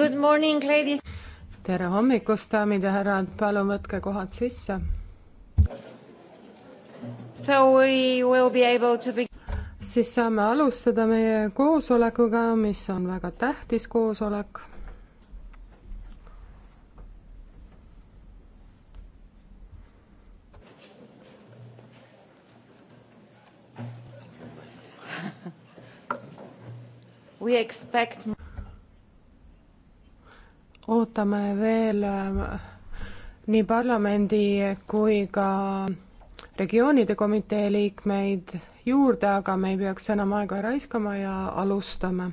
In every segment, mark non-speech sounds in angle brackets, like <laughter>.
Good morning, ladies. tere hommikust, daamid ja härrad, palun võtke kohad sisse. So we will be able to be siis saame alustada meie koosolekuga, mis on väga tähtis koosolek we expect ootame veel äh, nii parlamendi kui ka regioonide komitee liikmeid juurde, aga me ei peaks enam aega raiskama ja alustame.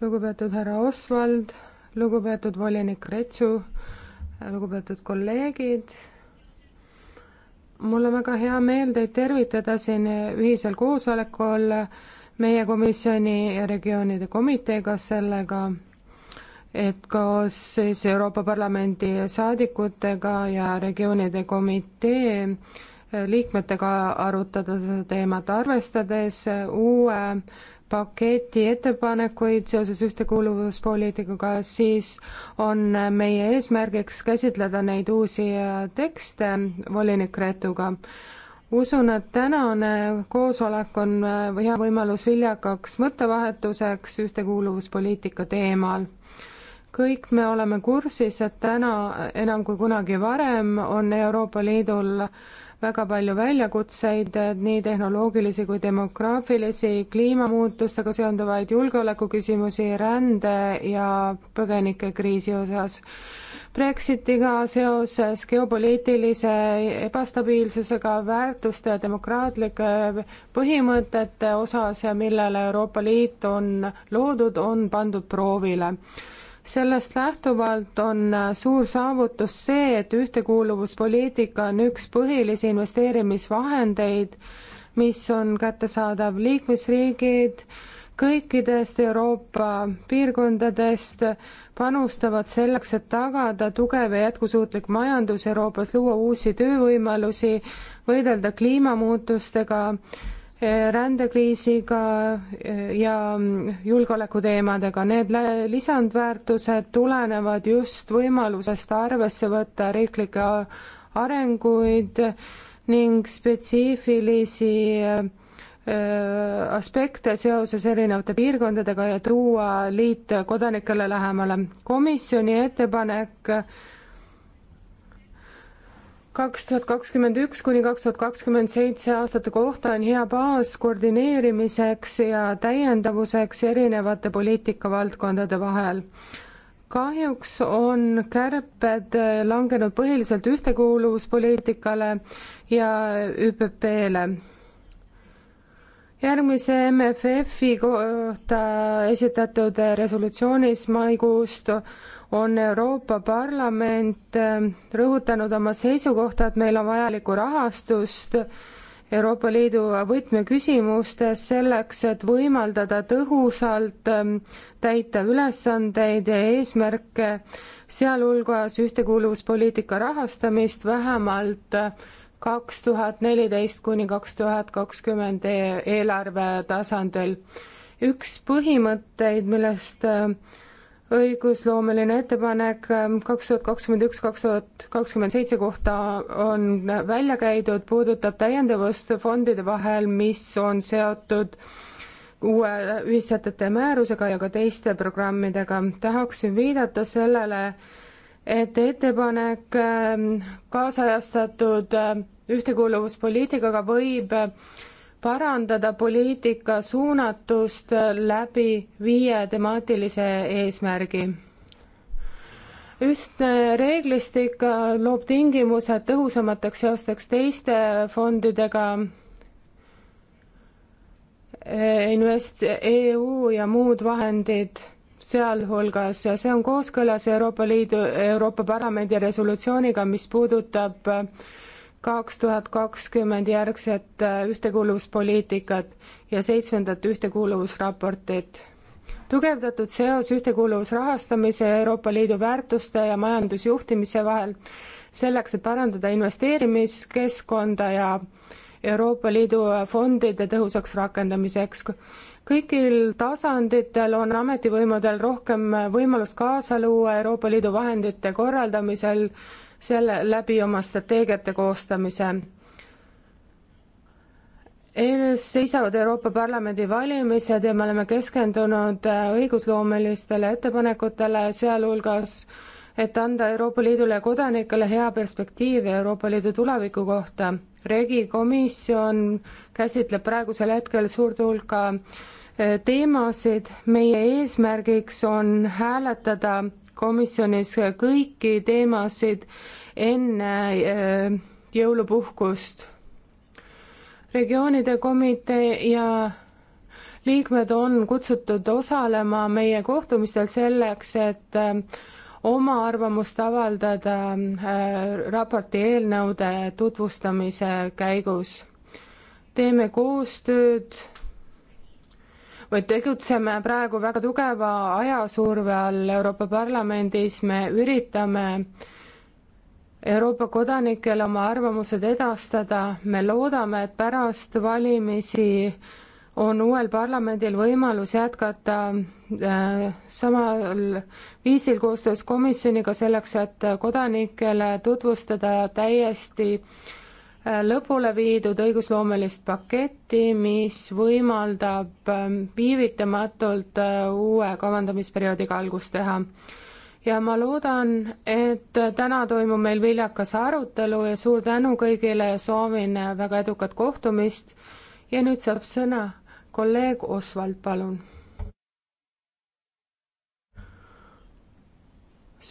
lugupeetud härra Osvald, lugupeetud volinik Retsu, lugupeetud kolleegid mul on väga hea meel teid tervitada siin ühisel koosolekul meie komisjoni ja regioonide komiteega sellega, et koos siis Euroopa Parlamendi saadikutega ja regioonide komitee liikmetega arutada seda teemat, arvestades uue paketi ettepanekuid seoses ühtekuuluvuspoliitikaga, siis on meie eesmärgiks käsitleda neid uusi äh, tekste volinik Gretuga. usun, et tänane koosolek on äh, hea võimalus viljakaks mõttevahetuseks ühtekuuluvuspoliitika teemal kõik me oleme kursis, et täna enam kui kunagi varem on Euroopa Liidul väga palju väljakutseid, nii tehnoloogilisi kui demograafilisi, kliimamuutustega seonduvaid julgeolekuküsimusi, rände ja põgenikekriisi osas. Brexitiga seoses geopoliitilise ebastabiilsusega, väärtuste ja demokraatlike põhimõtete osas, millele Euroopa Liit on loodud, on pandud proovile sellest lähtuvalt on äh, suur saavutus see, et ühtekuuluvuspoliitika on üks põhilisi investeerimisvahendeid, mis on kättesaadav liikmesriigid, kõikidest Euroopa piirkondadest panustavad selleks, et tagada tugev ja jätkusuutlik majandus Euroopas, luua uusi töövõimalusi, võidelda kliimamuutustega rändekriisiga eh, ja julgeolekuteemadega. Need lisandväärtused tulenevad just võimalusest arvesse võtta riiklikke arenguid ning spetsiifilisi eh, aspekte seoses erinevate piirkondadega ja tuua liit kodanikele lähemale. komisjoni ettepanek kaks tuhat kakskümmend üks kuni kaks tuhat kakskümmend seitse aastate kohta on hea baas koordineerimiseks ja täiendavuseks erinevate poliitikavaldkondade vahel. kahjuks on kärped langenud põhiliselt ühtekuuluvuspoliitikale ja ÜPP-le järgmise MFF-i kohta esitatud resolutsioonis maikuust on Euroopa Parlament ähm, rõhutanud oma seisukohta, et meil on vajalikku rahastust Euroopa Liidu võtmeküsimustes selleks, et võimaldada tõhusalt ähm, täita ülesandeid ja eesmärke, sealhulgas ühtekuuluvuspoliitika rahastamist vähemalt äh, kaks tuhat neliteist kuni kaks tuhat kakskümmend e-, eelarve tasandil. üks põhimõtteid, millest äh, õigusloomeline ettepanek ähm, kaks tuhat kakskümmend üks, kaks tuhat kakskümmend seitse kohta on välja käidud, puudutab täiendavust fondide vahel, mis on seotud uue ühissätete määrusega ja ka teiste programmidega. tahaksin viidata sellele, et ettepanek ähm, kaasajastatud äh, ühtekuuluvuspoliitikaga võib äh, parandada poliitika suunatust läbi viie temaatilise eesmärgi. ühtne reeglistik loob tingimused tõhusamateks seosteks teiste fondidega, eh, invest-, EU ja muud vahendid sealhulgas ja see on kooskõlas Euroopa Liidu, Euroopa Parlamendi resolutsiooniga, mis puudutab äh, kaks tuhat kakskümmend järgset äh, ühtekuuluvuspoliitikat ja seitsmendat ühtekuuluvusraportit. tugevdatud seos ühtekuuluvusrahastamise ja Euroopa Liidu väärtuste ja majandusjuhtimise vahel, selleks, et parandada investeerimiskeskkonda ja Euroopa Liidu fondide tõhusaks rakendamiseks. kõigil tasanditel on ametivõimudel rohkem võimalust kaasa luua Euroopa Liidu vahendite korraldamisel selle läbi oma strateegiate koostamise. ees seisavad Euroopa Parlamendi valimised ja me oleme keskendunud äh, õigusloomelistele ettepanekutele, sealhulgas et anda Euroopa Liidule ja kodanikele hea perspektiiv Euroopa Liidu tuleviku kohta. regi komisjon käsitleb praegusel hetkel suurt hulka äh, teemasid, meie eesmärgiks on hääletada komisjonis kõiki teemasid enne äh, jõulupuhkust. regioonide komitee ja liikmed on kutsutud osalema meie kohtumistel selleks, et äh, oma arvamust avaldada äh, raporti eelnõude tutvustamise käigus. teeme koostööd vaid tegutseme praegu väga tugeva ajasurve all Euroopa Parlamendis, me üritame Euroopa kodanikele oma arvamused edastada, me loodame, et pärast valimisi on uuel parlamendil võimalus jätkata äh, samal viisil koostöös komisjoniga selleks, et kodanikele tutvustada täiesti äh, Äh, lõpule viidud õigusloomelist paketti, mis võimaldab ähm, viivitamatult äh, uue kavandamisperioodiga algust teha. ja ma loodan, et täna toimub meil viljakas arutelu ja suur tänu kõigile ja soovin väga edukat kohtumist. ja nüüd saab sõna kolleeg Osvald, palun.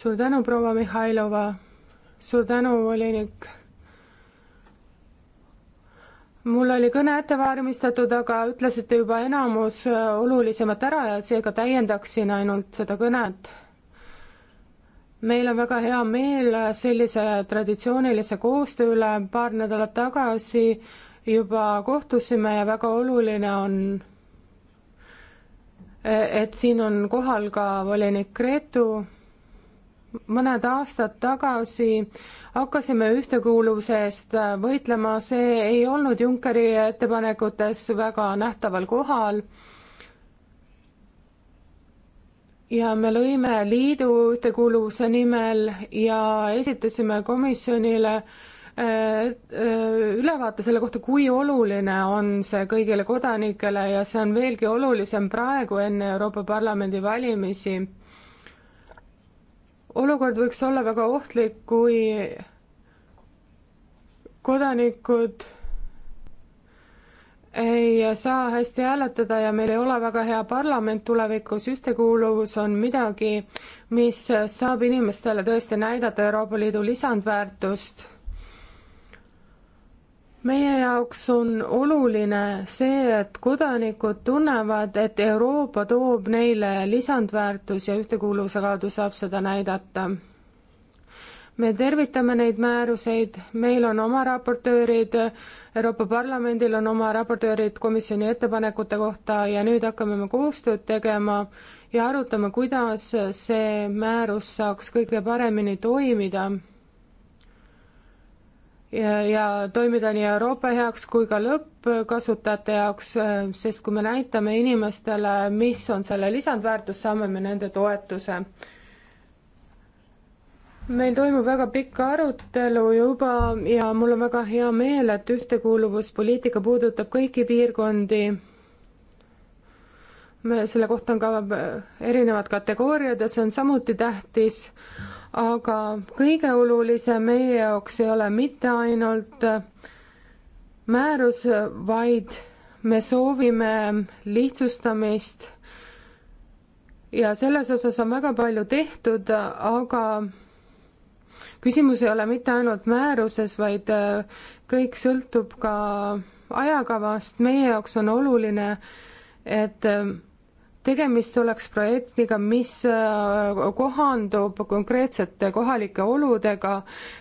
suur tänu, proua Mihhailova. suur tänu, volinik mul oli kõne ette valmistatud, aga ütlesite juba enamus äh, olulisemat ära ja seega täiendaksin ainult seda kõnet. meil on väga hea meel äh, sellise traditsioonilise koostöö üle, paar nädalat tagasi juba kohtusime ja väga oluline on, äh, et siin on kohal ka volinik Gretu mõned aastad tagasi hakkasime ühtekuuluvuse eest võitlema, see ei olnud Junckeri ettepanekutes väga nähtaval kohal. ja me lõime liidu ühtekuuluvuse nimel ja esitasime komisjonile äh, äh, ülevaate selle kohta, kui oluline on see kõigile kodanikele ja see on veelgi olulisem praegu enne Euroopa Parlamendi valimisi olukord võiks olla väga ohtlik, kui kodanikud ei saa hästi hääletada ja meil ei ole väga hea parlament tulevikus, ühtekuuluvus on midagi, mis saab inimestele tõesti näidata Euroopa Liidu lisandväärtust meie jaoks on oluline see, et kodanikud tunnevad, et Euroopa toob neile lisandväärtus ja ühtekuuluvuse kaudu saab seda näidata. me tervitame neid määruseid, meil on oma raportöörid, Euroopa Parlamendil on oma raportöörid komisjoni ettepanekute kohta ja nüüd hakkame me koostööd tegema ja arutame, kuidas see määrus saaks kõige paremini toimida ja, ja toimida nii Euroopa heaks kui ka lõppkasutajate jaoks, sest kui me näitame inimestele, mis on selle lisandväärtus, saame me nende toetuse. meil toimub väga pikk arutelu juba ja mul on väga hea meel, et ühtekuuluvuspoliitika puudutab kõiki piirkondi me, selle kohta on ka erinevad kategooriad ja see on samuti tähtis, aga kõige olulisem meie jaoks ei ole mitte ainult määrus, vaid me soovime lihtsustamist ja selles osas on väga palju tehtud, aga küsimus ei ole mitte ainult määruses, vaid äh, kõik sõltub ka ajakavast, meie jaoks on oluline, et äh, tegemist oleks projektiga, mis äh, kohandub konkreetsete kohalike oludega,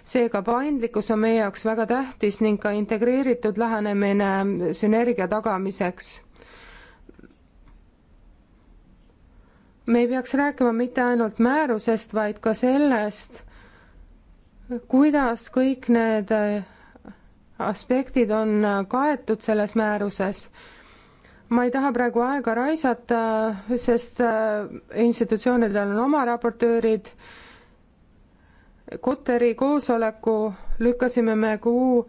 seega paindlikkus on meie jaoks väga tähtis ning ka integreeritud lähenemine sünergia tagamiseks. me ei peaks rääkima mitte ainult määrusest, vaid ka sellest, kuidas kõik need aspektid on kaetud selles määruses ma ei taha praegu aega raisata, sest äh, institutsioonidel on oma raportöörid. Koteri koosoleku lükkasime me kuu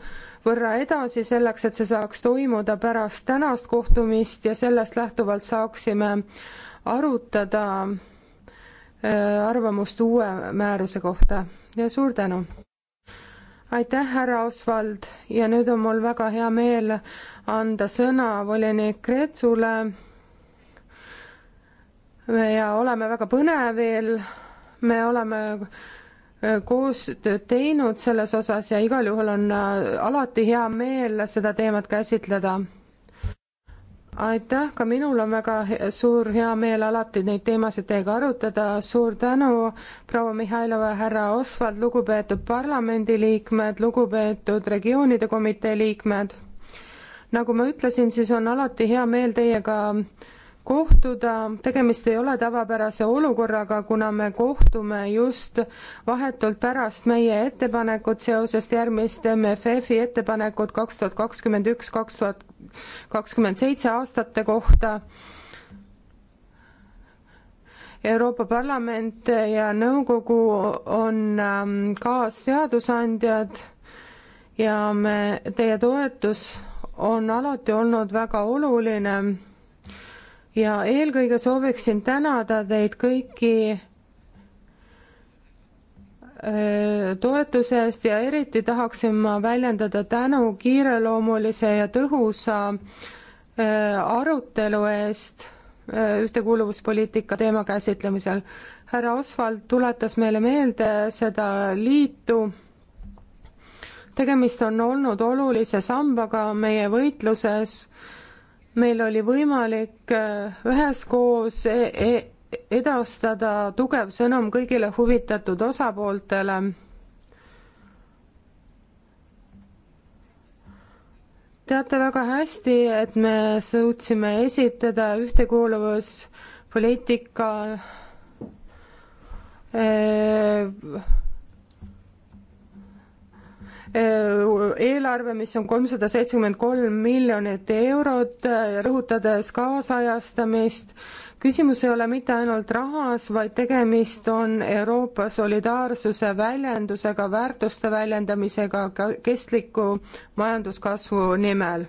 võrra edasi selleks, et see saaks toimuda pärast tänast kohtumist ja sellest lähtuvalt saaksime arutada äh, arvamust uue määruse kohta ja suur tänu! aitäh, härra Osvald ja nüüd on mul väga hea meel anda sõna volinik Kretsule ja oleme väga põnevil, me oleme äh, koostööd teinud selles osas ja igal juhul on äh, alati hea meel seda teemat käsitleda. aitäh, ka minul on väga suur hea meel alati neid teemasid teiega arutada, suur tänu, proua Mihhailova, härra Osvald, lugupeetud parlamendiliikmed, lugupeetud regioonide komitee liikmed nagu ma ütlesin, siis on alati hea meel teiega kohtuda, tegemist ei ole tavapärase olukorraga, kuna me kohtume just vahetult pärast meie ettepanekut seoses järgmist MFF-i ettepanekut kaks tuhat kakskümmend üks, kaks tuhat kakskümmend seitse aastate kohta. Euroopa Parlament ja nõukogu on ähm, kaasseadusandjad ja me, teie toetus on alati olnud väga oluline ja eelkõige sooviksin tänada teid kõiki äh, toetuse eest ja eriti tahaksin ma väljendada tänu kiireloomulise ja tõhusa äh, arutelu eest äh, ühtekuuluvuspoliitika teema käsitlemisel. härra Osvald tuletas meile meelde seda liitu tegemist on olnud olulise sambaga meie võitluses, meil oli võimalik äh, üheskoos e e edastada tugev sõnum kõigile huvitatud osapooltele teate väga hästi, et me suutsime esitada ühtekuuluvuspoliitika eh, eelarve, mis on kolmsada seitsekümmend kolm miljonit eurot, rõhutades kaasajastamist. küsimus ei ole mitte ainult rahas, vaid tegemist on Euroopa solidaarsuse väljendusega, väärtuste väljendamisega ka kestliku majanduskasvu nimel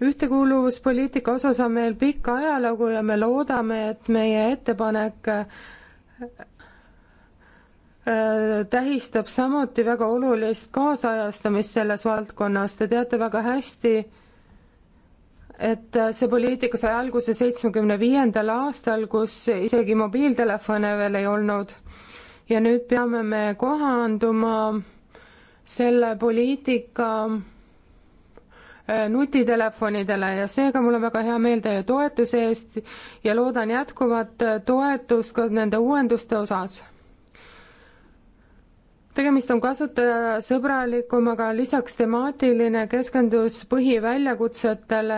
ühtekuuluvuspoliitika osas on meil pikk ajalugu ja me loodame, et meie ettepanek Äh, tähistab samuti väga olulist kaasajastamist selles valdkonnas, te teate väga hästi, et äh, see poliitika sai alguse seitsmekümne viiendal aastal, kus isegi mobiiltelefone veel ei olnud. ja nüüd peame me kohanduma selle poliitika äh, nutitelefonidele ja seega mul on väga hea meel teie toetuse eest ja loodan jätkuvat toetust ka nende uuenduste osas tegemist on kasutajasõbralikumaga, lisaks temaatiline keskendus põhiväljakutsetele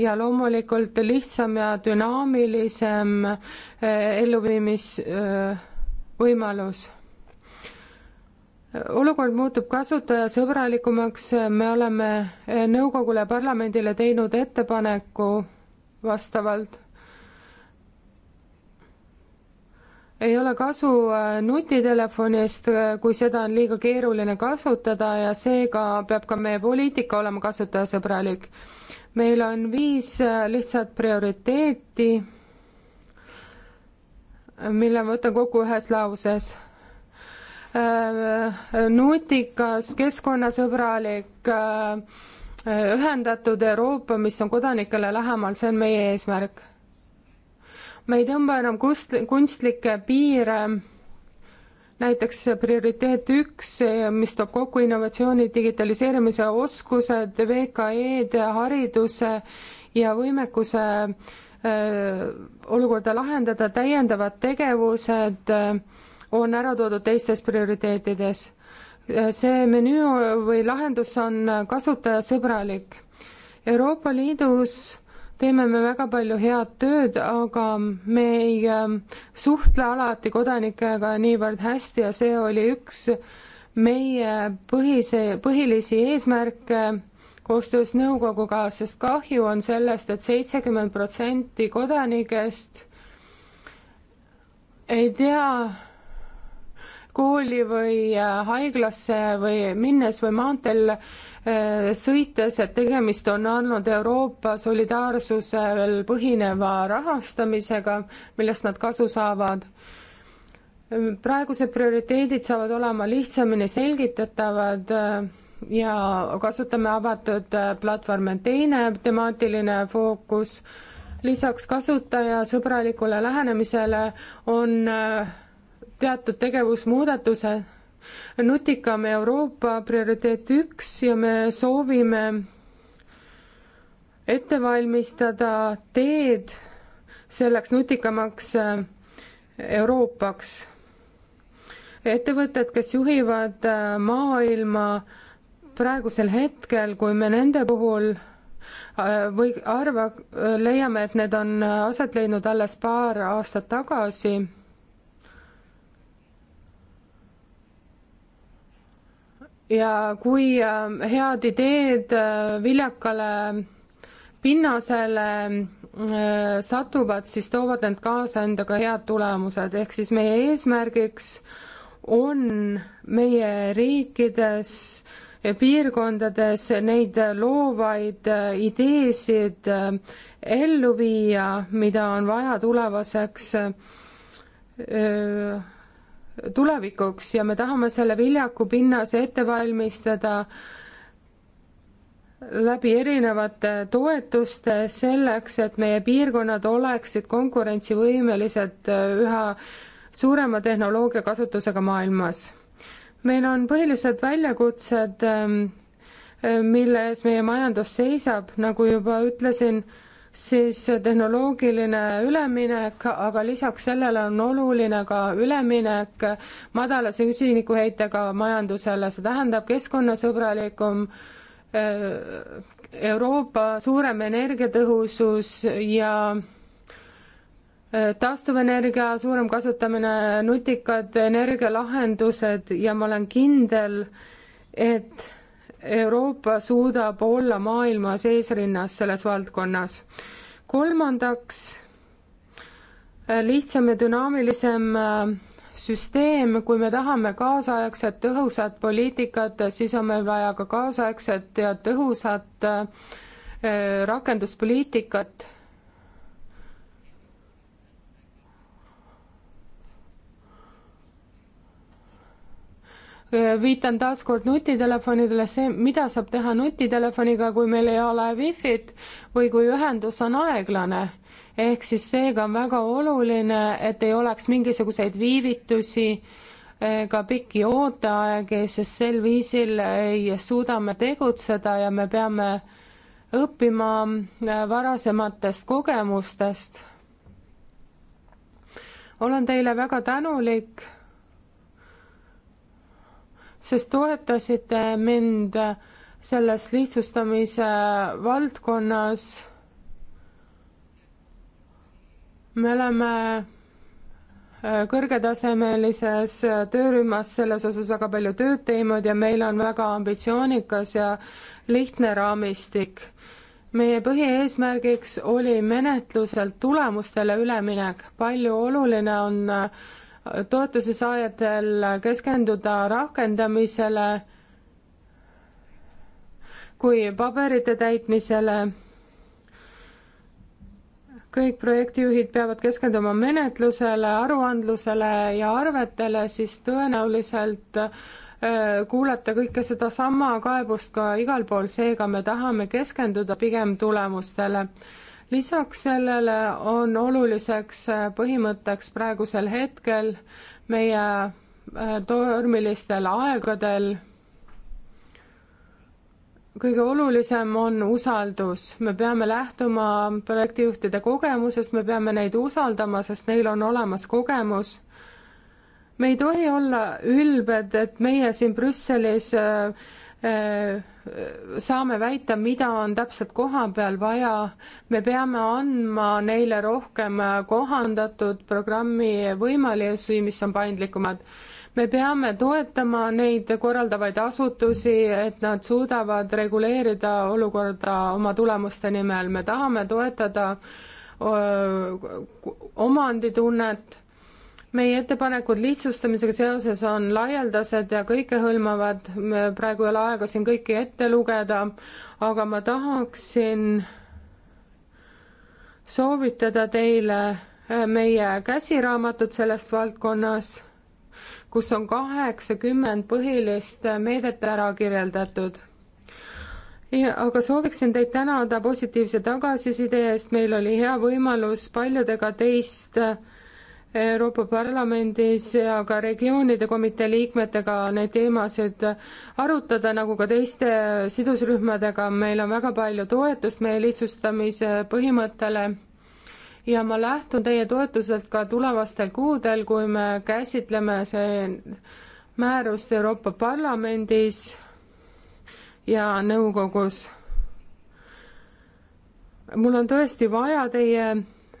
ja loomulikult lihtsam ja dünaamilisem äh, elluviimisvõimalus äh, olukord muutub kasutajasõbralikumaks, me oleme äh, nõukogule ja parlamendile teinud ettepaneku vastavalt ei ole kasu äh, nutitelefonist, äh, kui seda on liiga keeruline kasutada ja seega peab ka meie poliitika olema kasutajasõbralik. meil on viis äh, lihtsat prioriteeti, mille ma võtan kokku ühes lauses nutikas, keskkonnasõbralik, ühendatud Euroopa, mis on kodanikele lähemal, see on meie eesmärk me ei tõmba enam kust-, kunstlikke piire, näiteks prioriteet üks, mis toob kokku innovatsiooni, digitaliseerimise oskused, VKE-d, hariduse ja võimekuse äh, olukorda lahendada, täiendavad tegevused äh, on ära toodud teistes prioriteetides. Äh, see menüü või lahendus on kasutajasõbralik. Euroopa Liidus teeme me väga palju head tööd, aga me ei ähm, suhtle alati kodanikega niivõrd hästi ja see oli üks meie põhise, põhilisi eesmärke koostöös nõukoguga, sest kahju on sellest et, et seitsekümmend protsenti kodanikest ei tea kooli või äh, haiglasse või minnes või maanteel äh, Äh, sõites, et tegemist on olnud Euroopa solidaarsusel põhineva rahastamisega, millest nad kasu saavad. Äh, praegused prioriteedid saavad olema lihtsamini selgitatavad äh, ja kasutame avatud platvorme. teine temaatiline fookus lisaks kasutajasõbralikule lähenemisele on teatud tegevusmuudatused nutikam Euroopa prioriteet üks ja me soovime ette valmistada teed selleks nutikamaks äh, Euroopaks. ettevõtted, kes juhivad äh, maailma praegusel hetkel, kui me nende puhul äh, või arva, leiame, et need on aset leidnud alles paar aastat tagasi ja kui ähm, head ideed äh, viljakale pinnasele äh, satuvad, siis toovad need kaasa endaga head tulemused, ehk siis meie eesmärgiks on meie riikides ja piirkondades neid loovaid äh, ideesid ellu viia, mida on vaja tulevaseks tulevikuks ja me tahame selle viljaku pinnase ette valmistada läbi erinevate toetuste selleks, et meie piirkonnad oleksid konkurentsivõimelised äh, üha suurema tehnoloogia kasutusega maailmas. meil on põhilised väljakutsed, ähm, äh, mille ees meie majandus seisab, nagu juba ütlesin siis tehnoloogiline üleminek, aga lisaks sellele on oluline ka üleminek madala süsinikuheitega majandusele, see tähendab keskkonnasõbralikum eh, Euroopa suurem energiatõhusus ja eh, taastuvenergia suurem kasutamine, nutikad energialahendused ja ma olen kindel, et Euroopa suudab olla maailmas eesrinnas selles valdkonnas. kolmandaks, lihtsam ja dünaamilisem äh, süsteem, kui me tahame kaasaegset tõhusat poliitikat, siis on meil vaja ka kaasaegset ja tõhusat äh, rakenduspoliitikat viitan taas kord nutitelefonidele, see, mida saab teha nutitelefoniga, kui meil ei ole wifi't või kui ühendus on aeglane. ehk siis seega on väga oluline, et ei oleks mingisuguseid viivitusi ega pikki ooteaegi, sest sel viisil ei suuda me tegutseda ja me peame õppima varasematest kogemustest. olen teile väga tänulik sest toetasite mind selles lihtsustamise valdkonnas. me oleme äh, kõrgetasemelises töörühmas selles osas väga palju tööd teinud ja meil on väga ambitsioonikas ja lihtne raamistik. meie põhieesmärgiks oli menetluselt tulemustele üleminek, palju oluline on äh, toetuse saajatel keskenduda rakendamisele kui paberite täitmisele. kõik projektijuhid peavad keskenduma menetlusele, aruandlusele ja arvetele, siis tõenäoliselt äh, kuulata kõike sedasama kaebust ka igal pool, seega me tahame keskenduda pigem tulemustele lisaks sellele on oluliseks äh, põhimõtteks praegusel hetkel meie äh, tormilistel aegadel kõige olulisem on usaldus, me peame lähtuma projektijuhtide kogemusest, me peame neid usaldama, sest neil on olemas kogemus. me ei tohi olla ülbed, et meie siin Brüsselis äh, saame väita, mida on täpselt koha peal vaja. me peame andma neile rohkem kohandatud programmi võimalusi, mis on paindlikumad. me peame toetama neid korraldavaid asutusi, et nad suudavad reguleerida olukorda oma tulemuste nimel. me tahame toetada öö, omanditunnet meie ettepanekud lihtsustamisega seoses on laialdased ja kõikehõlmavad, praegu ei ole aega siin kõiki ette lugeda, aga ma tahaksin soovitada teile äh, meie käsiraamatut sellest valdkonnas, kus on kaheksakümmend põhilist meedet ära kirjeldatud ja aga sooviksin teid tänada positiivse tagasiside eest, meil oli hea võimalus paljudega teist äh, Euroopa Parlamendis ja ka regioonide komitee liikmetega neid teemasid arutada, nagu ka teiste sidusrühmadega. meil on väga palju toetust meie lihtsustamise põhimõttele ja ma lähtun teie toetuselt ka tulevastel kuudel, kui me käsitleme see määrust Euroopa Parlamendis ja nõukogus. mul on tõesti vaja teie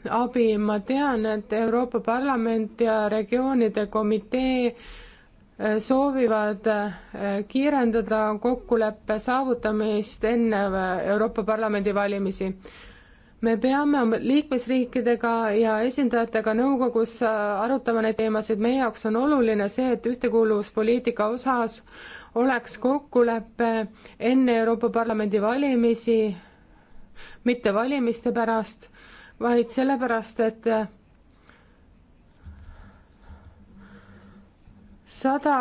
abi, ma tean, et Euroopa Parlament ja regioonide komitee äh, soovivad äh, kiirendada kokkuleppe saavutamist enne äh, Euroopa Parlamendi valimisi. me peame liikmesriikidega ja esindajatega nõukogus arutama neid teemasid, meie jaoks on oluline see, et ühtekuuluvuspoliitika osas oleks kokkulepe enne Euroopa Parlamendi valimisi, mitte valimiste pärast vaid sellepärast, et sada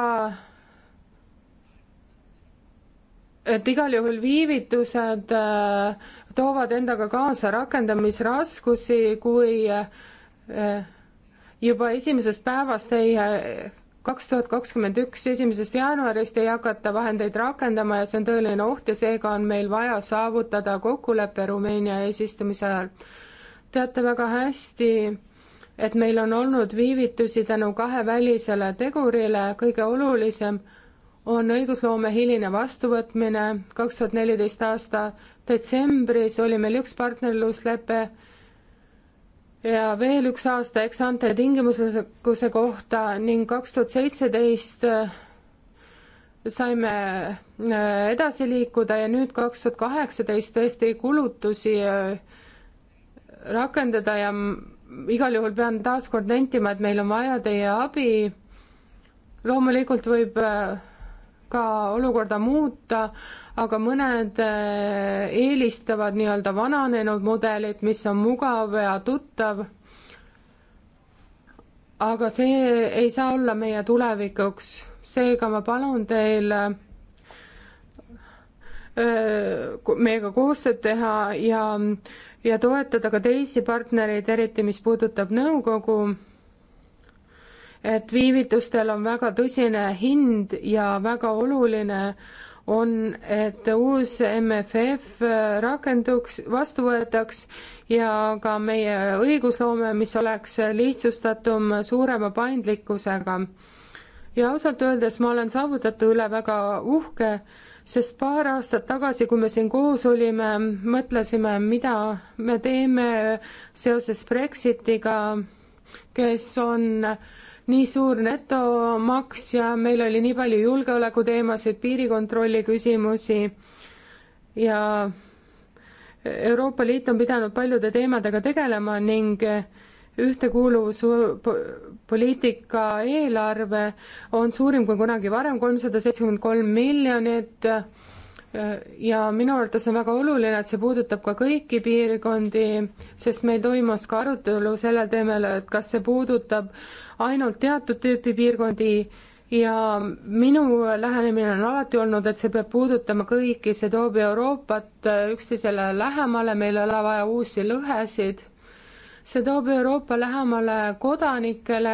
et igal juhul viivitused äh, toovad endaga kaasa rakendamisraskusi, kui äh, juba esimesest päevast ei, äh, kaks tuhat kakskümmend üks esimesest jaanuarist ei hakata vahendeid rakendama ja see on tõeline oht ja seega on meil vaja saavutada kokkulepe Rumeenia eesistumise ajal teate väga hästi, et meil on olnud viivitusi tänu kahe välisele tegurile, kõige olulisem on õigusloome hiline vastuvõtmine, kaks tuhat neliteist aasta detsembris oli meil üks partnerluslepe ja veel üks aasta eksante tingimuslikkuse kohta ning kaks tuhat seitseteist saime äh, edasi liikuda ja nüüd kaks tuhat kaheksateist tõesti kulutusi äh, rakendada ja igal juhul pean taaskord nentima, et meil on vaja teie abi. loomulikult võib äh, ka olukorda muuta, aga mõned äh, eelistavad nii-öelda vananenud mudelit, mis on mugav ja tuttav. aga see ei saa olla meie tulevikuks, seega ma palun teil äh, meiega koostööd teha ja ja toetada ka teisi partnereid, eriti mis puudutab nõukogu, et viivitustel on väga tõsine hind ja väga oluline on, et uus MFF rakenduks, vastu võetaks ja ka meie õigusloome, mis oleks lihtsustatum, suurema paindlikkusega. ja ausalt öeldes ma olen saavutatu üle väga uhke sest paar aastat tagasi, kui me siin koos olime, mõtlesime, mida me teeme seoses Brexitiga, kes on nii suur netomaksja, meil oli nii palju julgeolekuteemasid, piirikontrolli küsimusi ja Euroopa Liit on pidanud paljude teemadega tegelema ning ühtekuuluvuspoliitika eelarve on suurim kui kunagi varem, kolmsada seitsekümmend kolm miljonit ja minu arvates on väga oluline, et see puudutab ka kõiki piirkondi, sest meil toimus ka arutelu sellel teemal, et kas see puudutab ainult teatud tüüpi piirkondi ja minu lähenemine on alati olnud, et see peab puudutama kõiki, see toob Euroopat üksteisele lähemale, meil ei ole vaja uusi lõhesid see toob Euroopa lähemale kodanikele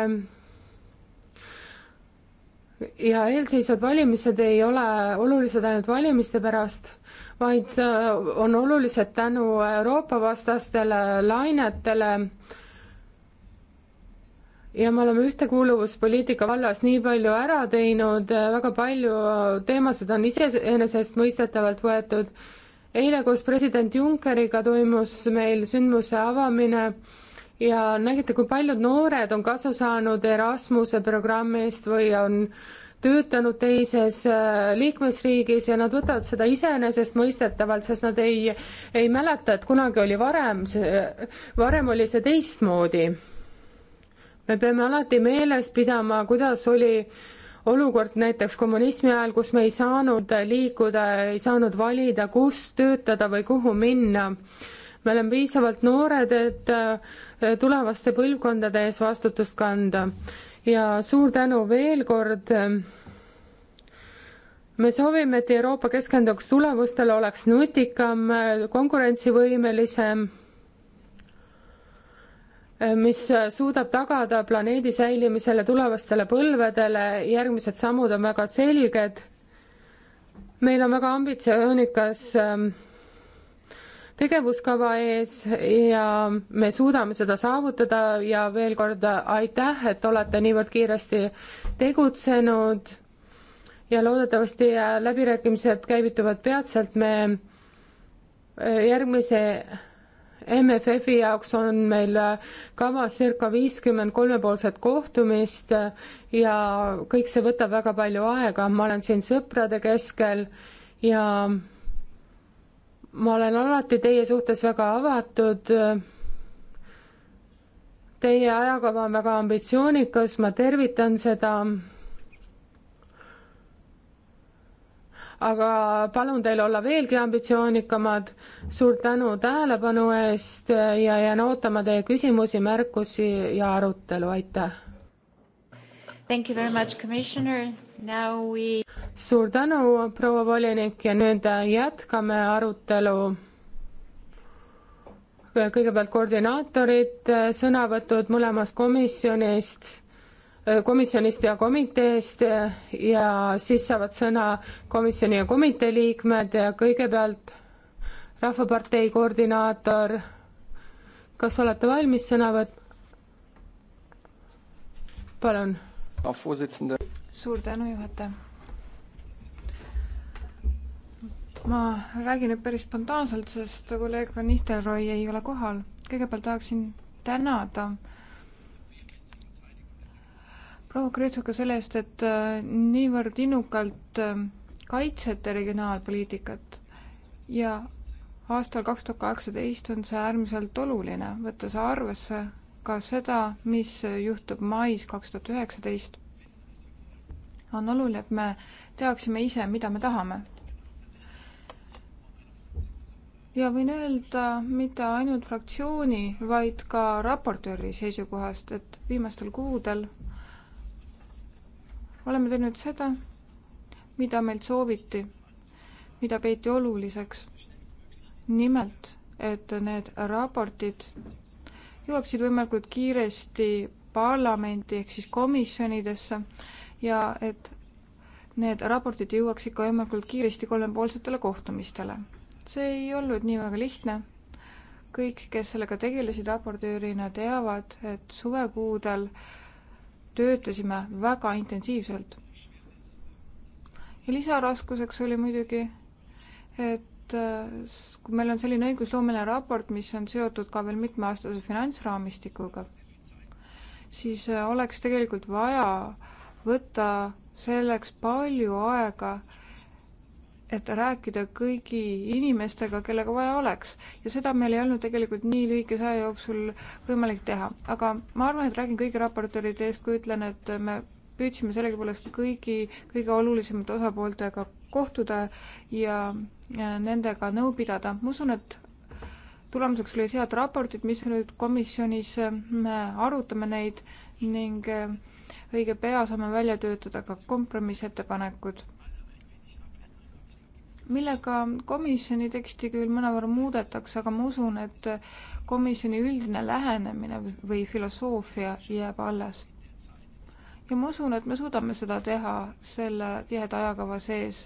ja eelseisvad valimised ei ole olulised ainult valimiste pärast, vaid äh, on olulised tänu Euroopa-vastastele lainetele, ja me oleme ühtekuuluvuspoliitika vallas nii palju ära teinud, äh, väga palju teemasid on iseenesestmõistetavalt võetud. eile koos president Junckeriga toimus meil sündmuse avamine ja nägite, kui paljud noored on kasu saanud Erasmuse programmist või on töötanud teises äh, liikmesriigis ja nad võtavad seda iseenesestmõistetavalt, sest nad ei, ei mäleta, et kunagi oli varem, varem oli see teistmoodi. me peame alati meeles pidama, kuidas oli olukord näiteks kommunismi ajal, kus me ei saanud liikuda, ei saanud valida, kus töötada või kuhu minna. me oleme piisavalt noored, et äh, tulevaste põlvkondade ees vastutust kanda. ja suur tänu veel kord. me soovime, et Euroopa keskenduks tulemustele, oleks nutikam, konkurentsivõimelisem, mis suudab tagada planeedi säilimisele tulevastele põlvedele, järgmised sammud on väga selged. meil on väga ambitsioonikas äh, tegevuskava ees ja me suudame seda saavutada ja veel kord aitäh, et olete niivõrd kiiresti tegutsenud ja loodetavasti äh, läbirääkimised käivituvad peatselt, me äh, järgmise MFF-i jaoks on meil äh, kavas circa viiskümmend kolmepoolset kohtumist ja kõik see võtab väga palju aega, ma olen siin sõprade keskel ja ma olen alati teie suhtes väga avatud. Teie ajakava on väga ambitsioonikas, ma tervitan seda. aga palun teil olla veelgi ambitsioonikamad. suur tänu tähelepanu eest ja jään ootama teie küsimusi, märkusi ja arutelu, aitäh. Thank you very much, commissioner We... suur tänu, proua volinik ja nüüd jätkame arutelu. kõigepealt koordinaatorid, sõnavõtud mõlemast komisjonist, komisjonist ja komiteest ja siis saavad sõna komisjoni ja komitee liikmed ja kõigepealt Rahvapartei koordinaator. kas olete valmis sõna võtma? palun suur tänu, juhataja. ma räägin nüüd päris spontaanselt, sest kolleeg Van Nistelrooy ei ole kohal. kõigepealt tahaksin tänada proua Kretsuka selle eest, et äh, niivõrd innukalt äh, kaitsete regionaalpoliitikat ja aastal kaks tuhat kaheksateist on see äärmiselt oluline, võttes arvesse ka seda, mis juhtub mais kaks tuhat üheksateist on oluline, et me teaksime ise, mida me tahame. ja võin öelda mitte ainult fraktsiooni, vaid ka raportööri seisukohast, et viimastel kuudel oleme teinud seda, mida meilt sooviti, mida peeti oluliseks. nimelt, et need raportid jõuaksid võimalikult kiiresti parlamenti ehk siis komisjonidesse ja et need raportid jõuaksid ka võimalikult kiiresti kolmepoolsetele kohtumistele. see ei olnud nii väga lihtne. kõik, kes sellega tegelesid raportöörina, teavad, et suvekuudel töötasime väga intensiivselt. ja lisaraskuseks oli muidugi, et kui meil on selline õigusloomeline raport, mis on seotud ka veel mitmeaastase finantsraamistikuga, siis oleks tegelikult vaja võtta selleks palju aega, et rääkida kõigi inimestega, kellega vaja oleks. ja seda meil ei olnud tegelikult nii lühikese aja jooksul võimalik teha. aga ma arvan, et räägin kõigi raportööride eest, kui ütlen, et me püüdsime sellegipoolest kõigi, kõige olulisemate osapooltega kohtuda ja, ja nendega nõu pidada. ma usun, et tulemuseks olid head raportid, mis nüüd komisjonis, me arutame neid ning äh, õige pea saame välja töötada ka kompromissettepanekud, millega komisjoni teksti küll mõnevõrra muudetakse, aga ma usun, et komisjoni üldine lähenemine või filosoofia jääb alles. ja ma usun, et me suudame seda teha selle tiheda ajakava sees,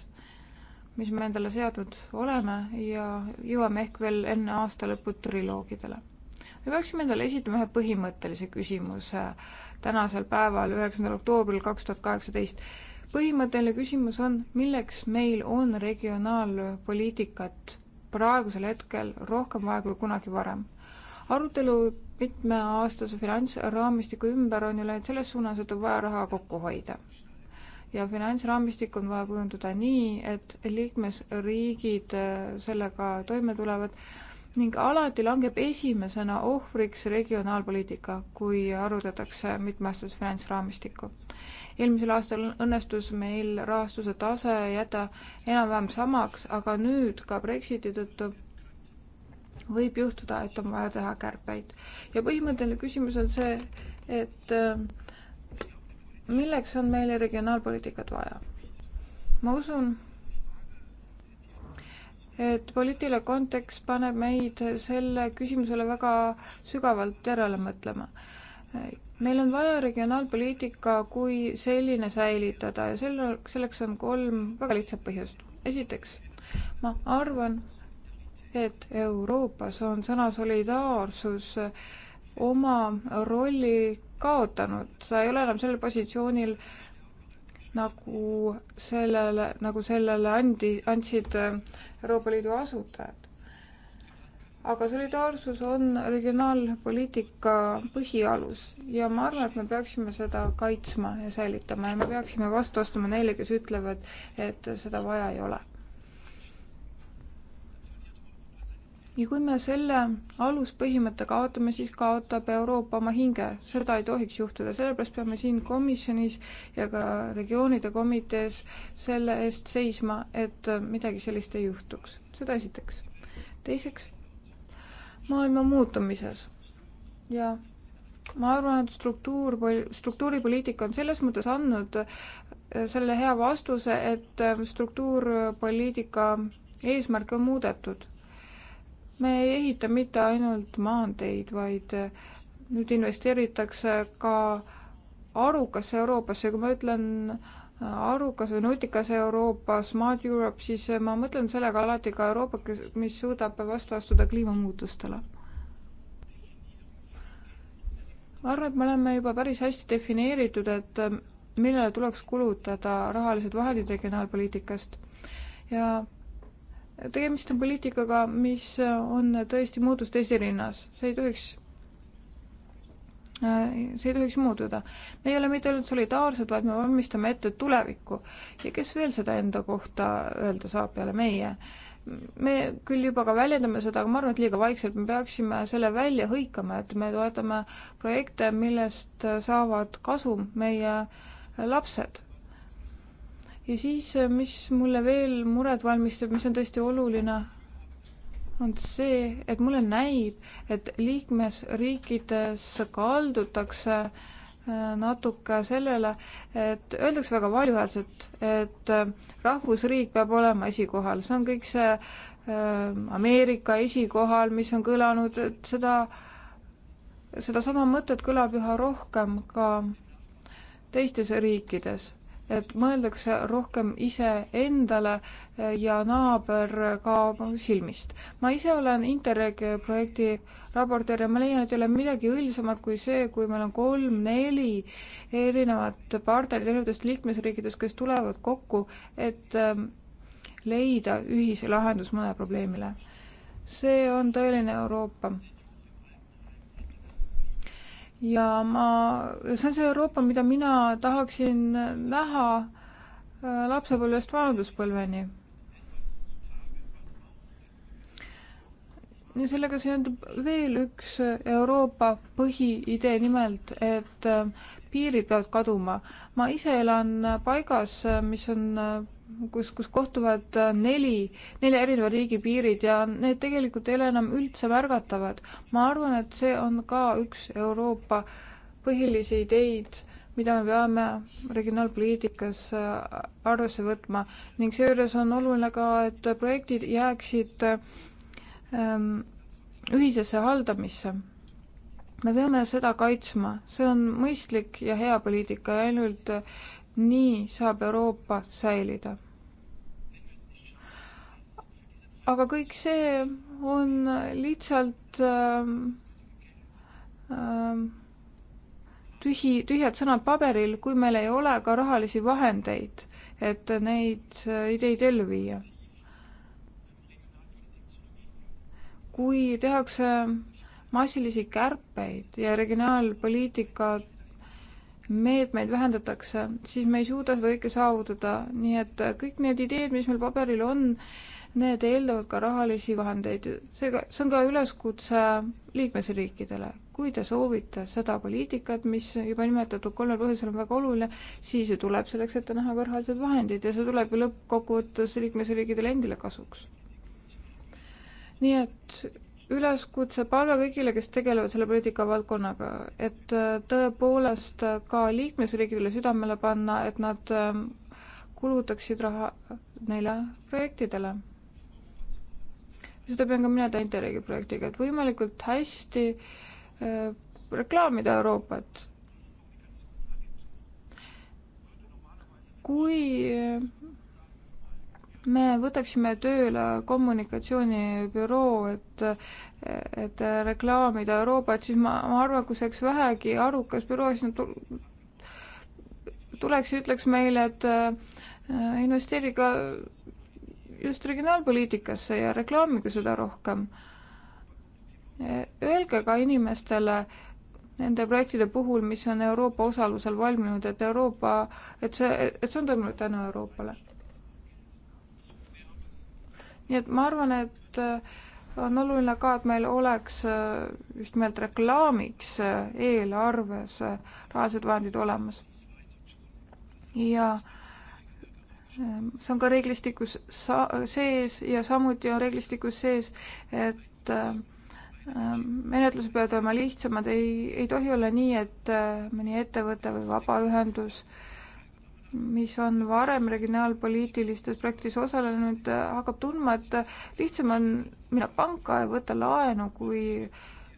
mis me endale seadnud oleme ja jõuame ehk veel enne aasta lõppu triloogidele me peaksime endale esitama ühe põhimõttelise küsimuse tänasel päeval, üheksandal oktoobril kaks tuhat kaheksateist. põhimõtteline küsimus on, milleks meil on regionaalpoliitikat praegusel hetkel rohkem vaja kui kunagi varem. arutelu mitmeaastase finantsraamistiku ümber on ju läinud selles suunas, et on vaja raha kokku hoida. ja finantsraamistik on vaja kujundada nii, et liikmesriigid sellega toime tulevad ning alati langeb esimesena ohvriks regionaalpoliitika, kui arutatakse mitmeaastast finantsraamistikku. eelmisel aastal õnnestus meil rahastuse tase jätta enam-vähem samaks, aga nüüd ka Brexiti tõttu võib juhtuda, et on vaja teha kärpeid. ja põhimõtteline küsimus on see, et äh, milleks on meile regionaalpoliitikat vaja? ma usun, et poliitiline kontekst paneb meid selle küsimusele väga sügavalt järele mõtlema. meil on vaja regionaalpoliitika kui selline säilitada ja selle, selleks on kolm väga lihtsat põhjust. esiteks, ma arvan, et Euroopas on sõna solidaarsus oma rolli kaotanud, ta ei ole enam sellel positsioonil, nagu sellele, nagu sellele andi, andsid äh, Euroopa Liidu asutajad. aga solidaarsus on regionaalpoliitika põhialus ja ma arvan, et me peaksime seda kaitsma ja säilitama ja me peaksime vastu astuma neile, kes ütlevad, et seda vaja ei ole ja kui me selle aluspõhimõtte kaotame, siis kaotab Euroopa oma hinge, seda ei tohiks juhtuda, sellepärast peame siin komisjonis ja ka regioonide komitees selle eest seisma, et midagi sellist ei juhtuks, seda esiteks. teiseks, maailma muutumises ja ma arvan, et struktuur, struktuuripoliitika on selles mõttes andnud äh, selle hea vastuse, et äh, struktuurpoliitika eesmärke on muudetud me ei ehita mitte ainult maanteid, vaid nüüd investeeritakse ka arukasse Euroopasse, kui ma ütlen äh, arukas või nutikas Euroopa, smart Europe, siis äh, ma mõtlen sellega alati ka Euroopa, mis suudab vastu astuda kliimamuutustele. ma arvan, et me oleme juba päris hästi defineeritud, et äh, millele tuleks kulutada rahalised vahendid regionaalpoliitikast ja tegemist on poliitikaga, mis on tõesti muutuste esirinnas, see ei tohiks äh, see ei tohiks muutuda. me ei ole mitte ainult solidaarsed, vaid me valmistame ette tulevikku. ja kes veel seda enda kohta öelda saab peale meie? me küll juba ka väljendame seda, aga ma arvan, et liiga vaikselt, me peaksime selle välja hõikama, et me toetame projekte, millest saavad kasu meie lapsed ja siis, äh, mis mulle veel muret valmistab, mis on tõesti oluline, on see, et mulle näib, et liikmesriikides kaldutakse äh, natuke sellele, et öeldakse väga valjuhäälselt, et äh, rahvusriik peab olema esikohal, see on kõik see äh, Ameerika esikohal, mis on kõlanud, et seda, sedasama mõtet kõlab üha rohkem ka teistes riikides et mõeldakse rohkem iseendale eh, ja naaber kaob silmist. ma ise olen Interregi projekti raportöör ja ma leian, et ei ole midagi õilsamat kui see, kui meil on kolm-neli erinevat partnerit erinevatest liikmesriikidest, kes tulevad kokku, et ehm, leida ühise lahendus mõne probleemile. see on tõeline Euroopa ja ma, see on see Euroopa, mida mina tahaksin näha äh, lapsepõlvest vanaduspõlveni. ja sellega seondub veel üks Euroopa põhiidee, nimelt et äh, piirid peavad kaduma. ma ise elan paigas, mis on äh, kus, kus kohtuvad äh, neli, nelja erineva riigi piirid ja need tegelikult ei ole enam üldse märgatavad. ma arvan, et see on ka üks Euroopa põhilisi ideid, mida me peame regionaalpoliitikas äh, arvesse võtma ning seejuures on oluline ka, et projektid jääksid ähm, ühisesse haldamisse. me peame seda kaitsma, see on mõistlik ja hea poliitika ja ainult äh, nii saab Euroopa säilida aga kõik see on lihtsalt ähm, ähm, tühi, tühjad sõnad paberil, kui meil ei ole ka rahalisi vahendeid, et neid äh, ideid ellu viia. kui tehakse massilisi kärpeid ja regionaalpoliitika meetmeid vähendatakse, siis me ei suuda seda kõike saavutada, nii et kõik need ideed, mis meil paberil on äh,, need eeldavad ka rahalisi vahendeid. seega, see on ka üleskutse liikmesriikidele. kui te soovite seda poliitikat, mis juba nimetatud kolmel põhjusel on väga oluline, siis ju tuleb selleks ette näha ka rahalised vahendid ja see tuleb ju lõppkokkuvõttes liikmesriikidele endile kasuks. nii et üleskutse, palve kõigile, kes tegelevad selle poliitikavaldkonnaga, et äh, tõepoolest ka liikmesriikidele südamele panna, et nad ähm, kulutaksid raha neile projektidele seda pean ka mina Tanteregi projektiga, et võimalikult hästi äh, reklaamida Euroopat. kui äh, me võtaksime tööle kommunikatsioonibüroo, et, et reklaamida Euroopat, siis ma, ma arvan, kui see oleks vähegi arukas büroo, siis nad tuleks ja ütleks meile, et äh, investeerige just regionaalpoliitikasse ja reklaamige seda rohkem. Öelge ka inimestele nende projektide puhul, mis on Euroopa osalusel valminud, et Euroopa, et see, et see on toimunud tänu Euroopale. nii et ma arvan, et äh, on oluline ka, et meil oleks äh, just nimelt reklaamiks äh, eelarves rahalised vahendid olemas. ja äh, see on ka reeglistikus sa-, sees ja samuti on reeglistikus sees, et ähm, menetlused peavad olema lihtsamad, ei, ei tohi olla nii, et äh, mõni ettevõte või vabaühendus, mis on varem regionaalpoliitilistes projektides osalenud, äh, hakkab tundma, et äh, lihtsam on minna panka ja võtta laenu, kui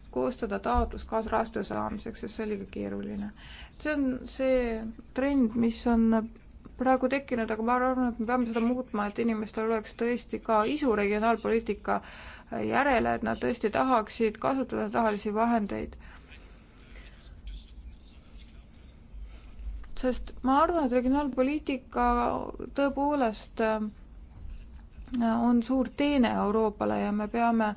koostada taotlus kaasrahastuse saamiseks, sest see oli ka keeruline. see on see trend, mis on praegu tekkinud, aga ma arvan, et me peame seda muutma, et inimestel oleks tõesti ka isu regionaalpoliitika järele, et nad tõesti tahaksid kasutada rahalisi vahendeid. sest ma arvan, et regionaalpoliitika tõepoolest äh, on suur teene Euroopale ja me peame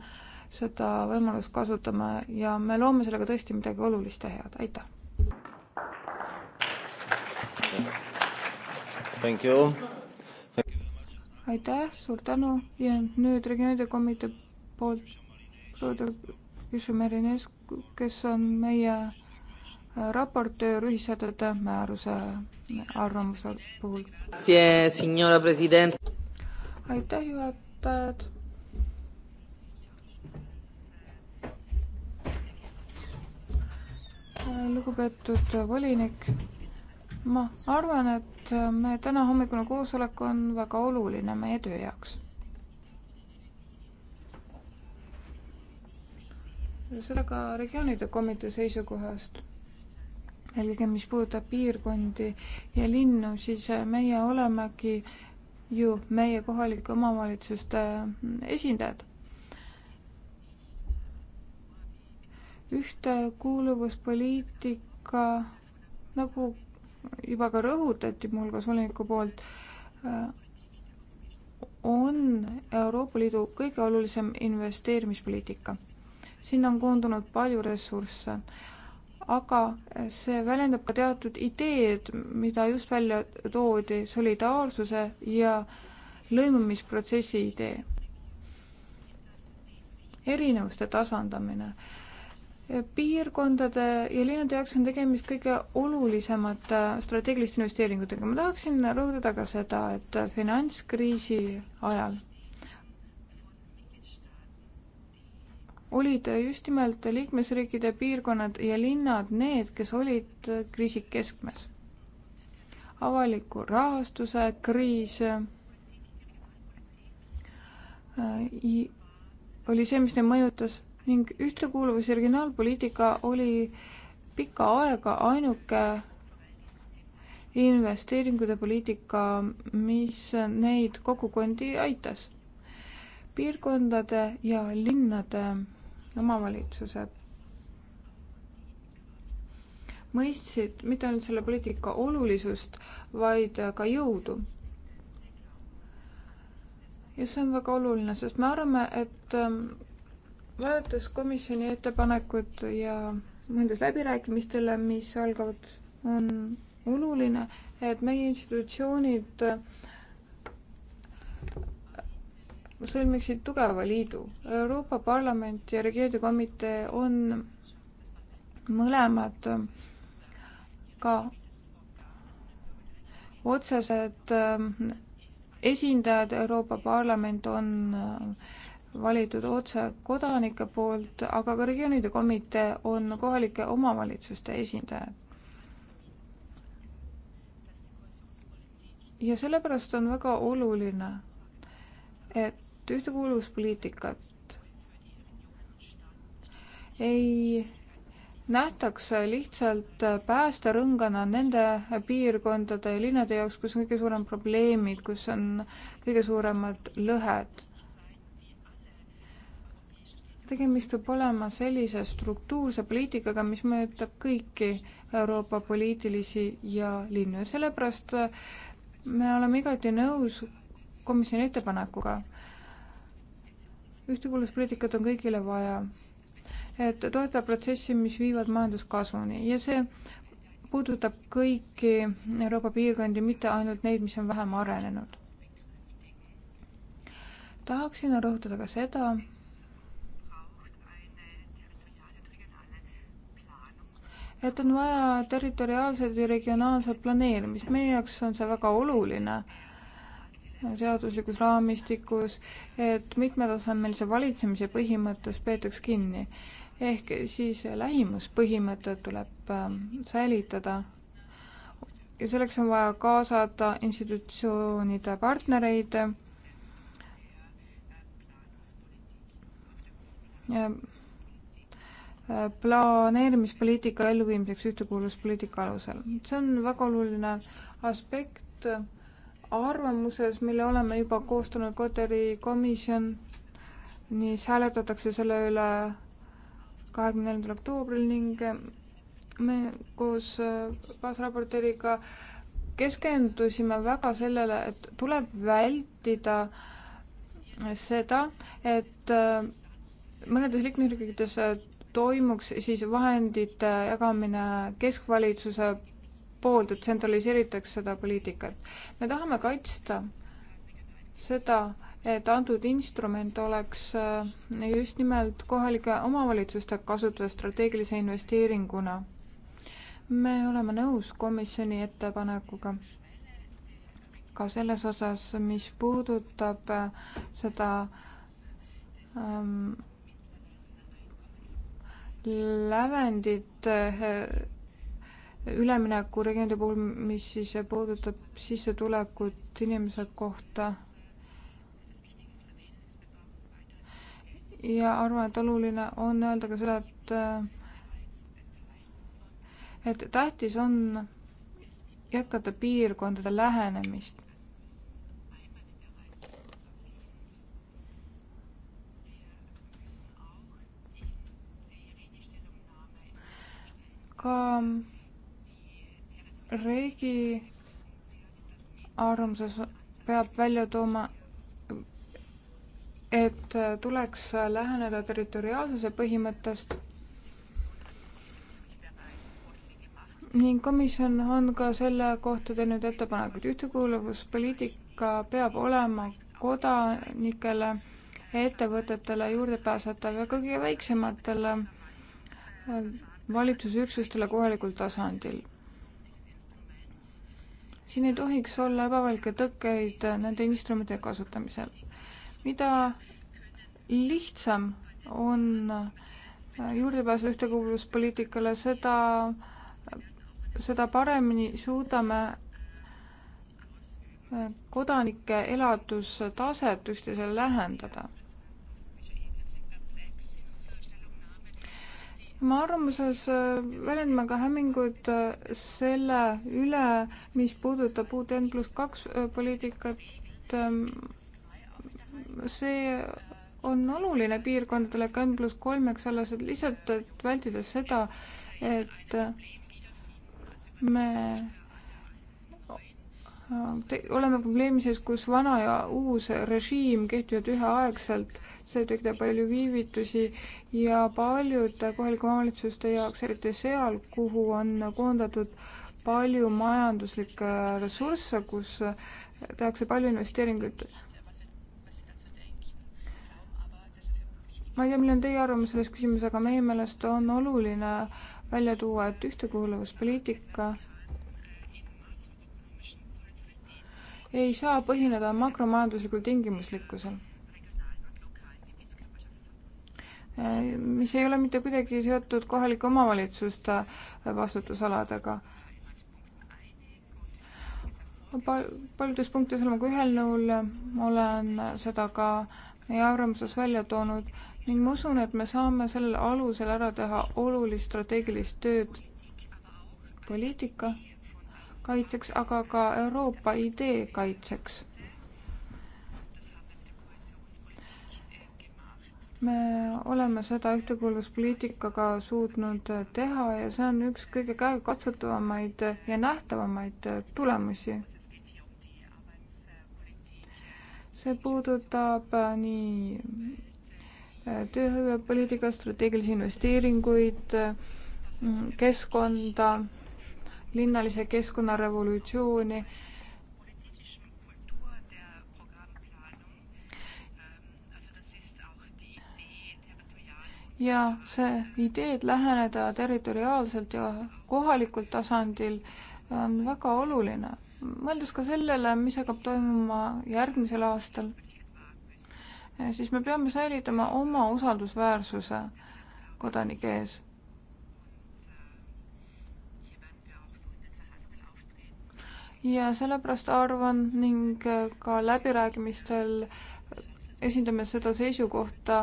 seda võimalust kasutama ja me loome sellega tõesti midagi olulist ja head, aitäh! aitäh, suur tänu ja nüüd regioonide komitee poolt Roder Püšmerines, kes on meie äh, raportöör ühishädade määruse arvamuse puhul. aitäh, juhatajad. lugupeetud volinik ma arvan, et äh, meie täna hommikune koosolek on väga oluline meie töö jaoks. seda ka regioonide komitee seisukohast. eelkõige, mis puudutab piirkondi ja linnu, siis äh, meie olemegi ju meie kohalike omavalitsuste mm, esindajad ühtekuuluvuspoliitika nagu juba ka rõhutati muuhulgas voliniku poolt, on Euroopa Liidu kõige olulisem investeerimispoliitika. sinna on koondunud palju ressursse, aga see väljendab ka teatud ideed, mida just välja toodi, solidaarsuse ja lõimumisprotsessi idee. erinevuste tasandamine äh, piirkondade ja linnade jaoks on tegemist kõige olulisemate strateegiliste investeeringutega. ma tahaksin rõhutada ka seda, et finantskriisi ajal olid just nimelt liikmesriikide piirkonnad ja linnad need, kes olid kriisi keskmes. avaliku rahastuse kriis äh, oli see, mis neid mõjutas ning ühtekuuluvus- ja regionaalpoliitika oli pikka aega ainuke investeeringute poliitika, mis neid kogukondi aitas. piirkondade ja linnade omavalitsused mõistsid mitte ainult selle poliitika olulisust, vaid ka jõudu. ja see on väga oluline, sest me arvame, et vaadates komisjoni ettepanekut ja mõeldes läbirääkimistele, mis algavad, on oluline, et meie institutsioonid sõlmiksid tugeva liidu. Euroopa Parlament ja Regioonide Komitee on mõlemad ka otsesed esindajad, Euroopa Parlament on äh, valitud otse kodanike poolt, aga ka regioonide komitee on kohalike omavalitsuste esindajad. ja sellepärast on väga oluline, et ühtekuuluvuspoliitikat ei nähtakse lihtsalt päästerõngana nende piirkondade ja linnade jaoks, kus on kõige suurem probleemid, kus on kõige suuremad lõhed tegemist peab olema sellise struktuurse poliitikaga, mis mõjutab kõiki Euroopa poliitilisi ja linnu ja sellepärast me oleme igati nõus komisjoni ettepanekuga. ühtekuuluvuspoliitikat on kõigile vaja, et toetada protsessi, mis viivad majanduskasvuni ja see puudutab kõiki Euroopa piirkondi, mitte ainult neid, mis on vähem arenenud. tahaksin rõhutada ka seda, et on vaja territoriaalset ja regionaalset planeerimist. meie jaoks on see väga oluline seaduslikus raamistikus, et mitmetasemelise valitsemise põhimõttest peetaks kinni. ehk siis lähimuspõhimõte tuleb ähm, säilitada ja selleks on vaja kaasata institutsioonide partnereid ja planeerimispoliitika elluviimiseks ühtekuuluvuspoliitika alusel. see on väga oluline aspekt arvamuses, mille oleme juba koostanud Kotari komisjon, nii hääletatakse selle üle kahekümne neljandal oktoobril ning me koos kaasraportööriga keskendusime väga sellele, et tuleb vältida seda, et mõnedes liikmesriikides toimuks siis vahendite jagamine keskvalitsuse poolt, et tsentraliseeritakse seda poliitikat. me tahame kaitsta seda, et antud instrument oleks äh, just nimelt kohalike omavalitsuste kasutada strateegilise investeeringuna. me oleme nõus komisjoni ettepanekuga ka selles osas, mis puudutab äh, seda ähm, lävendit eh, üleminekuregioonide puhul, mis siis puudutab sissetulekut inimese kohta. ja arvan, et oluline on öelda ka seda, et eh, et tähtis on jätkata piirkondade lähenemist ka Reigi arvamuses peab välja tooma, et tuleks läheneda territoriaalsuse põhimõttest ning komisjon on ka selle kohta teinud ettepanekuid. ühtekuuluvuspoliitika peab olema kodanikele ja ettevõtetele juurdepääsetav ja kõige väiksematele valitsusüksustele kohalikul tasandil. siin ei tohiks olla ebavajalikke tõkkeid nende instrumentide kasutamisel. mida lihtsam on juurdepääs ühtekuuluvuspoliitikale, seda, seda paremini suudame kodanike elatustaset üksteisele lähendada oma arvamuses äh, väljendame ka hämmingut äh, selle üle, mis puudutab uut N pluss kaks äh, poliitikat. Ähm, see on oluline piirkondadele ka N pluss kolmeks alles, et lihtsalt, et vältida seda, et me oleme probleemi sees, kus vana ja uus režiim kehtivad üheaegselt, see tekitab palju viivitusi ja paljude kohalike omavalitsuste jaoks, eriti seal, kuhu on koondatud palju majanduslikke ressursse, kus tehakse palju investeeringuid. ma ei tea, milline on teie arvamus selles küsimuses, aga meie meelest on oluline välja tuua, et ühtekuuluvuspoliitika ei saa põhineda makromajanduslikul tingimuslikkusel, mis ei ole mitte kuidagi seotud kohalike omavalitsuste vastutusaladega pal-, paljudes punktides olen ka ühel nõul, olen seda ka meie arvamuses välja toonud ning ma usun, et me saame sellel alusel ära teha olulist strateegilist tööd poliitika kaitseks, aga ka Euroopa idee kaitseks. me oleme seda ühtekuuluvuspoliitikaga suutnud teha ja see on üks kõige käegakatsutavamaid ja nähtavamaid tulemusi. see puudutab nii äh, tööhõivepoliitika, strateegilisi investeeringuid, mm, keskkonda linnalise keskkonnarevolutsiooni. ja see idee, et läheneda territoriaalselt ja kohalikul tasandil, on väga oluline. mõeldes ka sellele, mis hakkab toimuma järgmisel aastal, eh, siis me peame säilitama oma usaldusväärsuse kodanike ees ja sellepärast arvan ning ka läbirääkimistel esindame seda seisukohta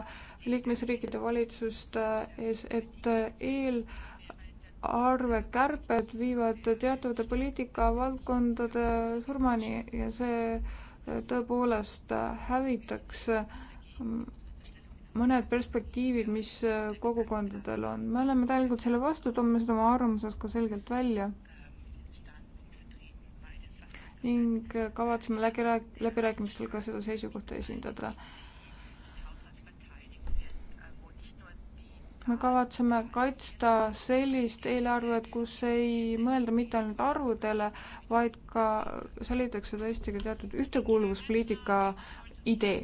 liikmesriikide valitsuste ees, et eelarvekärped viivad teatavate poliitikavaldkondade surmani ja see tõepoolest hävitaks mõned perspektiivid, mis kogukondadel on. me oleme tegelikult selle vastu, toome seda oma arvamuses ka selgelt välja ning kavatseme läbirääk-, läbirääkimistel ka seda seisukohta esindada. me kavatseme kaitsta sellist eelarvet, kus ei mõelda mitte ainult arvudele, vaid ka säilitatakse tõesti ka teatud ühtekuuluvuspoliitika idee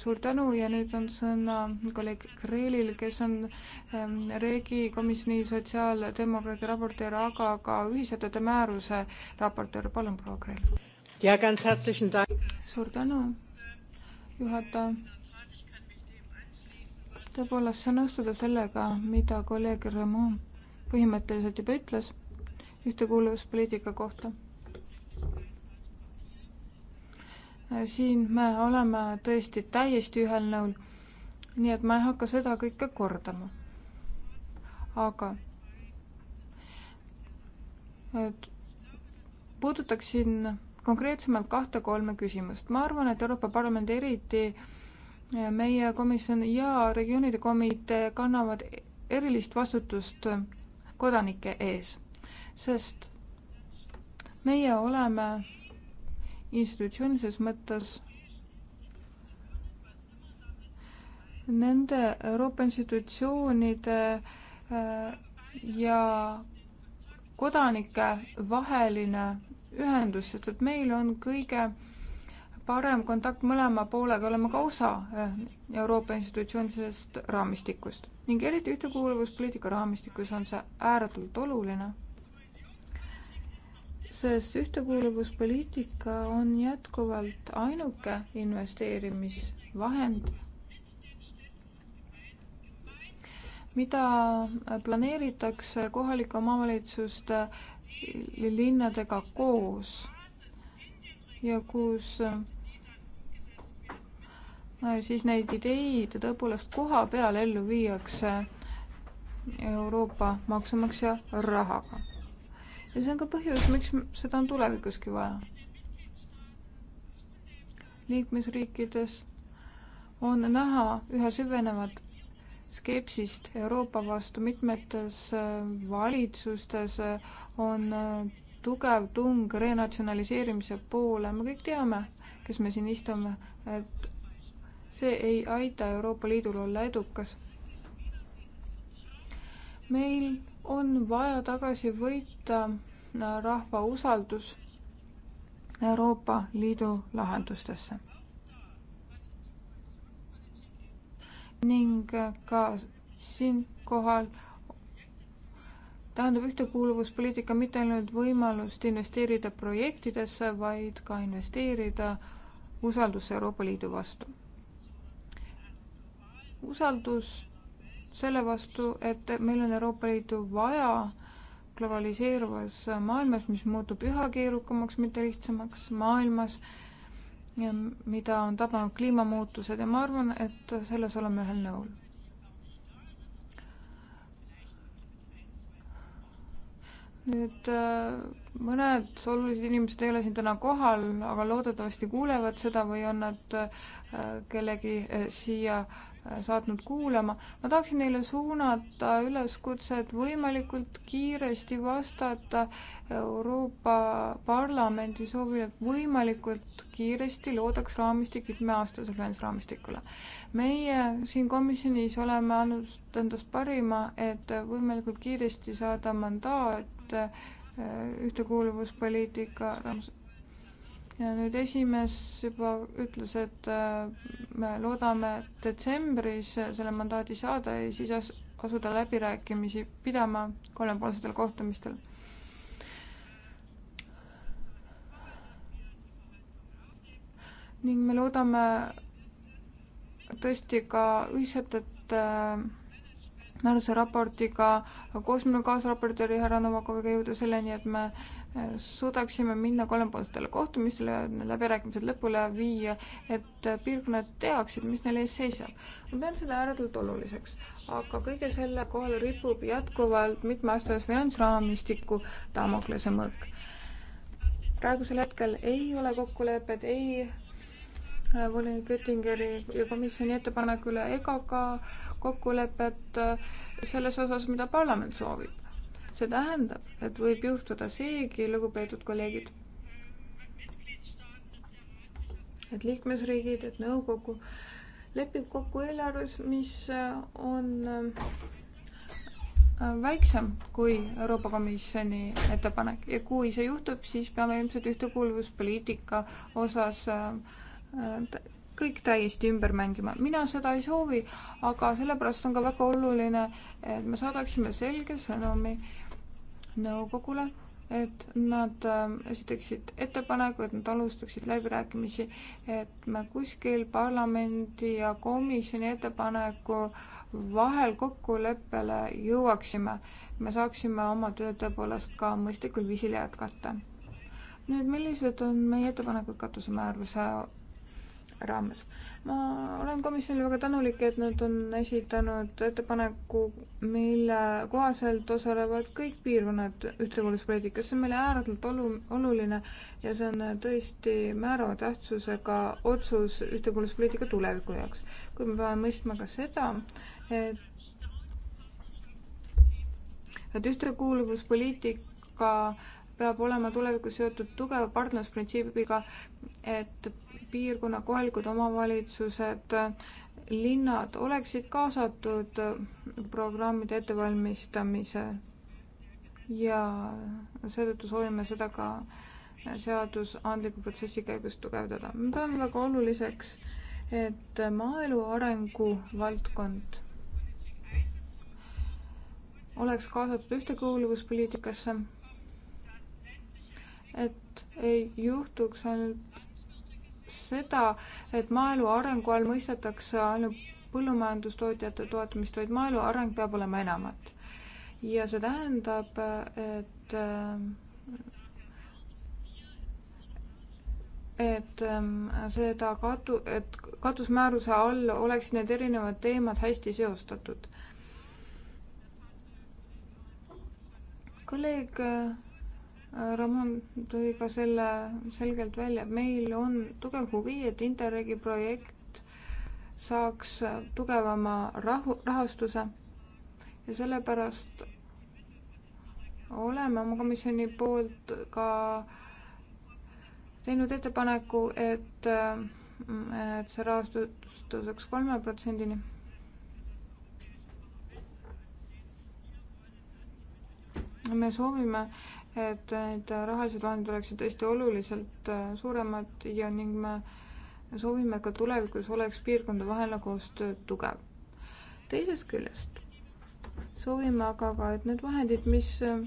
suur tänu ja nüüd on sõna kolleeg Kreelil, kes on ähm, Regi komisjoni sotsiaaldemokraadi raportöör, aga ka ühisettevõtte määruse raportöör. palun, proua Kreel. suur tänu, juhataja. tõepoolest saan nõustuda sellega, mida kolleeg Ramon põhimõtteliselt juba ütles ühtekuuluvuspoliitika kohta siin me oleme tõesti täiesti ühel nõul. nii et ma ei hakka seda kõike kordama. aga et puudutaksin konkreetsemalt kahte-kolme küsimust. ma arvan, et Euroopa Parlament, eriti meie komisjon ja regioonide komitee kannavad erilist vastutust kodanike ees, sest meie oleme institutsioonilises mõttes nende Euroopa institutsioonide äh, ja kodanike vaheline ühendus, sest et meil on kõige parem kontakt mõlema poolega, oleme ka osa äh, Euroopa institutsioonilisest raamistikust ning eriti ühtekuuluvuspoliitika raamistikus on see ääretult oluline sest ühtekuuluvuspoliitika on jätkuvalt ainuke investeerimisvahend, mida planeeritakse kohalike omavalitsuste linnadega koos ja kus äh, siis neid ideid tõepoolest koha peal ellu viiakse Euroopa maksumaksja rahaga ja see on ka põhjus, miks seda on tulevikuski vaja. liikmesriikides on näha üha süvenevat skepsist Euroopa vastu, mitmetes äh, valitsustes äh, on äh, tugev tung renatsionaliseerimise poole, me kõik teame, kes me siin istume, et see ei aita Euroopa Liidul olla edukas. meil on vaja tagasi võita äh, rahva usaldus Euroopa Liidu lahendustesse. ning äh, ka siinkohal tähendab ühtekuuluvuspoliitika mitte ainult võimalust investeerida projektidesse, vaid ka investeerida usaldusse Euroopa Liidu vastu. usaldus selle vastu, et meil on Euroopa Liitu vaja globaliseeruvas maailmas, mis muutub üha keerukamaks, mitte lihtsamaks maailmas, mida on tabanud kliimamuutused ja ma arvan, et selles oleme ühel nõul. nüüd äh, mõned olulised inimesed ei ole siin täna kohal, aga loodetavasti kuulevad seda või on nad äh, kellegi äh, siia äh, saatnud kuulama. ma tahaksin neile suunata üleskutset võimalikult kiiresti vastata Euroopa Parlamendi soovile, et võimalikult kiiresti loodaks raamistik kümneaastasele finantsraamistikule. meie siin komisjonis oleme andnud endast parima, et võimalikult kiiresti saada mandaat eh, ühtekuuluvuspoliitika raames ja nüüd esimees juba ütles, et äh, me loodame detsembris selle mandaadi saada ja siis as-, asuda läbirääkimisi pidama kolmepoolsetel kohtumistel. ning me loodame tõesti ka ühiselt, et äh, määruse raportiga koos minu kaasraportööri härra Novakoviga jõuda selleni, et me äh, suudaksime minna kolmepoolsetele kohtumistele, läbirääkimised lõpule viia, et piirkonnad teaksid, mis neil ees seisab. ma pean seda ääretult oluliseks, aga kõige selle kohal ripub jätkuvalt mitmeaastase finantsraamistiku Damoklese mõõk. praegusel hetkel ei ole kokkulepet ei äh, volinik Göttingeri ja komisjoni ettepaneku üle ega ka kokkulepet äh, selles osas, mida parlament soovib see tähendab, et võib juhtuda seegi, lugupeetud kolleegid, et liikmesriigid, et nõukogu lepib kokku eelarves, mis on äh, väiksem kui Euroopa Komisjoni ettepanek ja kui see juhtub, siis peame ilmselt ühtekuuluvuspoliitika osas äh, kõik täiesti ümber mängima. mina seda ei soovi, aga sellepärast on ka väga oluline, et me saadaksime selge sõnumi nõukogule, et nad ähm, esitaksid ettepaneku, et nad alustaksid läbirääkimisi, et me kuskil parlamendi ja komisjoni ettepaneku vahel kokkuleppele jõuaksime. me saaksime oma tööd tõepoolest ka mõistlikul viisil jätkata nüüd, millised on meie ettepanekud katusemääruse raames. ma olen komisjonile väga tänulik, et nad on esitanud ettepaneku, mille kohaselt osalevad kõik piirkonnad ühtekuuluvuspoliitikas. see on meile ääretult olu-, oluline ja see on tõesti määrava tähtsusega otsus ühtekuuluvuspoliitika tuleviku jaoks. kuid me peame mõistma ka seda, et et ühtekuuluvuspoliitika peab olema tulevikus seotud tugeva partnerlusprintsiibiga, et piirkonna kohalikud omavalitsused, linnad oleksid kaasatud programmide ettevalmistamise ja seetõttu soovime seda ka seadusandliku protsessi käigus tugevdada. me peame väga oluliseks, et maaelu arengu valdkond oleks kaasatud ühtekuuluvuspoliitikasse, et ei juhtuks ainult seda, et maaelu arengu all mõistetakse ainult põllumajandustootjate toetamist, vaid maaelu areng peab olema enamat. ja see tähendab, et et ähm, seda katu, et katusmääruse all oleksid need erinevad teemad hästi seostatud. kolleeg äh, Ramon tõi ka selle selgelt välja, meil on tugev huvi, et Interregi projekt saaks tugevama rahu, rahastuse ja sellepärast oleme oma komisjoni poolt ka teinud ettepaneku, et, et see rahastus tõuseks kolme protsendini me soovime, et need rahalised vahendid oleksid tõesti oluliselt äh, suuremad ja ning me soovime, et ka tulevikus oleks piirkondadevaheline nagu koostöö tugev. teisest küljest soovime aga ka, et need vahendid, mis äh,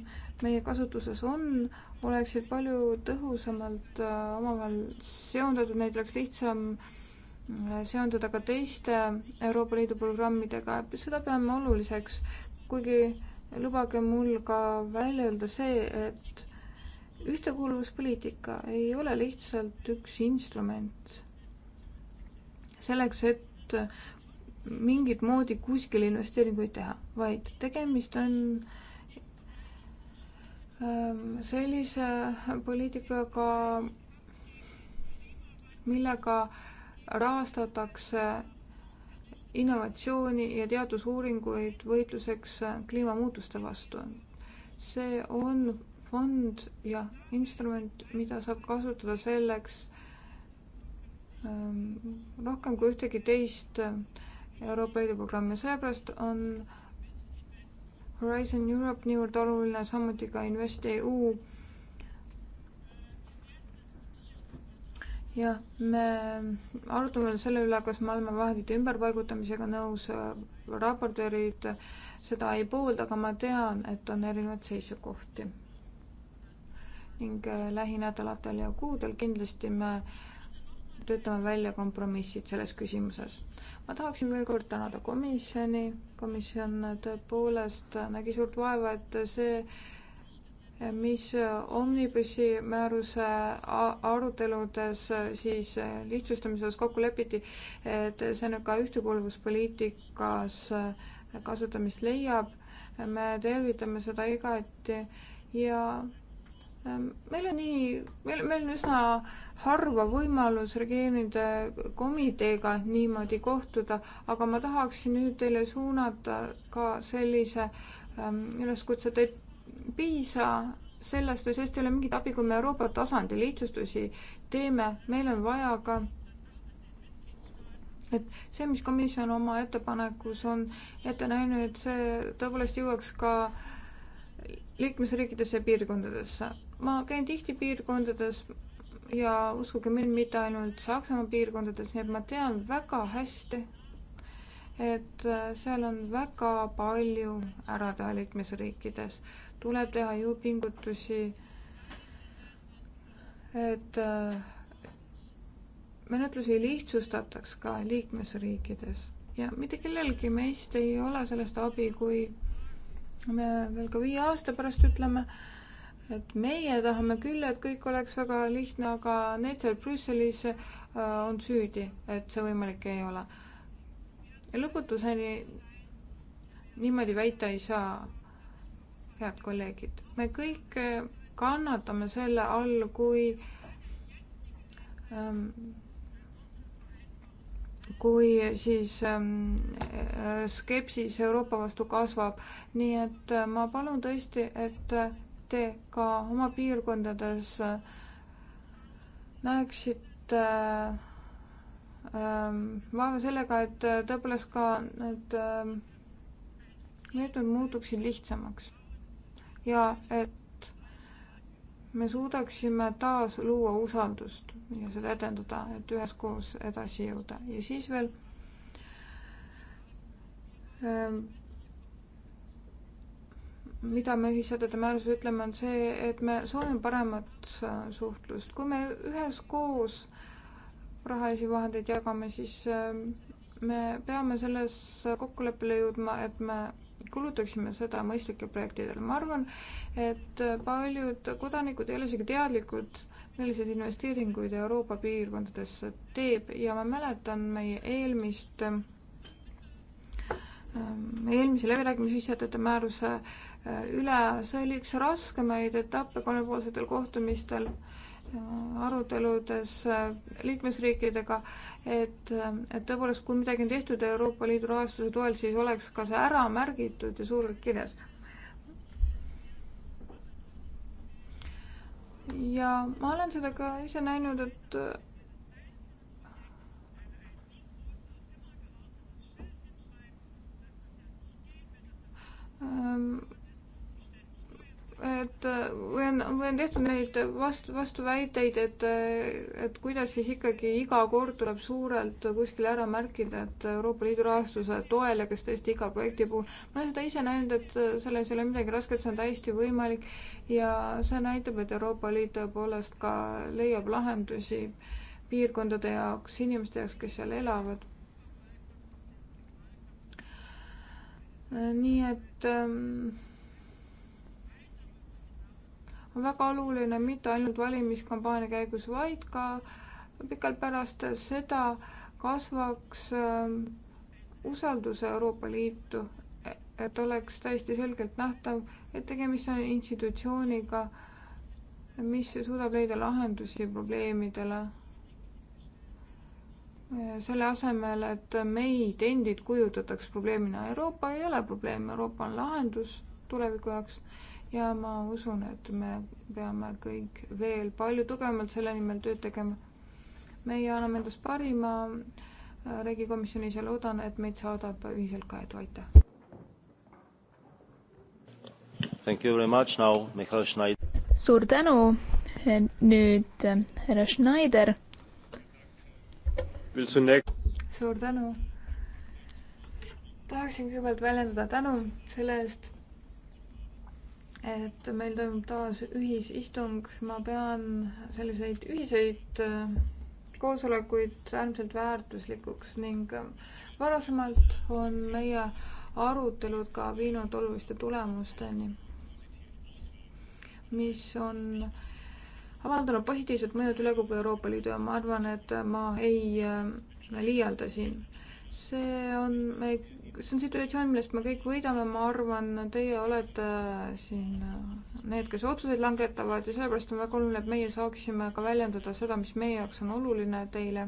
meie kasutuses on, oleksid palju tõhusamalt äh, omavahel seondatud, neid oleks lihtsam seondada ka teiste Euroopa Liidu programmidega, seda peame oluliseks, kuigi lubage mul ka välja öelda see, et ühtekuuluvuspoliitika ei ole lihtsalt üks instrument selleks, et mingit moodi kuskil investeeringuid teha, vaid tegemist on ähm, sellise poliitikaga, millega rahastatakse innovatsiooni ja teadusuuringuid võitluseks kliimamuutuste vastu. see on fond ja instrument, mida saab kasutada selleks ähm, rohkem kui ühtegi teist äh, Euroopa Liidu programmi, seepärast on Horizon Europe niivõrd oluline, samuti ka InvestEU jah, me arutame selle üle, kas me oleme vahendite ümberpaigutamisega nõus, raportöörid seda ei poolda, aga ma tean, et on erinevaid seisukohti. ning äh, lähinädalatel ja kuudel kindlasti me töötame välja kompromissid selles küsimuses. ma tahaksin veel kord tänada komisjoni, komisjon tõepoolest nägi suurt vaeva, et see mis äh, Omnibussi määruse aruteludes äh, siis äh, lihtsustamises kokku lepiti, et see nüüd ka ühtekuuluvuspoliitikas kasutamist leiab. me tervitame seda igati ja meil on nii, meil, meil on üsna harva võimalus regioonide komiteega niimoodi kohtuda, aga ma tahaksin nüüd teile suunata ka sellise ähm, üleskutse, et piisa sellest või sellest ei ole mingit abi, kui me Euroopa tasandil lihtsustusi teeme, meil on vaja ka et see, mis komisjon oma ettepanekus on ette näinud, et see tõepoolest jõuaks ka liikmesriikidesse ja piirkondadesse. ma käin tihti piirkondades ja uskuge mind, mitte ainult Saksamaa piirkondades, nii et ma tean väga hästi, et seal on väga palju ära teha liikmesriikides tuleb teha jõupingutusi, et äh, menetlusi lihtsustataks ka liikmesriikides ja mitte kellelgi meist ei ole sellest abi, kui me veel ka viie aasta pärast ütleme, et meie tahame küll, et kõik oleks väga lihtne, aga need seal Brüsselis äh, on süüdi, et see võimalik ei ole. ja lõputuseni niimoodi väita ei saa head kolleegid, me kõik äh, kannatame selle all, kui ähm, kui siis ähm, äh, skepsis Euroopa vastu kasvab. nii et äh, ma palun tõesti, et äh, te ka oma piirkondades äh, näeksite äh, ähm, vaeva sellega, et tõepoolest ka need ähm, meetmed muutuksid lihtsamaks ja et me suudaksime taas luua usaldust ja seda edendada, et üheskoos edasi jõuda ja siis veel ähm, mida me ühishädade määruses ütleme, on see, et me soovime paremat suhtlust. kui me üheskoos rahalisi vahendeid jagame, siis ähm, me peame selles kokkuleppele jõudma, et me kulutaksime seda mõistlikel projektidel. ma arvan, et paljud kodanikud ei ole isegi teadlikud, milliseid investeeringuid Euroopa piirkondadesse teeb ja ma mäletan meie eelmist ähm, eelmise läbirääkimisühisjätete määruse äh, üle, see oli üks raskemaid etappe kolmepoolsetel kohtumistel aruteludes äh, liikmesriikidega, et, äh, et tõepoolest, kui midagi on tehtud Euroopa Liidu rahastuse toel, siis oleks ka see ära märgitud ja suurelt kirjas. ja ma olen seda ka ise näinud, et ähm, et või on, või on tehtud neid vastu, vastuväiteid, et, et kuidas siis ikkagi iga kord tuleb suurelt kuskil ära märkida, et Euroopa Liidu rahastuse toel ja kas tõesti iga projekti puhul. ma olen seda ise näinud, et selles ei ole midagi rasket, see on täiesti võimalik ja see näitab, et Euroopa Liit tõepoolest ka leiab lahendusi piirkondade jaoks, inimeste jaoks, kes seal elavad. nii et ähm, on väga oluline mitte ainult valimiskampaania käigus, vaid ka pikalt pärast seda kasvaks ähm, usaldus Euroopa Liitu, et oleks täiesti selgelt nähtav, et tegemist on institutsiooniga, mis suudab leida lahendusi probleemidele. selle asemel, et meid endid kujutataks probleemina, Euroopa ei ole probleem, Euroopa on lahendus tuleviku jaoks ja ma usun, et me peame kõik veel palju tugevamalt selle nimel tööd tegema. meie anname endast parima riigikomisjonis ja loodan, et meid saadab ühiselt ka edu, aitäh. Thank you very much now, Mihhail Schneider. suur tänu, nüüd härra Schneider. suur tänu. tahaksin kõigepealt väljendada tänu selle eest et meil toimub taas ühisistung, ma pean selliseid ühiseid äh, koosolekuid äärmiselt väärtuslikuks ning äh, varasemalt on meie arutelud ka viinud oluliste tulemusteni, mis on avaldanud positiivset mõju üle kogu Euroopa Liidu ja ma arvan, et ma ei äh, liialda siin. see on meie see on situatsioon, millest me kõik võidame, ma arvan, teie olete siin äh, need, kes otsuseid langetavad ja sellepärast on väga oluline, et meie saaksime ka väljendada seda, mis meie jaoks on oluline teile.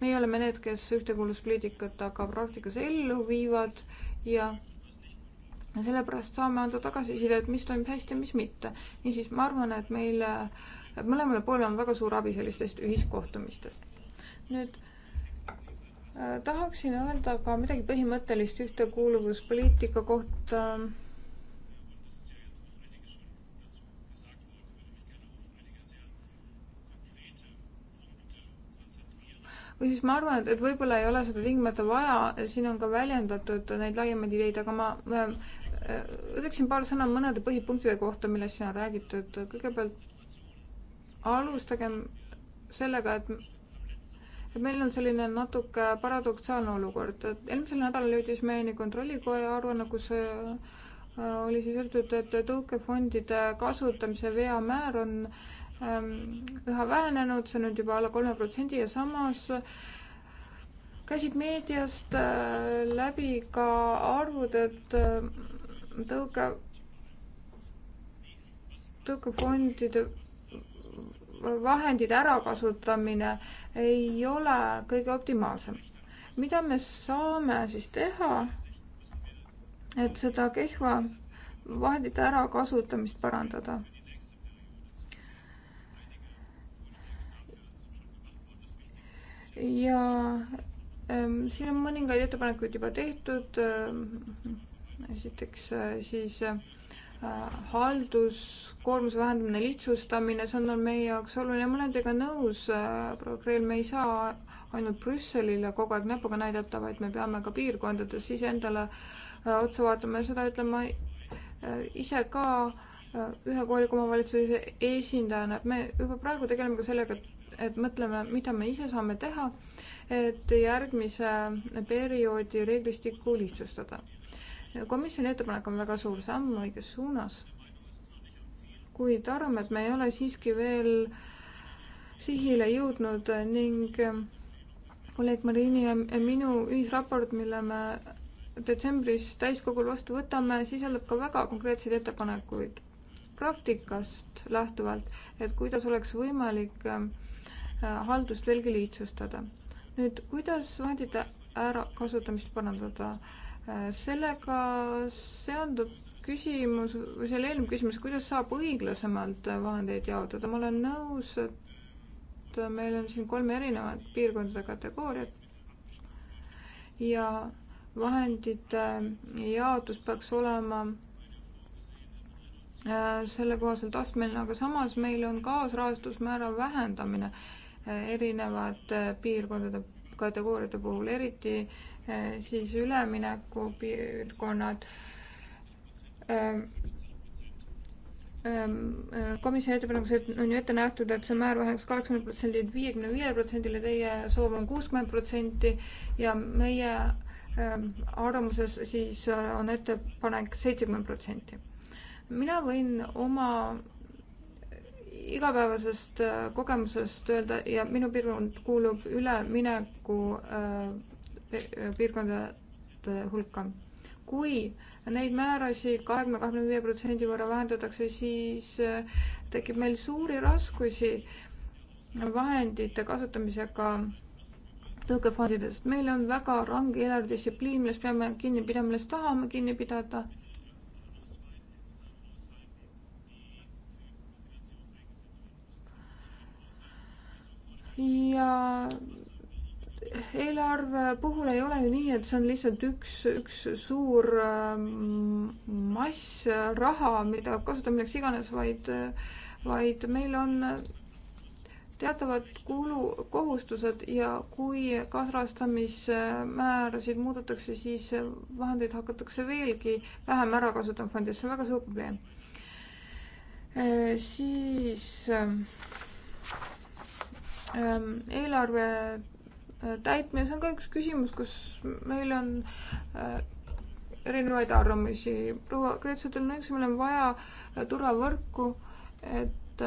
meie oleme need, kes ühtekuuluvuspoliitikat aga praktikas ellu viivad ja sellepärast saame anda tagasisidet, mis toimib hästi ja mis mitte. niisiis, ma arvan, et meile, mõlemale poole on väga suur abi sellistest ühiskohtumistest. nüüd Äh, tahaksin öelda ka midagi põhimõttelist ühtekuuluvuspoliitika kohta. või siis ma arvan, et, et võib-olla ei ole seda tingimata vaja, siin on ka väljendatud neid laiemaid ideid, aga ma äh, ütleksin paar sõna mõnede põhipunktide kohta, millest siin on räägitud. kõigepealt alustagem sellega, et meil on selline natuke paradoksaalne olukord, et eelmisel nädalal jõudis meieni Kontrollikoja aruanne, kus äh, oli siis öeldud, et tõukefondide kasutamise veamäär on ähm, üha vähenenud, see on nüüd juba alla kolme protsendi ja samas käisid meediast äh, läbi ka arvud, et äh, tõuke, tõukefondide vahendid ärakasutamine ei ole kõige optimaalsem. mida me saame siis teha, et seda kehva vahendite ärakasutamist parandada? ja ähm, siin on mõningaid ettepanekuid juba tehtud ähm,. esiteks äh, siis äh, halduskoormuse vähendamine, lihtsustamine, see on meie jaoks oluline ja ma olen teiega nõus, äh, proua Kreel, me ei saa ainult Brüsselile kogu aeg näpuga näidata, vaid me peame ka piirkondades iseendale äh, otsa vaatama ja seda ütlema äh, ise ka ühe kohaliku omavalitsuse esindajana, et me juba praegu tegeleme ka sellega, et et mõtleme, mida me ise saame teha, et järgmise perioodi reeglistikku lihtsustada komisjoni ettepanek on väga suur samm õiges suunas, kuid arvame, et me ei ole siiski veel sihile jõudnud ning eh, kolleeg Marini ja eh, minu ühisraport, mille me detsembris täiskogul vastu võtame, sisaldab ka väga konkreetseid ettepanekuid praktikast lähtuvalt, et kuidas oleks võimalik eh, haldust veelgi lihtsustada. nüüd, kuidas vahendite ärakasutamist parandada? Äh, sellega seondub küsimus, või selle eelnev küsimus, kuidas saab õiglasemalt vahendeid jaotada, ma olen nõus, et meil on siin kolm erinevat piirkondade kategooriat ja vahendite jaotus peaks olema äh, selle kohaselt astmeline, aga samas meil on kaasrahastusmäära vähendamine äh, erinevate piirkondade kategooriate puhul, eriti Äh, siis üleminekupiirkonnad. Ähm, ähm, äh, komisjoni ettepanekus on ju ette nähtud, et see määr väheneks kaheksakümne protsendilt viiekümne viiele protsendile, teie soov on kuuskümmend protsenti ja meie ähm, arvamuses siis äh, on ettepanek seitsekümmend protsenti. mina võin oma igapäevasest kogemusest öelda ja minu piirkond kuulub ülemineku äh, piirkondade hulka. kui neid määrasid kahekümne, kahekümne viie protsendi võrra vähendatakse, siis äh, tekib meil suuri raskusi vahendite kasutamisega tõukefondidest. meil on väga range eelarvedistsipliin, millest peame kinni pidama, millest tahame kinni pidada. ja eelarve puhul ei ole ju nii, et see on lihtsalt üks, üks suur ähm, mass raha, mida kasutame milleks iganes, vaid, vaid meil on teatavad kulukohustused ja kui kaasrahastamismäärasid muudetakse, siis vahendeid hakatakse veelgi vähem ära kasutama fondis, see on väga suur probleem. Äh, siis ähm, ähm, eelarve Äh, täitmine, see on ka üks küsimus, kus meil on äh, erinevaid arvamusi. proua Kreetsutel on õigus, meil on vaja äh, turvavõrku, et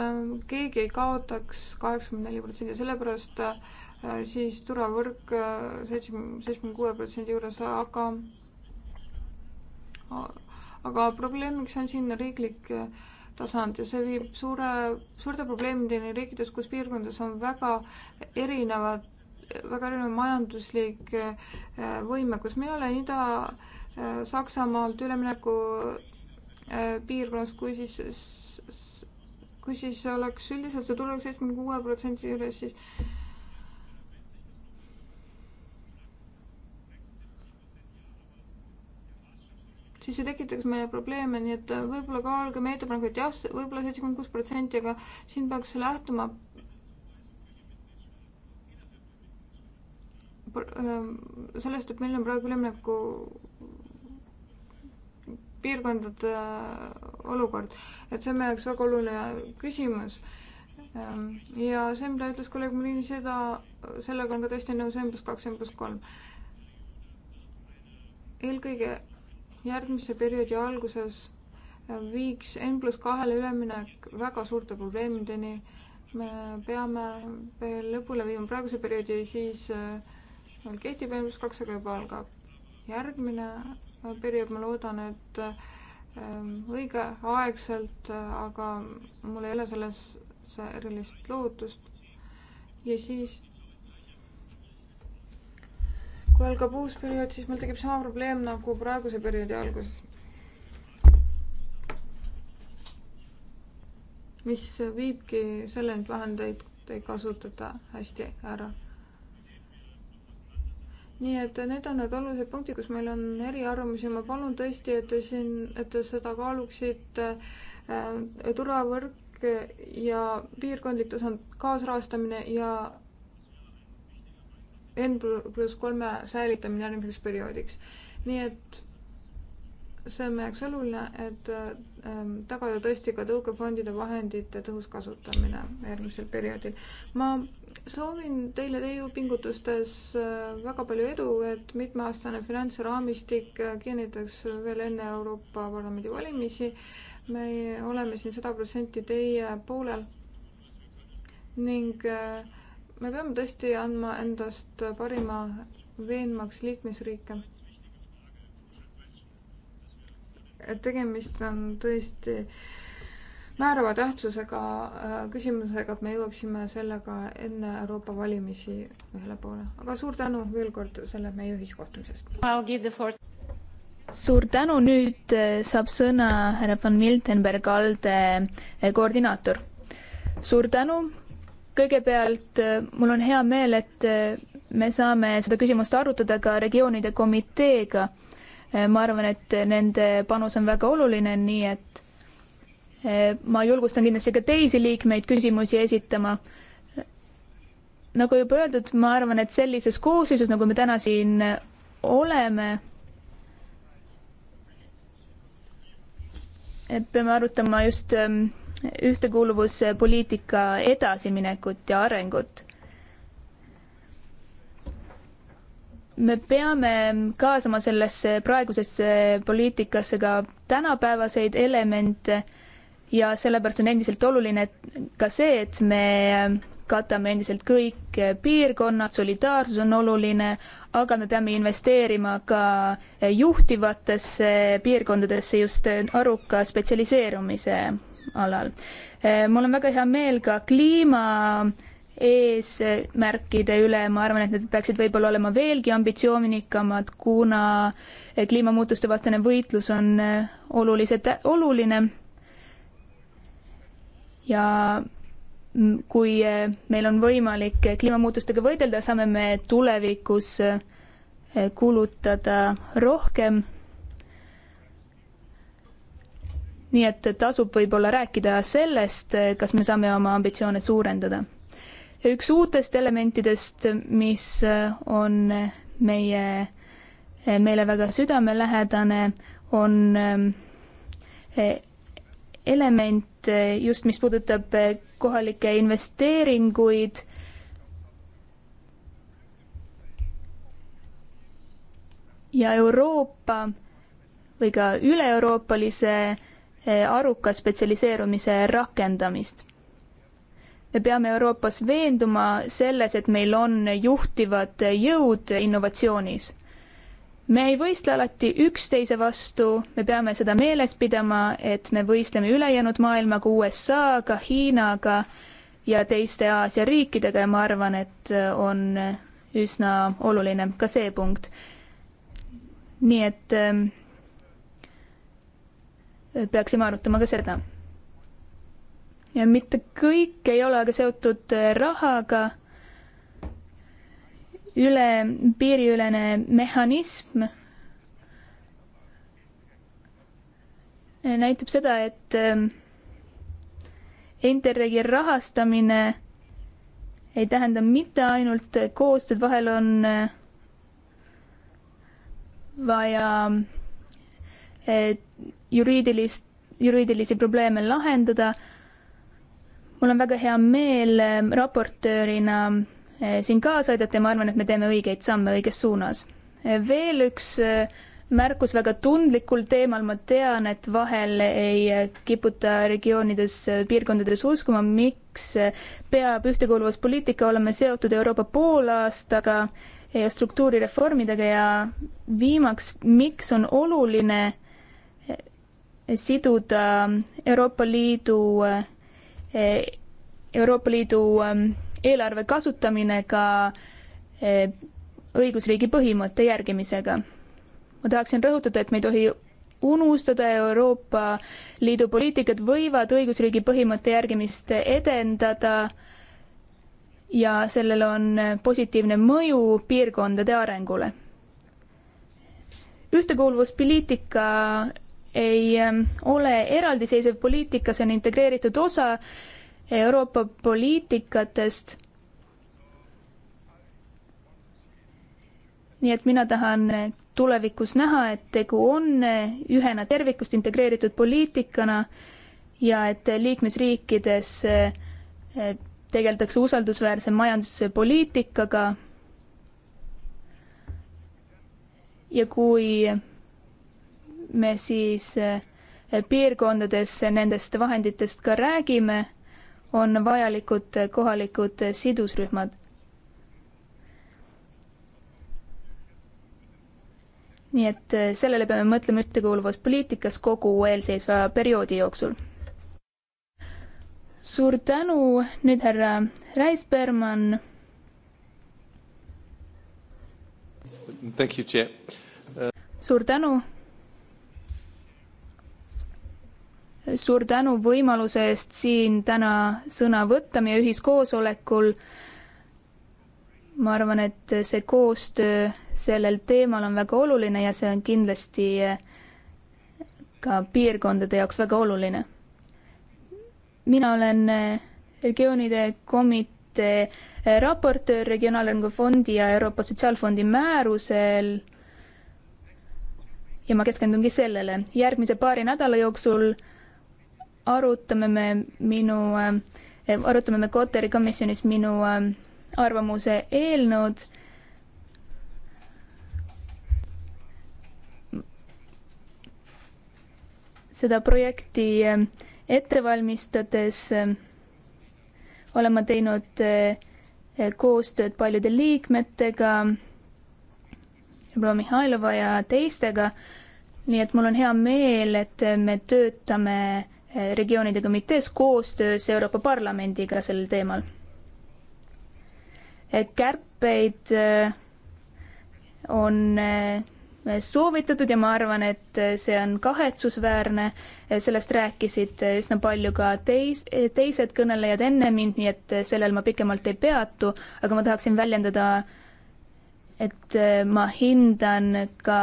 keegi ei kaotaks kaheksakümmend neli protsenti, sellepärast siis turvavõrk seitsme, seitsmekümne kuue protsendi juures, aga aga probleemiks on siin riiklik tasand ja see viib suure, suurte probleemideni riikides, kus piirkondades on väga erinevad väga erinev majanduslik äh, võimekus. meil on Ida-Saksamaalt äh, ülemineku äh, piirkonnas, kui siis, kui siis oleks üldiselt see tulu oleks seitsmekümne kuue protsendi juures, siis siis see tekitaks meile probleeme, nii et võib-olla kaalugem ettepanekuid, jah, võib-olla seitsekümmend kuus protsenti, aga siin peaks lähtuma Ähm, sellest, et meil on praegu ülemineku piirkondade olukord, et see on meie jaoks väga oluline küsimus. Ähm, ja see, mida ütles kolleeg Murini, seda, sellega on ka tõesti nõus M pluss kaks, M pluss kolm. eelkõige järgmise perioodi alguses äh, viiks N pluss kahele üleminek väga suurte probleemideni. me peame veel lõpule viima praeguse perioodi, siis äh, kehtib eelmisest kakssada juba algab. järgmine periood, ma loodan, et ähm, õigeaegselt, aga mul ei ole selles erilist lootust. ja siis, kui algab uus periood, siis meil tekib sama probleem nagu praeguse perioodi alguses. mis viibki selleni, et vahendeid ei kasutata hästi ära nii et need on need olulised punktid, kus meil on eriarvamusi. ma palun tõesti, et te siin, et te seda kaaluksite äh,. turvavõrk ja piirkondlik tasand, kaasrahastamine ja N pluss kolme säilitamine järgmiseks perioodiks. nii et see on meie jaoks oluline, et ähm, tagada tõesti ka tõukefondide vahendite tõhus kasutamine järgmisel perioodil. ma soovin teile teie pingutustes äh, väga palju edu, et mitmeaastane finantsraamistik äh, kinnitaks veel enne Euroopa Parlamendi valimisi. me oleme siin sada protsenti teie poolel ning äh, me peame tõesti andma endast parima veenmaks liikmesriike et tegemist on tõesti määrava tähtsusega äh, küsimusega, et me jõuaksime sellega enne Euroopa valimisi ühele poole. aga suur tänu veel kord selle meie ühiskohtumisest. suur tänu, nüüd äh, saab sõna härra von Miltenberg, ALDE äh, koordinaator. suur tänu, kõigepealt mul on hea meel, et me saame seda küsimust arutada ka regioonide komiteega Äh, ma arvan, et nende panus on väga oluline, nii et äh, ma julgustan kindlasti ka teisi liikmeid küsimusi esitama. nagu juba öeldud, ma arvan, et sellises koosseisus, nagu me täna siin oleme, peame arutama just ähm, ühtekuuluvuspoliitika edasiminekut ja arengut me peame kaasama sellesse praegusesse poliitikasse ka tänapäevaseid elemente ja sellepärast on endiselt oluline ka see, et me katame endiselt kõik piirkonnad, solidaarsus on oluline, aga me peame investeerima ka juhtivatesse piirkondadesse just aruka spetsialiseerumise alal. Eh, mul on väga hea meel ka kliima eesmärkide üle, ma arvan, et need peaksid võib-olla olema veelgi ambitsioonikamad, kuna kliimamuutuste vastane võitlus on eh, oluliselt oluline. ja kui eh, meil on võimalik kliimamuutustega võidelda, saame me tulevikus eh, kulutada rohkem. nii et tasub võib-olla rääkida sellest, kas me saame oma ambitsioone suurendada üks uutest elementidest, mis äh, on äh, meie, äh, meile väga südamelähedane, on ähm, element just, mis puudutab kohalikke investeeringuid. ja Euroopa või ka üle-euroopalise aruka spetsialiseerumise rakendamist me peame Euroopas veenduma selles, et meil on juhtivad jõud innovatsioonis. me ei võistle alati üksteise vastu, me peame seda meeles pidama, et me võistleme ülejäänud maailmaga, USA-ga, Hiinaga ja teiste Aasia riikidega ja ma arvan, et on üsna oluline ka see punkt. nii et ähm, peaksime arutama ka seda ja mitte kõik ei ole aga seotud äh, rahaga. üle, piiriülene mehhanism äh, näitab seda, et äh, Interregi rahastamine ei tähenda mitte ainult koostööd, vahel on vaja juriidilist, juriidilisi probleeme lahendada mul on väga hea meel ähm, raportöörina äh, siin kaasa aidata ja ma arvan, et me teeme õigeid samme õiges suunas. Äh, veel üks äh, märkus väga tundlikul teemal, ma tean, et vahel ei kiputa regioonides, piirkondades uskuma, miks peab ühtekuuluvuspoliitika olema seotud Euroopa poolaastaga ja struktuurireformidega ja viimaks, miks on oluline siduda Euroopa Liidu Eh, Euroopa Liidu ehm, eelarve kasutamine ka eh, õigusriigi põhimõtte järgimisega. ma tahaksin rõhutada, et me ei tohi unustada Euroopa Liidu poliitikad võivad õigusriigi põhimõtte järgimist edendada ja sellel on positiivne mõju piirkondade arengule. ühtekuuluvuspoliitika ei ähm, ole eraldiseisev poliitika, see on integreeritud osa Euroopa poliitikatest. nii et mina tahan tulevikus näha, et tegu on ühena tervikust integreeritud poliitikana ja et liikmesriikides äh, tegeldakse usaldusväärse majanduspoliitikaga. ja kui me siis eh, piirkondades nendest vahenditest ka räägime, on vajalikud kohalikud sidusrühmad. nii et eh, sellele peame mõtlema ühtekuuluvuspoliitikas kogu eelseisva perioodi jooksul. suur tänu, nüüd härra Reisbermann. suur tänu suur tänu võimaluse eest siin täna sõna võtta meie ühiskoosolekul. ma arvan, et see koostöö sellel teemal on väga oluline ja see on kindlasti ka piirkondade jaoks väga oluline. mina olen regioonide komitee raportöör Regionaalarengu Fondi ja Euroopa Sotsiaalfondi määrusel ja ma keskendungi sellele. järgmise paari nädala jooksul arutame me minu, äh, arutame me Kotari komisjonis minu äh, arvamuse eelnõud. seda projekti äh, ette valmistades olen ma teinud koostööd paljude liikmetega, proua Mihhailova ja teistega, nii et mul on hea meel, et me töötame Eh, regioonide komitees koostöös Euroopa Parlamendiga sellel teemal. Eh, kärpeid eh, on soovitatud ja ma arvan, et see on kahetsusväärne. sellest rääkisid üsna palju ka teis-, teised kõnelejad enne mind, nii et sellel ma pikemalt ei peatu, aga ma tahaksin väljendada, et ma hindan ka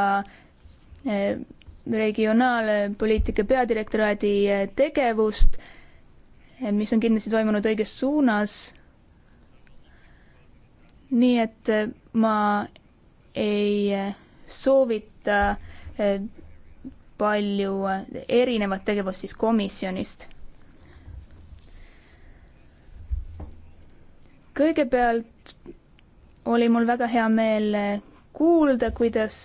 regionaalpoliitika peadirektoraadi eh, tegevust, eh, mis on kindlasti toimunud õiges suunas. nii et eh, ma ei soovita palju erinevat tegevust siis komisjonist. kõigepealt oli mul väga hea meel kuulda, kuidas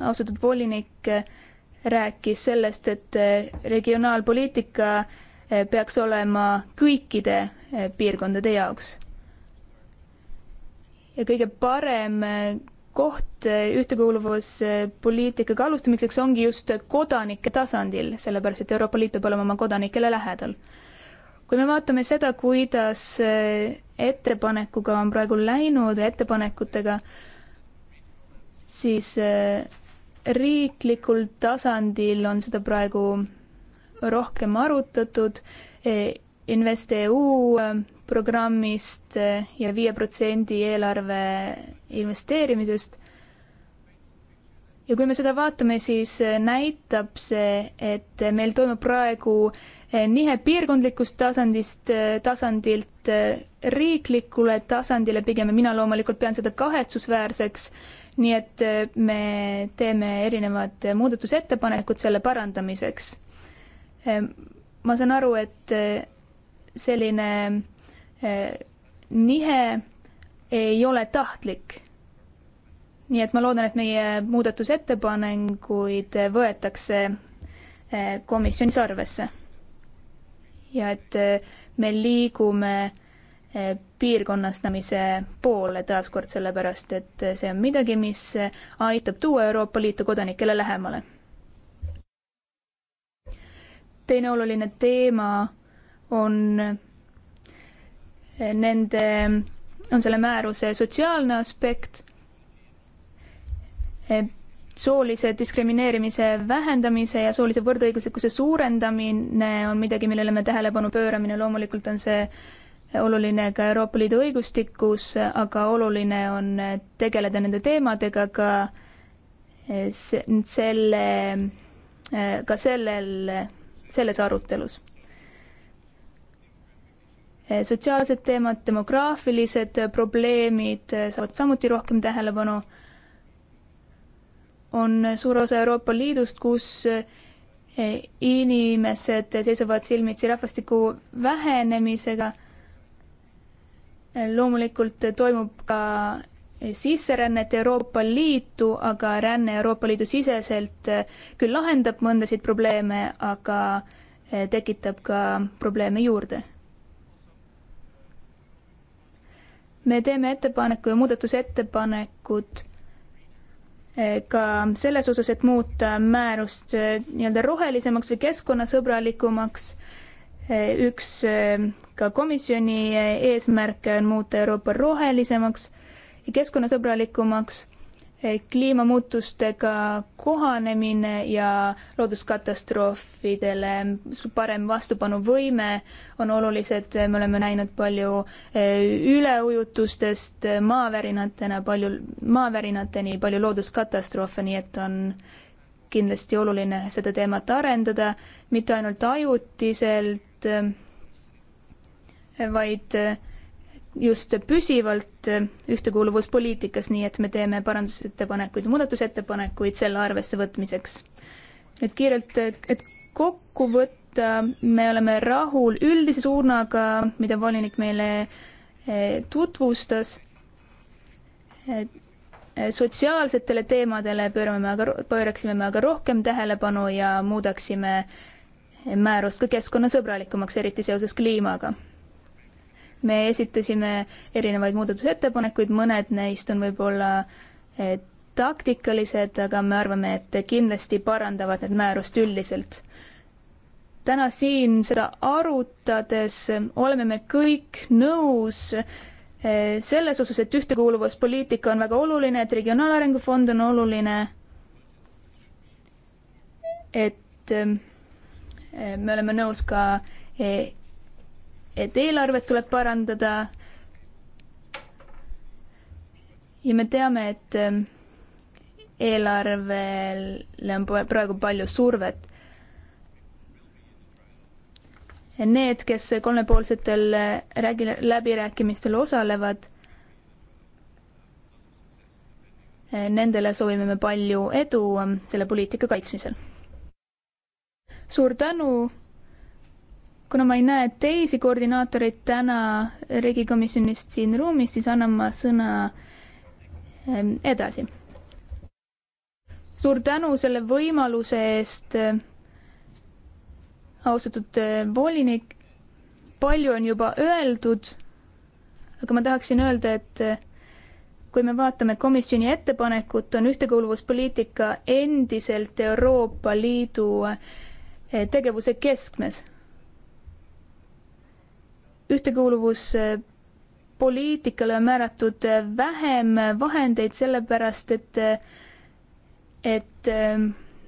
austatud volinik rääkis sellest, et eh, regionaalpoliitika eh, peaks olema kõikide eh, piirkondade jaoks. ja kõige parem koht ühtekuuluvuspoliitikaga alustamiseks ongi just kodanike tasandil, sellepärast et Euroopa Liit peab olema oma kodanikele lähedal. kui me vaatame seda, kuidas ettepanekuga on praegu läinud, ettepanekutega, siis riiklikul tasandil on seda praegu rohkem arutatud InvestEU äh, programmist äh, ja viie protsendi eelarve investeerimisest. ja kui me seda vaatame, siis äh, näitab see, et meil toimub praegu nihe piirkondlikust tasandist, tasandilt riiklikule tasandile, pigem ja mina loomulikult pean seda kahetsusväärseks nii et äh, me teeme erinevad muudatusettepanekud selle parandamiseks. Äh, ma saan aru, et äh, selline nihe ei ole tahtlik. nii et ma loodan, et meie muudatusettepanekuid võetakse komisjonis arvesse. ja et me liigume piirkonnastamise poole taaskord, sellepärast et see on midagi, mis aitab tuua Euroopa Liitu kodanikele lähemale. teine oluline teema on nende, on selle määruse sotsiaalne aspekt, soolise diskrimineerimise vähendamise ja soolise võrdõiguslikkuse suurendamine on midagi, millele me tähelepanu pööramine, loomulikult on see äh, oluline ka Euroopa Liidu õigustikus, aga oluline on tegeleda nende teemadega ka selle, ka sellel, selles arutelus. sotsiaalsed teemad, demograafilised probleemid saavad samuti rohkem tähelepanu. on suur osa Euroopa Liidust, kus inimesed seisavad silmitsi rahvastiku vähenemisega loomulikult toimub ka eh, sisserännet Euroopa Liitu, aga ränne Euroopa Liidu siseselt eh, küll lahendab mõndasid probleeme, aga eh, tekitab ka probleeme juurde. me teeme ettepaneku ja muudatusettepanekud ka selles osas, et muuta määrust nii-öelda rohelisemaks või keskkonnasõbralikumaks üks eh, ka komisjoni eh, eesmärke on muuta Euroopa rohelisemaks ja keskkonnasõbralikumaks, eh, kliimamuutustega kohanemine ja looduskatastroofidele parem vastupanuvõime on olulised, me oleme näinud palju üleujutustest maavärinatena, palju maavärinateni, palju looduskatastroofe, nii et on kindlasti oluline seda teemat arendada, mitte ainult ajutiselt, vaid, vaid just püsivalt ühtekuuluvuspoliitikas, nii et me teeme parandusettepanekuid ja muudatusettepanekuid selle arvesse võtmiseks. nüüd kiirelt, et kokku võtta, me oleme rahul üldise suunaga, mida volinik meile e, tutvustas. E, e, sotsiaalsetele teemadele pöörame me aga, pööraksime me aga rohkem tähelepanu ja muudaksime äh, määrust ka keskkonnasõbralikumaks, eriti seoses kliimaga. me esitasime erinevaid muudatusettepanekuid, mõned neist on võib-olla eh, taktikalised, aga me arvame, et kindlasti parandavad need määrust üldiselt. täna siin seda arutades oleme me kõik nõus eh, selles osas, et ühtekuuluvuspoliitika on väga oluline, et regionaalarengu fond on oluline, et eh, me oleme nõus ka, e, et eelarvet tuleb parandada. ja me teame, et e, eelarvele on praegu palju survet need, kes kolmepoolsetel räägi-, läbirääkimistel osalevad, e, nendele soovime me palju edu selle poliitika kaitsmisel suur tänu. kuna ma ei näe teisi koordinaatoreid täna riigikomisjonist siin ruumis, siis annan ma sõna ehm, edasi. suur tänu selle võimaluse eest, ehm, austatud ehm, volinik. palju on juba öeldud, aga ma tahaksin öelda, et kui me vaatame komisjoni ettepanekut, on ühtekuuluvuspoliitika endiselt Euroopa Liidu äh, Eh, tegevuse keskmes. ühtekuuluvuspoliitikale eh, on määratud eh, vähem vahendeid, sellepärast et, et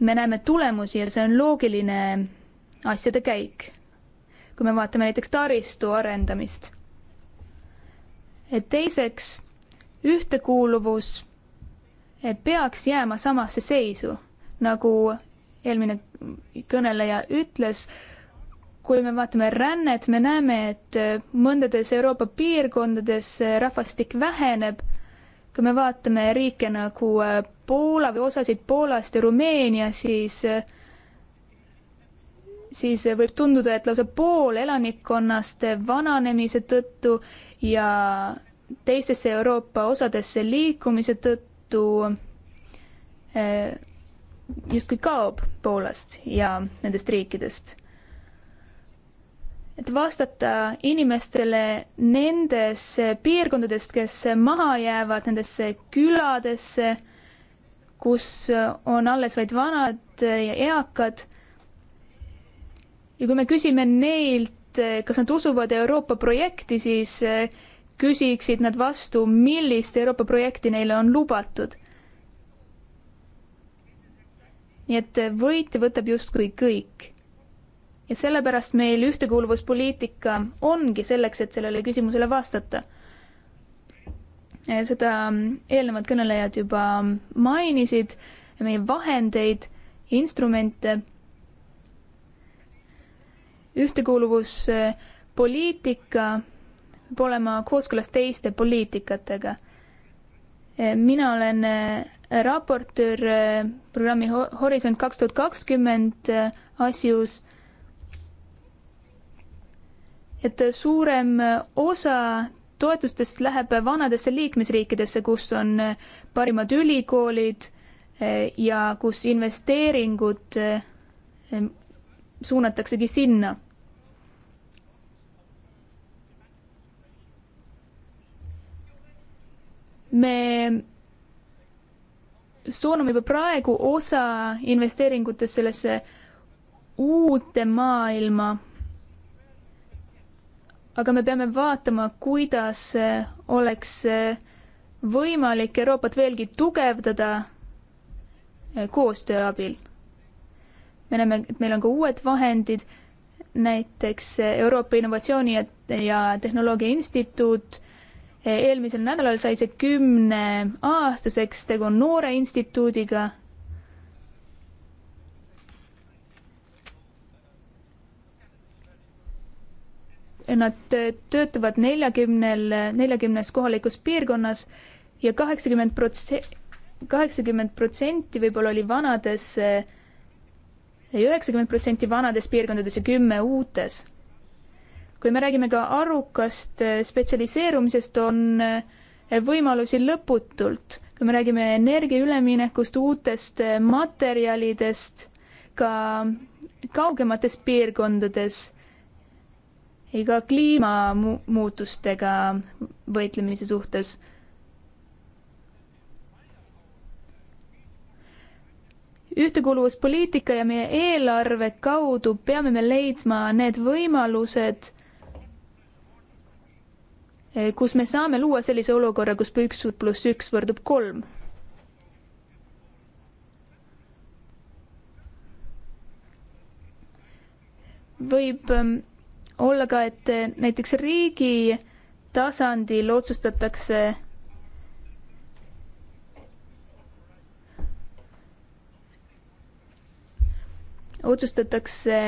me näeme tulemusi ja see on loogiline asjade käik. kui me vaatame näiteks taristu arendamist. teiseks, ühtekuuluvus peaks jääma samasse seisu nagu eelmine kõneleja ütles, kui me vaatame rännet, me näeme, et äh, mõndades Euroopa piirkondades äh, rahvastik väheneb. kui me vaatame riike nagu äh, Poola või osasid Poolast ja Rumeenia, siis, siis võib tunduda, et lausa pool elanikkonnast vananemise tõttu ja teistesse Euroopa osadesse liikumise tõttu äh, justkui kaob Poolast ja nendest riikidest. et vastata inimestele nendes piirkondades, kes maha jäävad, nendesse küladesse, kus on alles vaid vanad ja eakad. ja kui me küsime neilt, kas nad usuvad Euroopa projekti, siis küsiksid nad vastu, millist Euroopa projekti neile on lubatud nii et võit võtab justkui kõik. ja sellepärast meil ühtekuuluvuspoliitika ongi selleks, et sellele küsimusele vastata. seda eelnevad kõnelejad juba mainisid, meie vahendeid, instrumente. ühtekuuluvuspoliitika peab olema kooskõlas teiste poliitikatega. mina olen raportöör äh, programmi Horisont kaks tuhat kakskümmend äh, asjus, et suurem äh, osa toetustest läheb vanadesse liikmesriikidesse, kus on parimad ülikoolid ja kus investeeringud suunataksegi sinna me suuname juba praegu osa investeeringutest sellesse uude maailma. aga me peame vaatama, kuidas oleks võimalik Euroopat veelgi tugevdada koostöö abil. me näeme, et meil on ka uued vahendid, näiteks Euroopa Innovatsiooni ja, ja Tehnoloogia Instituut eelmisel nädalal sai see kümneaastaseks, tegu on Noore Instituudiga. Nad töötavad neljakümnel, neljakümnes kohalikus piirkonnas ja kaheksakümmend protsenti, kaheksakümmend protsenti võib-olla oli vanades ja üheksakümmend protsenti vanades piirkondades ja kümme uutes kui me räägime ka arukast eh, spetsialiseerumisest, on eh, võimalusi lõputult. kui me räägime energia üleminekust, uutest eh, materjalidest, ka kaugemates piirkondades, ka kliimamuutustega võitlemise suhtes. ühtekuuluvuspoliitika ja meie eelarve kaudu peame me leidma need võimalused Eh, kus me saame luua sellise olukorra, kus üks pluss üks võrdub kolm. võib ähm, olla ka, et äh, näiteks riigi tasandil otsustatakse otsustatakse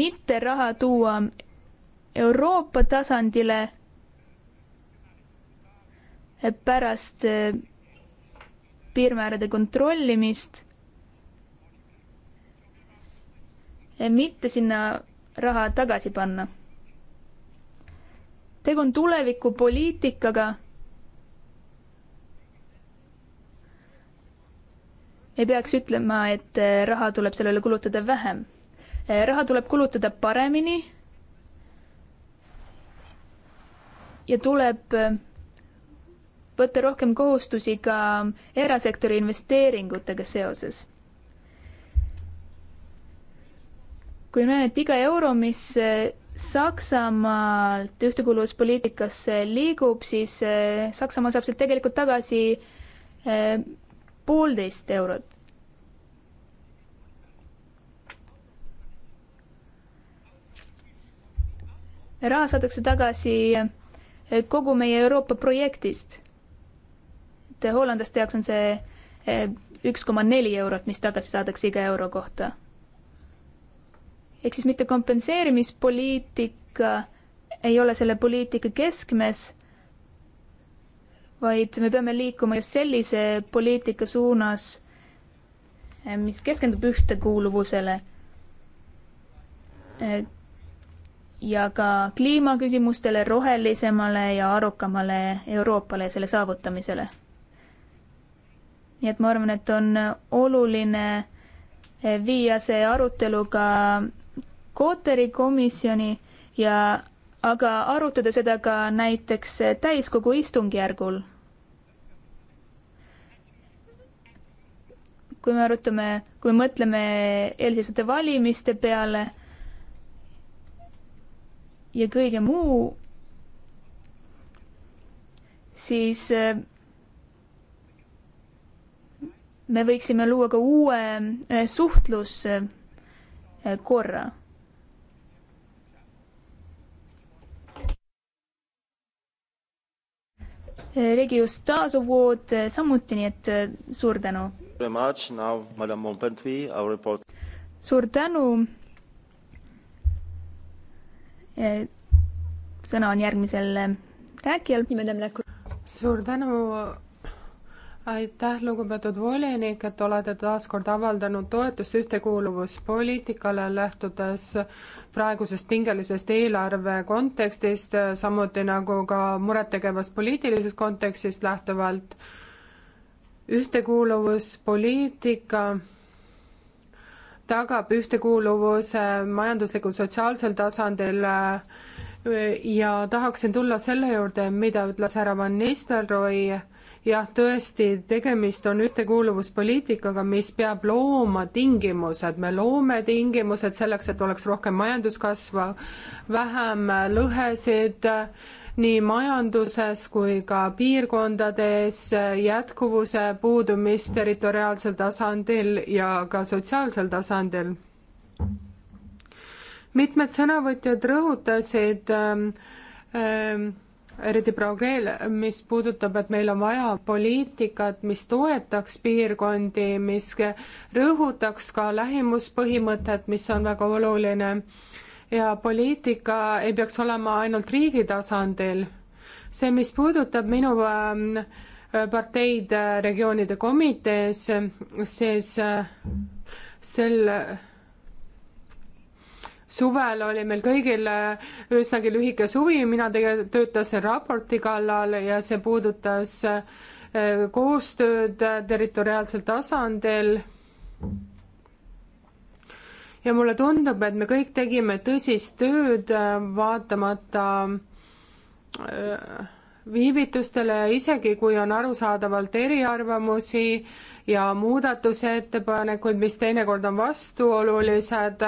mitte raha tuua Euroopa tasandile pärast äh, piirmäärade kontrollimist, äh, mitte sinna raha tagasi panna. tegu on tulevikupoliitikaga. ei peaks ütlema, et äh, raha tuleb sellele kulutada vähem. raha tuleb kulutada paremini. ja tuleb võtta rohkem kohustusi ka erasektori investeeringutega seoses. kui näen, et iga euro, mis eh, Saksamaalt ühtekuuluvuspoliitikasse liigub, siis eh, Saksamaa saab sealt tegelikult tagasi eh, poolteist eurot. raha saadakse tagasi kogu meie Euroopa projektist et hollandlaste jaoks on see eh, üks koma neli eurot, mis tagasi saadakse iga euro kohta. ehk siis mitte kompenseerimispoliitika ei ole selle poliitika keskmes, vaid me peame liikuma just sellise poliitika suunas, eh, mis keskendub ühtekuuluvusele eh, ja ka kliimaküsimustele, rohelisemale ja arukamale Euroopale ja selle saavutamisele nii et ma arvan, et on oluline eh, viia see arutelu ka Kotari komisjoni ja aga arutada seda ka näiteks täiskogu istungjärgul. kui me arutame, kui mõtleme eelseisvate valimiste peale ja kõige muu, siis eh, me võiksime luua ka uue eh, suhtluskorra. Eh, Regius Stars Award eh, samuti, nii et suur tänu. suur tänu. sõna on järgmisel rääkijal. suur tänu aitäh, lugupeetud volinik, et olete taas kord avaldanud toetust ühtekuuluvuspoliitikale, lähtudes praegusest pingelisest eelarve kontekstist, samuti nagu ka murettegevast poliitilisest kontekstist lähtuvalt. ühtekuuluvuspoliitika tagab ühtekuuluvuse majanduslikul, sotsiaalsel tasandil ja tahaksin tulla selle juurde, mida ütles härra Van Nistelrooy jah, tõesti, tegemist on ühtekuuluvuspoliitikaga, mis peab looma tingimused, me loome tingimused selleks, et oleks rohkem majanduskasvu, vähem lõhesid nii majanduses kui ka piirkondades, jätkuvuse puudumist territoriaalsel tasandil ja ka sotsiaalsel tasandil. mitmed sõnavõtjad rõhutasid ähm, ähm, eriti programm, mis puudutab, et meil on vaja poliitikat, mis toetaks piirkondi, mis rõhutaks ka lähimuspõhimõtet, mis on väga oluline. ja poliitika ei peaks olema ainult riigi tasandil. see, mis puudutab minu ähm, parteid äh, regioonide komitees, siis äh, sel suvel oli meil kõigil äh, üsnagi lühike suvi, mina tegelikult töötasin raporti kallal ja see puudutas äh, koostööd territoriaalsel tasandil. ja mulle tundub, et me kõik tegime tõsist tööd, äh, vaatamata viivitustele, isegi kui on arusaadavalt eriarvamusi ja muudatusettepanekuid, mis teinekord on vastuolulised,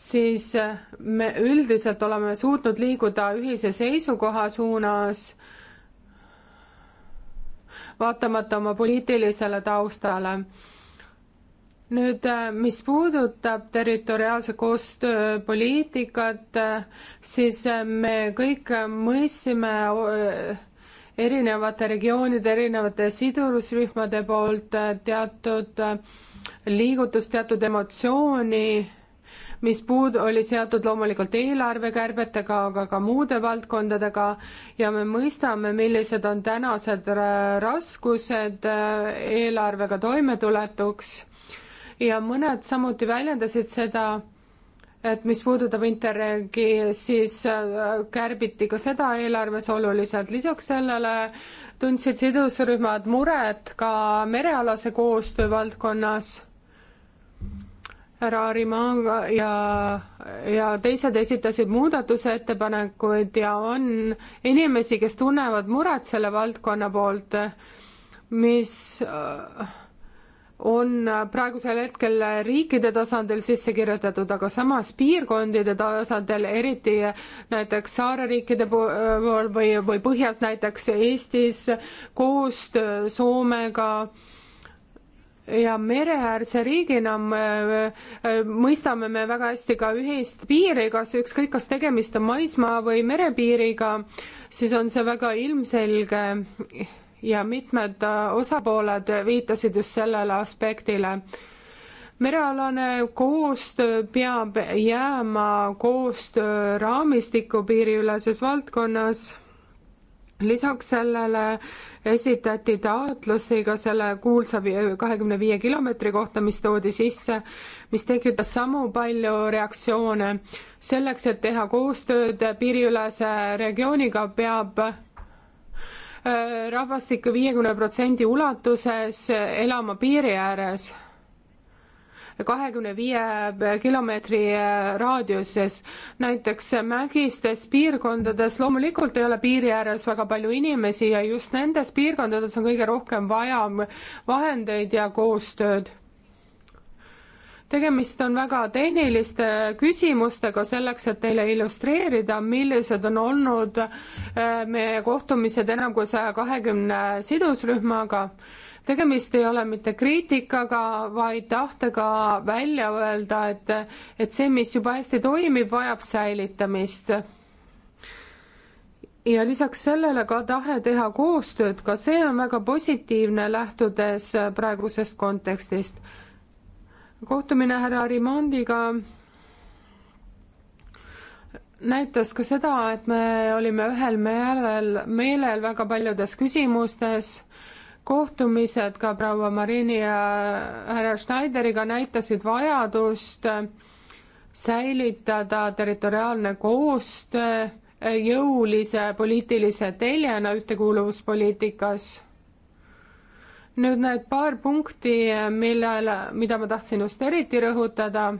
siis äh, me üldiselt oleme suutnud liiguda ühise seisukoha suunas, vaatamata oma poliitilisele taustale nüüd, äh, mis puudutab territoriaalse koostöö poliitikat, äh, siis me kõik mõistsime erinevate regioonide, erinevate sidurusrühmade poolt teatud liigutust, teatud emotsiooni mis puud-, oli seotud loomulikult eelarvekärbetega, aga ka muude valdkondadega ja me mõistame, millised on tänased raskused äh, eelarvega toimetulekuks ja mõned samuti väljendasid seda, et mis puudutab Interregi, siis äh, kärbiti ka seda eelarves oluliselt, lisaks sellele tundsid sidusrühmad muret ka merealase koostöö valdkonnas härra Arimanga ja, ja teised esitasid muudatusettepanekuid ja on inimesi, kes tunnevad muret selle valdkonna poolt, mis äh, on praegusel hetkel riikide tasandil sisse kirjutatud, aga samas piirkondade tasandil, eriti näiteks saareriikide pool äh, või, või põhjas näiteks Eestis koostöö Soomega äh, ja mereäärse riigina äh, äh, mõistame me väga hästi ka ühist piiri, kas ükskõik, kas tegemist on maismaa või merepiiriga, siis on see väga ilmselge ja mitmed äh, osapooled viitasid just sellele aspektile. merealane koostöö peab jääma koostöö raamistiku piiriüleses valdkonnas lisaks sellele esitati taotlusi ka selle kuulsa äh, kahekümne viie kilomeetri kohta, mis toodi sisse, mis tekitas samu palju reaktsioone. selleks, et teha koostööd piiriülese regiooniga, peab äh, rahvastikku viiekümne protsendi ulatuses elama piiri ääres kahekümne viie kilomeetri äh, raadiuses. näiteks mägistes piirkondades loomulikult ei ole piiri ääres väga palju inimesi ja just nendes piirkondades on kõige rohkem vaja vahendeid ja koostööd tegemist on väga tehniliste küsimustega selleks, et teile illustreerida, millised on olnud äh, meie kohtumised enam kui saja kahekümne sidusrühmaga tegemist ei ole mitte kriitikaga, vaid tahtega välja öelda, et, et see, mis juba hästi toimib, vajab säilitamist. ja lisaks sellele ka tahe teha koostööd, ka see on väga positiivne, lähtudes praegusest kontekstist. kohtumine härra Arimondiga näitas ka seda, et me olime ühel meelel, meelel väga paljudes küsimustes kohtumised ka proua Marini ja härra Schneideriga näitasid vajadust säilitada territoriaalne koostöö jõulise poliitilise teljena ühtekuuluvuspoliitikas nüüd need paar punkti, millele, mida ma tahtsin just eriti rõhutada.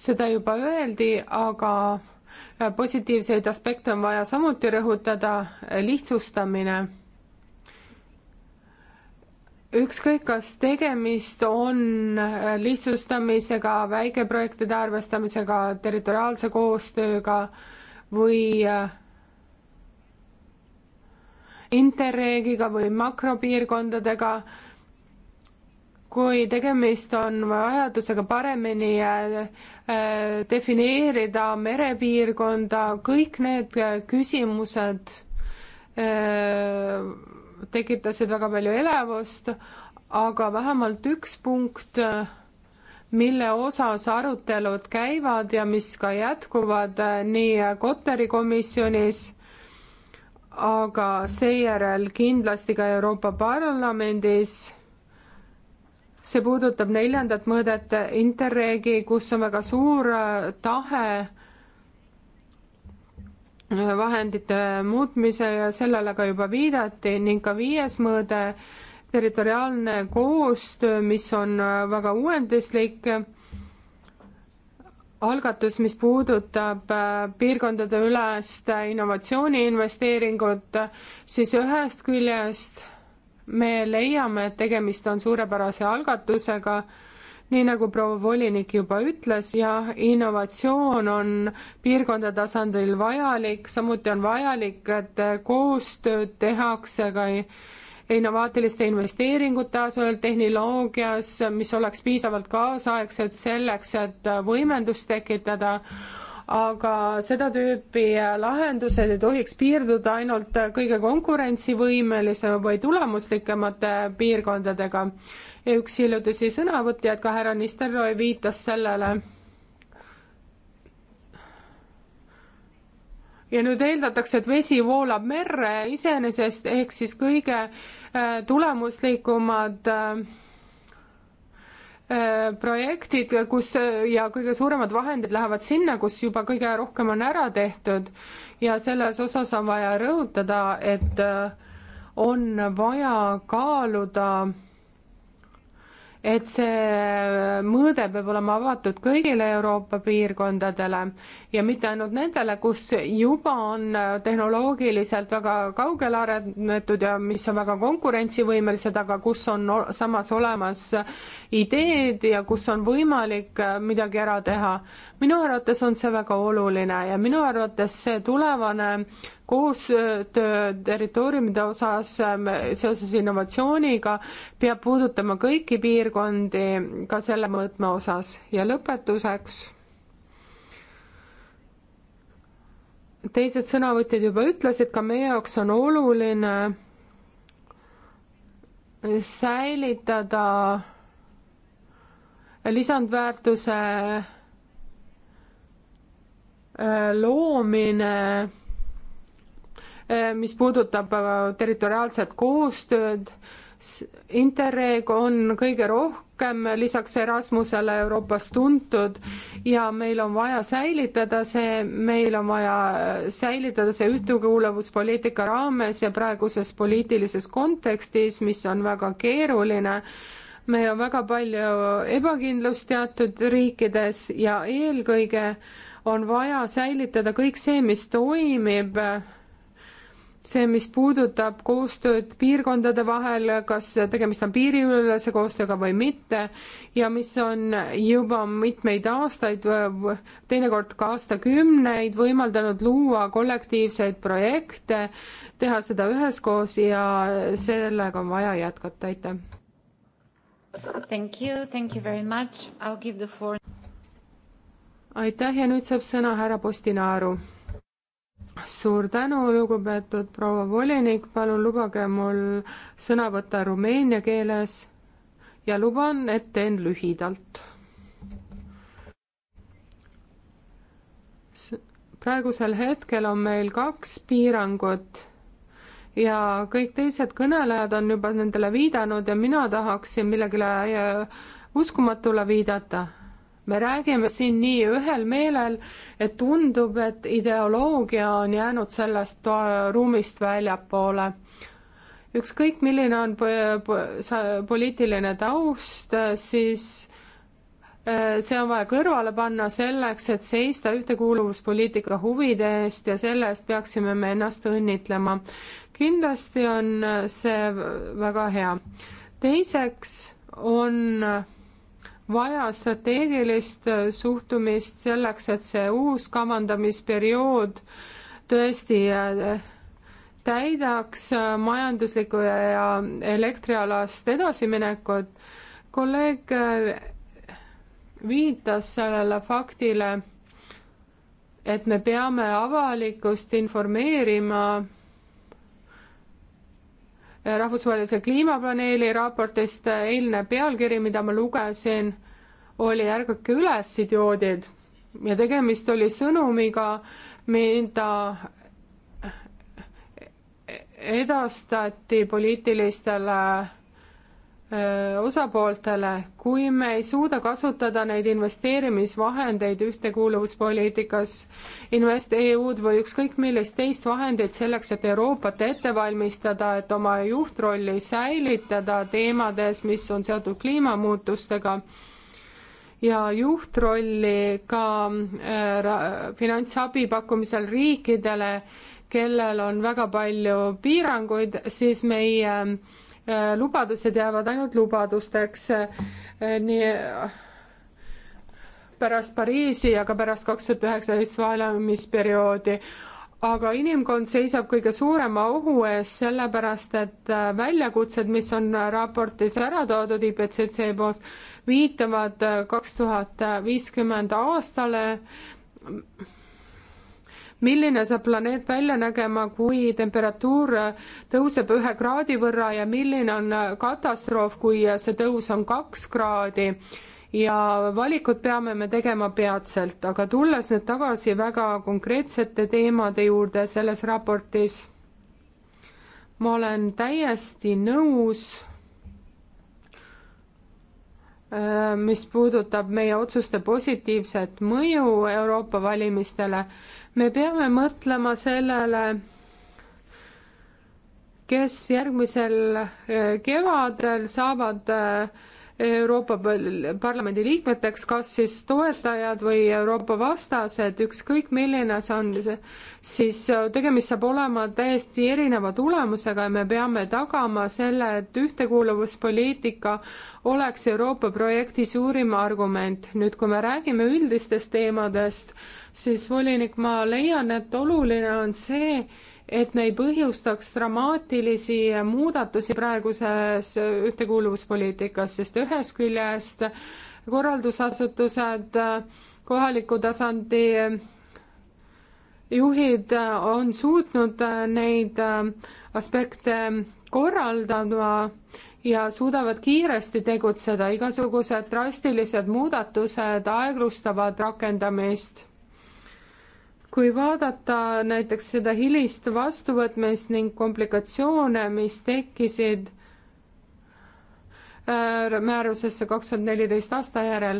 seda juba öeldi, aga positiivseid aspekte on vaja samuti rõhutada, lihtsustamine. ükskõik, kas tegemist on lihtsustamisega, väikeprojektide arvestamisega, territoriaalse koostööga või äh, interreegiga või makropiirkondadega kui tegemist on vajadusega paremini äh, äh, defineerida merepiirkonda, kõik need äh, küsimused tekitasid väga palju elevust, aga vähemalt üks punkt, mille osas arutelud käivad ja mis ka jätkuvad nii Kotari komisjonis, aga seejärel kindlasti ka Euroopa Parlamendis see puudutab neljandat mõõdet Interregi, kus on väga suur äh, tahe äh, vahendite muutmisel ja sellele ka juba viidati ning ka viies mõõde, territoriaalne koostöö, mis on äh, väga uuenduslik algatus, mis puudutab piirkondade ülest innovatsiooniinvesteeringut, siis ühest küljest me leiame, et tegemist on suurepärase algatusega, nii nagu proua volinik juba ütles ja innovatsioon on piirkonda tasandil vajalik, samuti on vajalik, et koostööd tehakse ka innovaatiliste investeeringute asemel tehnoloogias, mis oleks piisavalt kaasaegsed selleks, et võimendust tekitada, aga seda tüüpi lahendused ei tohiks piirduda ainult kõige konkurentsivõimelisema või tulemuslikemate piirkondadega. üks hiljutisi sõnavõtjaid, ka härra Nisteroi, viitas sellele ja nüüd eeldatakse, et vesi voolab merre iseenesest, ehk siis kõige äh, tulemuslikumad äh, projektid, kus ja kõige suuremad vahendid lähevad sinna, kus juba kõige rohkem on ära tehtud ja selles osas on vaja rõhutada, et äh, on vaja kaaluda et see mõõde peab olema avatud kõigile Euroopa piirkondadele ja mitte ainult nendele, kus juba on tehnoloogiliselt väga kaugele arendatud ja mis on väga konkurentsivõimelised, aga kus on samas olemas ideed ja kus on võimalik midagi ära teha minu arvates on see väga oluline ja minu arvates see tulevane koostöö territooriumide osas ähm, seoses innovatsiooniga peab puudutama kõiki piirkondi ka selle mõõtme osas ja lõpetuseks teised sõnavõtjad juba ütlesid, ka meie jaoks on oluline säilitada lisandväärtuse loomine, äh, mis puudutab äh, territoriaalset koostööd, Interreg on kõige rohkem lisaks Erasmusele Euroopas tuntud ja meil on vaja säilitada see, meil on vaja äh, säilitada see ühtekuuluvuspoliitika raames ja praeguses poliitilises kontekstis, mis on väga keeruline meil on väga palju ebakindlust teatud riikides ja eelkõige on vaja säilitada kõik see, mis toimib, see, mis puudutab koostööd piirkondade vahel, kas tegemist on piiriülese koostööga või mitte ja mis on juba mitmeid aastaid, teinekord ka aastakümneid võimaldanud luua kollektiivseid projekte, teha seda üheskoos ja sellega on vaja jätkata, aitäh. Thank you, thank you very much, I will give the floor aitäh ja nüüd saab sõna härra Postinaaru. suur tänu, lugupeetud proua volinik, palun lubage mul sõna võtta rumeenia keeles ja luban, et teen lühidalt. praegusel hetkel on meil kaks piirangut ja kõik teised kõnelejad on juba nendele viidanud ja mina tahaksin millegile eh, uskumatule viidata me räägime siin nii ühel meelel, et tundub, et ideoloogia on jäänud sellest äh, ruumist väljapoole. ükskõik, milline on poliitiline taust, äh, siis äh, see on vaja kõrvale panna selleks, et seista ühtekuuluvuspoliitika huvide eest ja selle eest peaksime me ennast õnnitlema. kindlasti on see väga hea. teiseks on vaja strateegilist äh, suhtumist selleks, et see uus kavandamisperiood tõesti äh, täidaks äh, majanduslikku ja elektrialast edasiminekut. kolleeg viitas sellele faktile, et me peame avalikkust informeerima rahvusvahelise kliimapaneeli raportist eilne pealkiri, mida ma lugesin, oli ärgake üles, idioodid. ja tegemist oli sõnumiga, mida edastati poliitilistele osapooltele, kui me ei suuda kasutada neid investeerimisvahendeid ühtekuuluvuspoliitikas, InvestEU-d või ükskõik millist teist vahendeid selleks, et Euroopat ette valmistada, et oma juhtrolli säilitada teemades, mis on seotud kliimamuutustega, ja juhtrolli ka äh, finantsabi pakkumisel riikidele, kellel on väga palju piiranguid, siis meie äh, Eh, lubadused jäävad ainult lubadusteks. Eh, nii eh, pärast Pariisi ja ka pärast kaks tuhat üheksateist valimisperioodi. aga inimkond seisab kõige suurema ohu ees, sellepärast et väljakutsed, mis on raportis ära toodud IPCC poolt, viitavad kaks tuhat viiskümmend aastale milline saab planeet välja nägema, kui temperatuur tõuseb ühe kraadi võrra ja milline on katastroof, kui see tõus on kaks kraadi ja valikud peame me tegema peatselt, aga tulles nüüd tagasi väga konkreetsete teemade juurde selles raportis, ma olen täiesti nõus, äh, mis puudutab meie otsuste positiivset mõju Euroopa valimistele me peame mõtlema sellele, kes järgmisel eh, kevadel saavad eh, Euroopa Parlamendi liikmeteks, kas siis toetajad või Euroopa vastased, ükskõik milline see on, siis eh, tegemist saab olema täiesti erineva tulemusega ja me peame tagama selle, et ühtekuuluvuspoliitika oleks Euroopa projekti suurim argument. nüüd, kui me räägime üldistest teemadest, siis volinik, ma leian, et oluline on see, et me ei põhjustaks dramaatilisi muudatusi praeguses ühtekuuluvuspoliitikas, sest ühest küljest korraldusasutused, kohaliku tasandi juhid on suutnud neid aspekte korraldama ja suudavad kiiresti tegutseda, igasugused drastilised muudatused aeglustavad rakendamist kui vaadata näiteks seda hilist vastuvõtmist ning komplikatsioone, mis tekkisid äh, määrusesse kaks tuhat neliteist aasta järel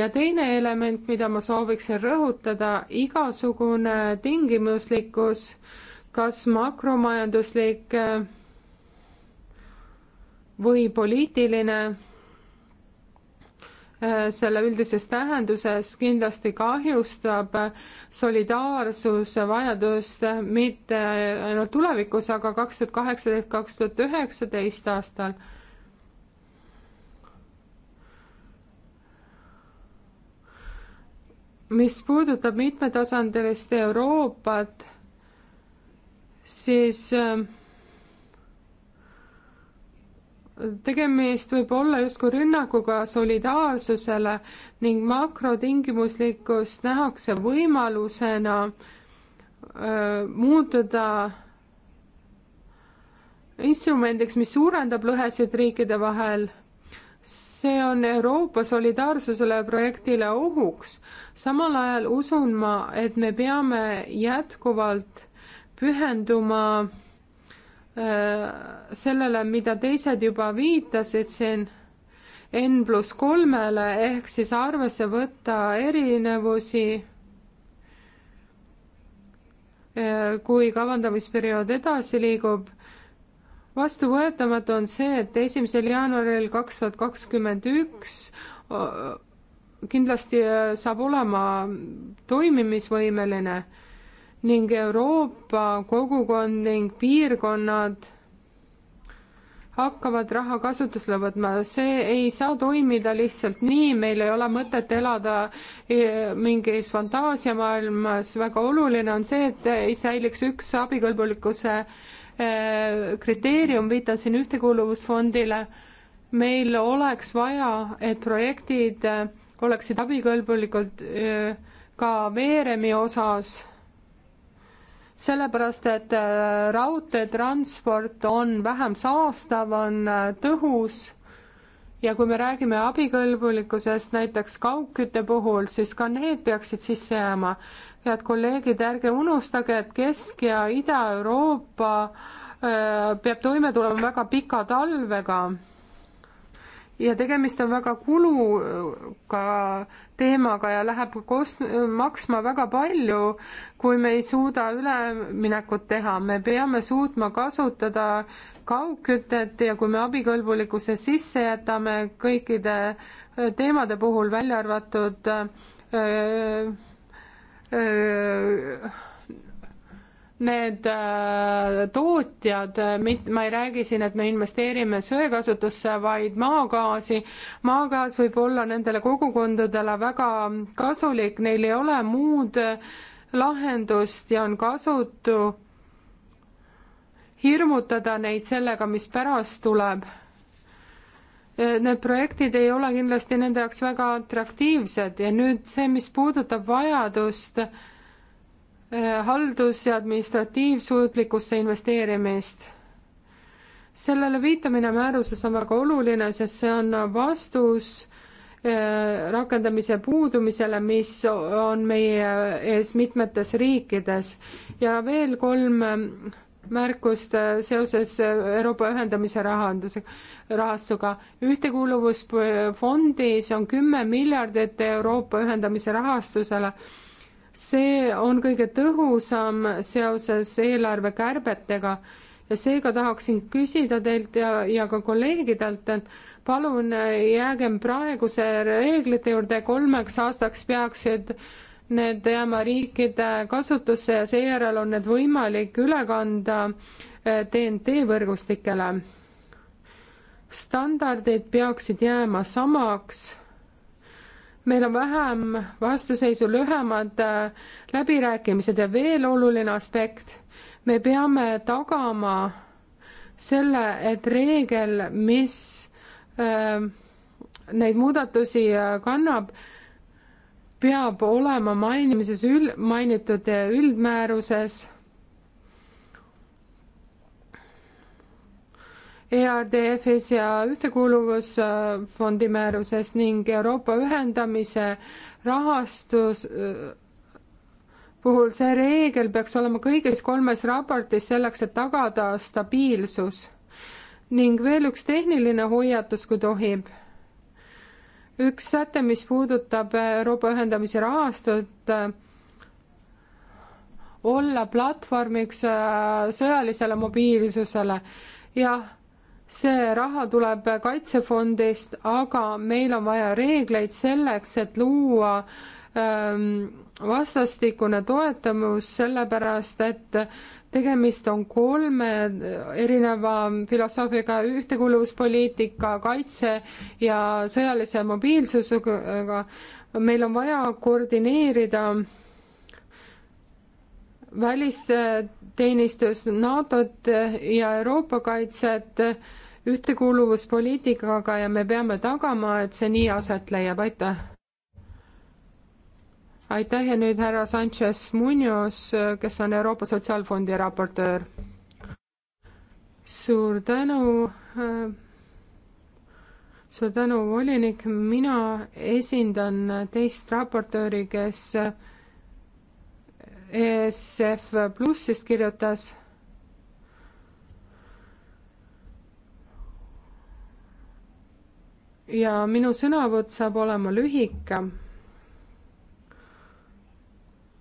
ja teine element, mida ma sooviksin rõhutada, igasugune tingimuslikkus, kas makromajanduslik äh, või poliitiline Äh, selle üldises tähenduses kindlasti kahjustab solidaarsuse vajadust äh, mitte ainult no, tulevikus, aga kaks tuhat kaheksateist, kaks tuhat üheksateist aastal. mis puudutab mitmetasandilist Euroopat, siis äh, tegemist võib olla justkui rünnakuga solidaarsusele ning makrotingimuslikkust nähakse võimalusena öö, muutuda instrumendiks, mis suurendab lõhesid riikide vahel. see on Euroopa solidaarsusele projektile ohuks. samal ajal usun ma, et me peame jätkuvalt pühenduma Äh, sellele, mida teised juba viitasid siin N pluss kolmele ehk siis arvesse võtta erinevusi, äh, kui kavandamisperiood edasi liigub. vastuvõetamatu on see, et esimesel jaanuaril kaks tuhat kakskümmend üks äh, kindlasti saab olema toimimisvõimeline ning Euroopa kogukond ning piirkonnad hakkavad raha kasutusele võtma, see ei saa toimida lihtsalt nii, meil ei ole mõtet elada e, mingis fantaasiamaailmas, väga oluline on see, et ei säiliks üks abikõlbulikkuse e, kriteerium, viitan siin ühtekuuluvusfondile, meil oleks vaja, et projektid e, oleksid abikõlbulikud ka veeremi osas sellepärast, et äh, raudteetransport on vähem saastav, on äh, tõhus ja kui me räägime abikõlbulikkusest näiteks kaugkütte puhul, siis ka need peaksid sisse jääma. head kolleegid, ärge unustage, et Kesk- ja Ida-Euroopa äh, peab toime tulema väga pika talvega. ja tegemist on väga kuluga teemaga ja läheb kost-, maksma väga palju kui me ei suuda üleminekut teha, me peame suutma kasutada kaugkütet ja kui me abikõlbulikkuse sisse jätame kõikide äh, teemade puhul, välja arvatud öö, äh, öö, äh, need tootjad, mit-, ma ei räägi siin, et me investeerime söekasutusse, vaid maagaasi, maagaas võib olla nendele kogukondadele väga kasulik, neil ei ole muud lahendust ja on kasutu hirmutada neid sellega, mis pärast tuleb. Need projektid ei ole kindlasti nende jaoks väga atraktiivsed ja nüüd see, mis puudutab vajadust eh, haldus- ja administratiivsuutlikkusse investeerimist. sellele viitamine määruses on väga oluline, sest see annab vastus Äh, rakendamise puudumisele, mis on meie ees mitmetes riikides ja veel kolm äh, märkust äh, seoses Euroopa ühendamise rahandusega, rahastuga. ühtekuuluvusfondis on kümme miljardit Euroopa ühendamise rahastusele. see on kõige tõhusam seoses eelarvekärbetega ja seega tahaksin küsida teilt ja, ja ka kolleegidelt, et palun äh, jäägem praeguse reeglite juurde, kolmeks aastaks peaksid need jääma riikide kasutusse ja seejärel on need võimalik üle kanda TNT äh, võrgustikele. standardid peaksid jääma samaks meil on vähem vastuseisu, lühemad äh, läbirääkimised ja veel oluline aspekt, me peame tagama selle, et reegel, mis Ehm, neid muudatusi äh, kannab, peab olema mainimises ül-, mainitud äh, üldmääruses ERDF-is ja Ühtekuuluvusfondi määruses ning Euroopa ühendamise rahastus äh, puhul see reegel peaks olema kõigis kolmes raportis selleks, et tagada stabiilsus ning veel üks tehniline hoiatus, kui tohib. üks säte, mis puudutab Euroopa ühendamise rahastut, olla platvormiks äh, sõjalisele mobiilsusele. jah, see raha tuleb kaitsefondist, aga meil on vaja reegleid selleks, et luua ähm, vastastikune toetamus, sellepärast et tegemist on kolme erineva filosoofiaga, ühtekuuluvuspoliitika, kaitse ja sõjalise mobiilsusega. meil on vaja koordineerida välisteenistust, NATO-t ja Euroopa kaitset ühtekuuluvuspoliitikaga ja me peame tagama, et see nii aset leiab, aitäh! aitäh ja nüüd härra Sanchez Munoz, kes on Euroopa Sotsiaalfondi raportöör. suur tänu äh, suur tänu, volinik, mina esindan teist raportööri, kes ESF Plussist kirjutas. ja minu sõnavõtt saab olema lühike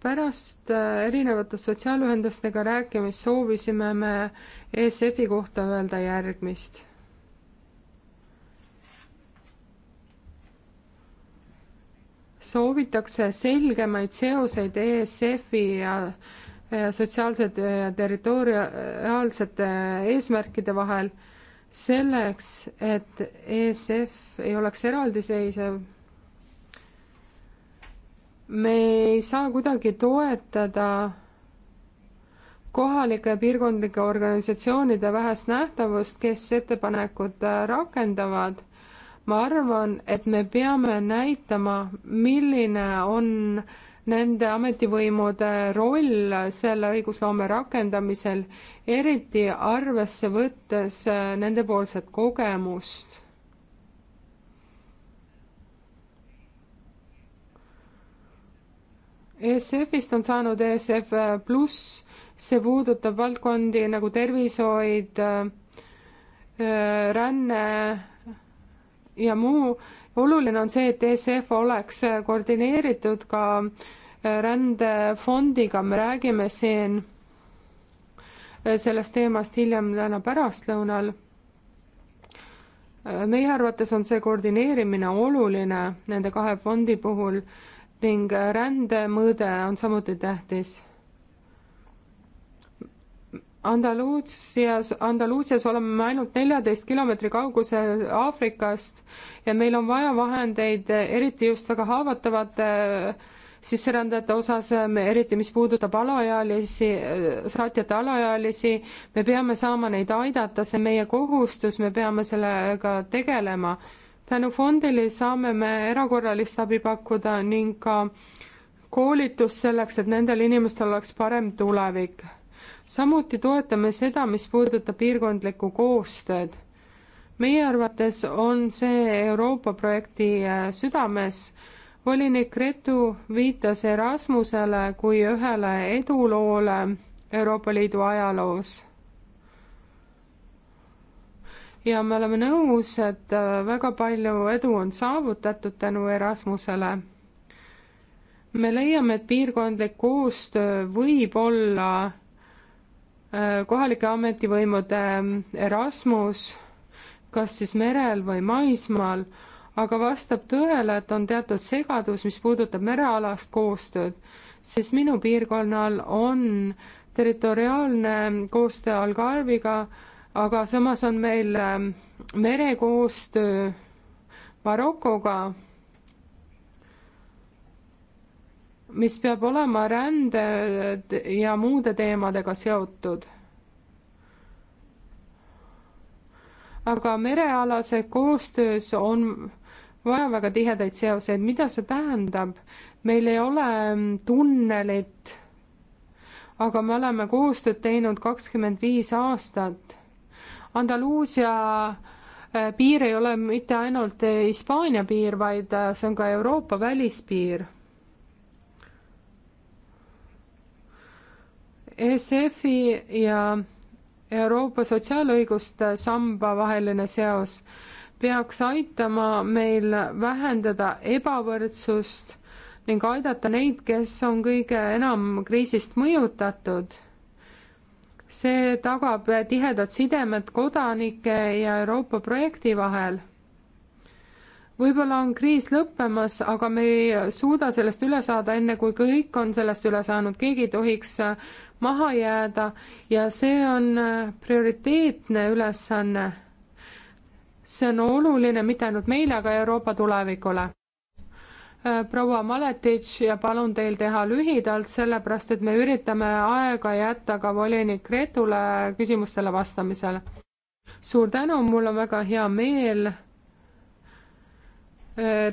pärast äh, erinevate sotsiaalühendustega rääkimist soovisime me ESF-i kohta öelda järgmist. soovitakse selgemaid seoseid ESF-i ja sotsiaalsete ja territoriaalsete eesmärkide vahel selleks, et ESF ei oleks eraldiseisev me ei saa kuidagi toetada kohalike ja piirkondlike organisatsioonide vähest nähtavust, kes ettepanekud äh, rakendavad. ma arvan, et me peame näitama, milline on nende ametivõimude roll selle õigusloome rakendamisel, eriti arvesse võttes äh, nendepoolset kogemust ESF-ist on saanud ESF äh, pluss, see puudutab valdkondi nagu tervishoid, äh, äh, ränne ja muu. oluline on see, et ESF oleks koordineeritud ka rändefondiga, me räägime siin sellest teemast hiljem täna pärastlõunal meie arvates on see koordineerimine oluline nende kahe fondi puhul ning rändemõõde on samuti tähtis. Andaluusias, Andaluusias oleme me ainult neljateist kilomeetri kaugusel Aafrikast ja meil on vaja vahendeid, eriti just väga haavatavate äh, sisserändajate osas, eriti mis puudutab alaealisi, äh, saatjate alaealisi, me peame saama neid aidata, see on meie kohustus, me peame sellega tegelema tänu fondile saame me erakorralist abi pakkuda ning ka koolitust selleks, et nendel inimestel oleks parem tulevik. samuti toetame seda, mis puudutab piirkondlikku koostööd. meie arvates on see Euroopa projekti äh, südames volinik Retu viitas Erasmusele kui ühele eduloole Euroopa Liidu ajaloos ja me oleme nõus, et äh, väga palju edu on saavutatud tänu Erasmusele. me leiame, et piirkondlik koostöö võib olla äh, kohalike ametivõimude mm, Erasmus, kas siis merel või maismaal, aga vastab tõele, et on teatud segadus, mis puudutab merealast koostööd, sest minu piirkonnal on territoriaalne koostöö Algarviga, aga samas on meil ähm, merekoostöö Marokoga, mis peab olema rände ja muude teemadega seotud. aga merealase koostöös on vaja väga tihedaid seoseid, mida see tähendab? meil ei ole ähm, tunnelit, aga me oleme koostööd teinud kakskümmend viis aastat Andaluusia äh, piir ei ole mitte ainult Hispaania piir, vaid äh, see on ka Euroopa välispiir. ESF-i ja Euroopa sotsiaalõiguste samba vaheline seos peaks aitama meil vähendada ebavõrdsust ning aidata neid, kes on kõige enam kriisist mõjutatud see tagab tihedad sidemed kodanike ja Euroopa projekti vahel. võib-olla on kriis lõppemas, aga me ei suuda sellest üle saada, enne kui kõik on sellest üle saanud, keegi ei tohiks maha jääda ja see on prioriteetne ülesanne. see on oluline mitte ainult meile, aga Euroopa tulevikule. Äh, proua Maletitš ja palun teil teha lühidalt, sellepärast et me üritame aega jätta ka volinik Gretule küsimustele vastamisel. suur tänu, mul on väga hea meel äh,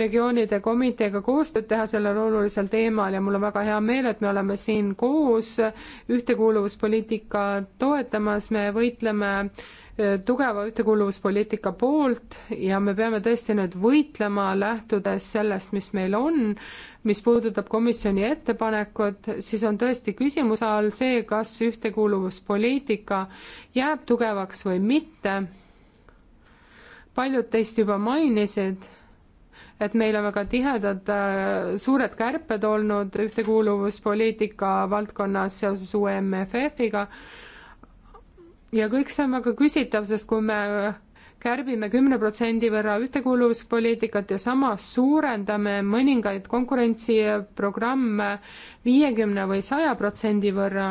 regioonide komiteega koostööd teha sellel olulisel teemal ja mul on väga hea meel, et me oleme siin koos ühtekuuluvuspoliitika toetamas, me võitleme äh, Eh, tugeva ühtekuuluvuspoliitika poolt ja me peame tõesti nüüd võitlema, lähtudes sellest, mis meil on, mis puudutab komisjoni ettepanekut, siis on tõesti küsimuse all see, kas ühtekuuluvuspoliitika jääb tugevaks või mitte. paljud teist juba mainisid, et meil on väga tihedad äh, suured kärped olnud ühtekuuluvuspoliitika valdkonnas seoses UMFF-iga ja kõik see on väga küsitav, sest kui me kärbime kümne protsendi võrra ühtekuuluvuspoliitikat ja samas suurendame mõningaid konkurentsiprogramme viiekümne või saja protsendi võrra,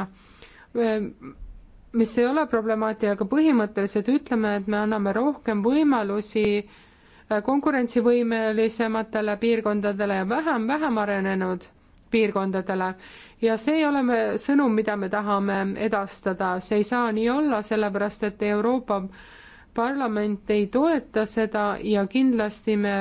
mis ei ole problemaatiline, aga põhimõtteliselt ütleme, et me anname rohkem võimalusi konkurentsivõimelisematele piirkondadele ja vähem, vähem arenenud piirkondadele. ja see ei ole me, sõnum, mida me tahame edastada, see ei saa nii olla, sellepärast et Euroopa Parlament ei toeta seda ja kindlasti me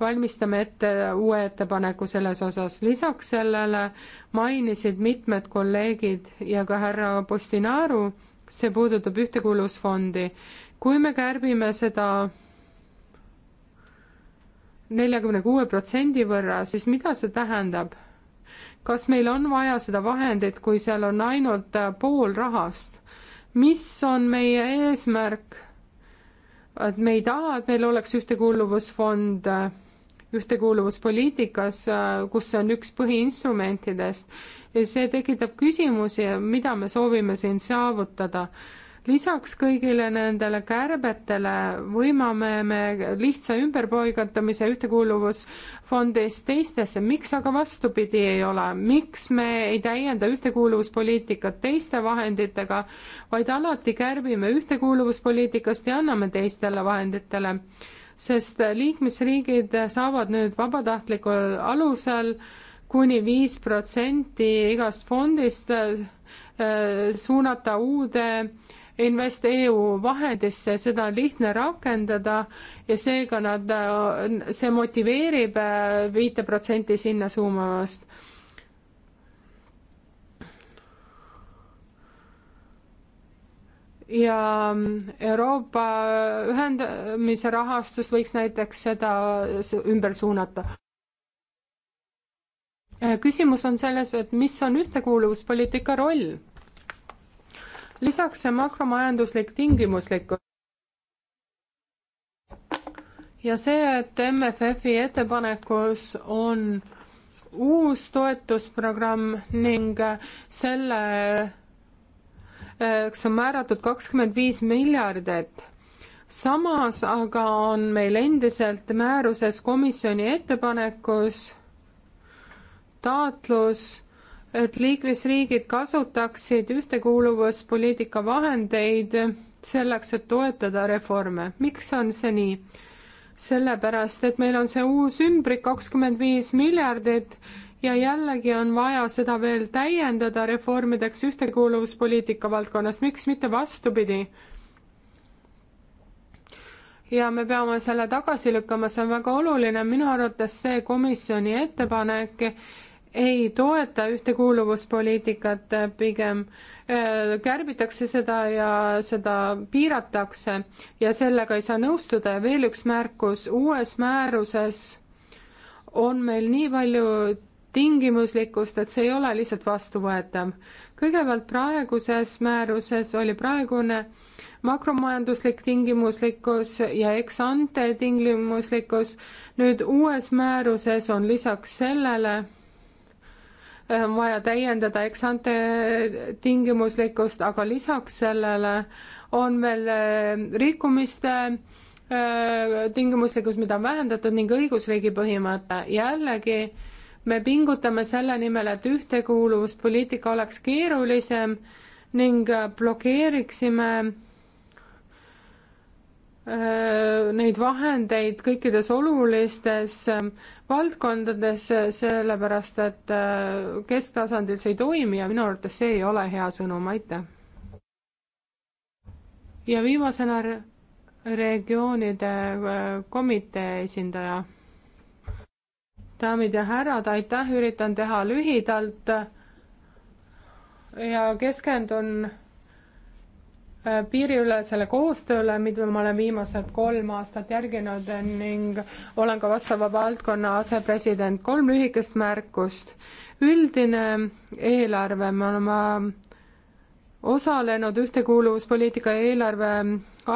valmistame ette uue ettepaneku selles osas. lisaks sellele mainisid mitmed kolleegid ja ka härra Postinaru, see puudutab ühtekuuluvusfondi. kui me kärbime seda neljakümne kuue protsendi võrra, siis mida see tähendab? kas meil on vaja seda vahendit, kui seal on ainult äh, pool rahast? mis on meie eesmärk? et me ei taha, et meil oleks ühtekuuluvusfond äh, ühtekuuluvuspoliitikas, äh, kus see on üks põhiinstrumentidest ja see tekitab küsimusi, mida me soovime siin saavutada lisaks kõigile nendele kärbetele võimame me lihtsa ümberpaigatamise ühtekuuluvusfondist teistesse, miks aga vastupidi ei ole, miks me ei täienda ühtekuuluvuspoliitikat teiste vahenditega, vaid alati kärbime ühtekuuluvuspoliitikast ja anname teistele vahenditele sest liikmesriigid saavad nüüd vabatahtlikul alusel kuni viis protsenti igast fondist äh, suunata uude InvestEU vahendisse, seda on lihtne rakendada ja seega nad, see motiveerib äh, viite protsenti sinna suunamast. ja mm, Euroopa ühendamise rahastus võiks näiteks seda ümber suunata äh, küsimus on selles, et mis on ühtekuuluvuspoliitika roll? lisaks see makromajanduslik tingimuslikkus ja see, et MFF-i ettepanekus on uus toetusprogramm ning selle eks on määratud kakskümmend viis miljardit. samas aga on meil endiselt määruses komisjoni ettepanekus taotlus et liikmesriigid kasutaksid ühtekuuluvuspoliitika vahendeid selleks, et toetada reforme. miks on see nii? sellepärast, et meil on see uus ümbrik kakskümmend viis miljardit ja jällegi on vaja seda veel täiendada reformideks ühtekuuluvuspoliitika valdkonnas, miks mitte vastupidi? ja me peame selle tagasi lükkama, see on väga oluline, minu arvates see komisjoni ettepanek ei toeta ühtekuuluvuspoliitikat, pigem äh, kärbitakse seda ja seda piiratakse ja sellega ei saa nõustuda ja veel üks märkus, uues määruses on meil nii palju tingimuslikkust, et see ei ole lihtsalt vastuvõetav. kõigepealt praeguses määruses oli praegune makromajanduslik tingimuslikkus ja ex-ante tingimuslikkus, nüüd uues määruses on lisaks sellele Äh, vaja täiendada eksante tingimuslikkust, aga lisaks sellele on veel äh, rikkumiste äh, tingimuslikkus, mida on vähendatud ning õigusriigi põhimõte. jällegi me pingutame selle nimel, et ühtekuuluvuspoliitika oleks keerulisem ning blokeeriksime neid vahendeid kõikides olulistes ähm, valdkondades, äh, sellepärast et äh, kesktasandil see ei toimi ja minu arvates see ei ole hea sõnum, aitäh. ja viimasena regioonide äh, komitee esindaja. daamid ja härrad, aitäh, üritan teha lühidalt ja keskendun Äh, piiriülesele koostööle, mida ma olen viimased kolm aastat järginud ning olen ka vastava valdkonna asepresident. kolm lühikest märkust. üldine eelarve, me oleme osalenud ühtekuuluvuspoliitika eelarve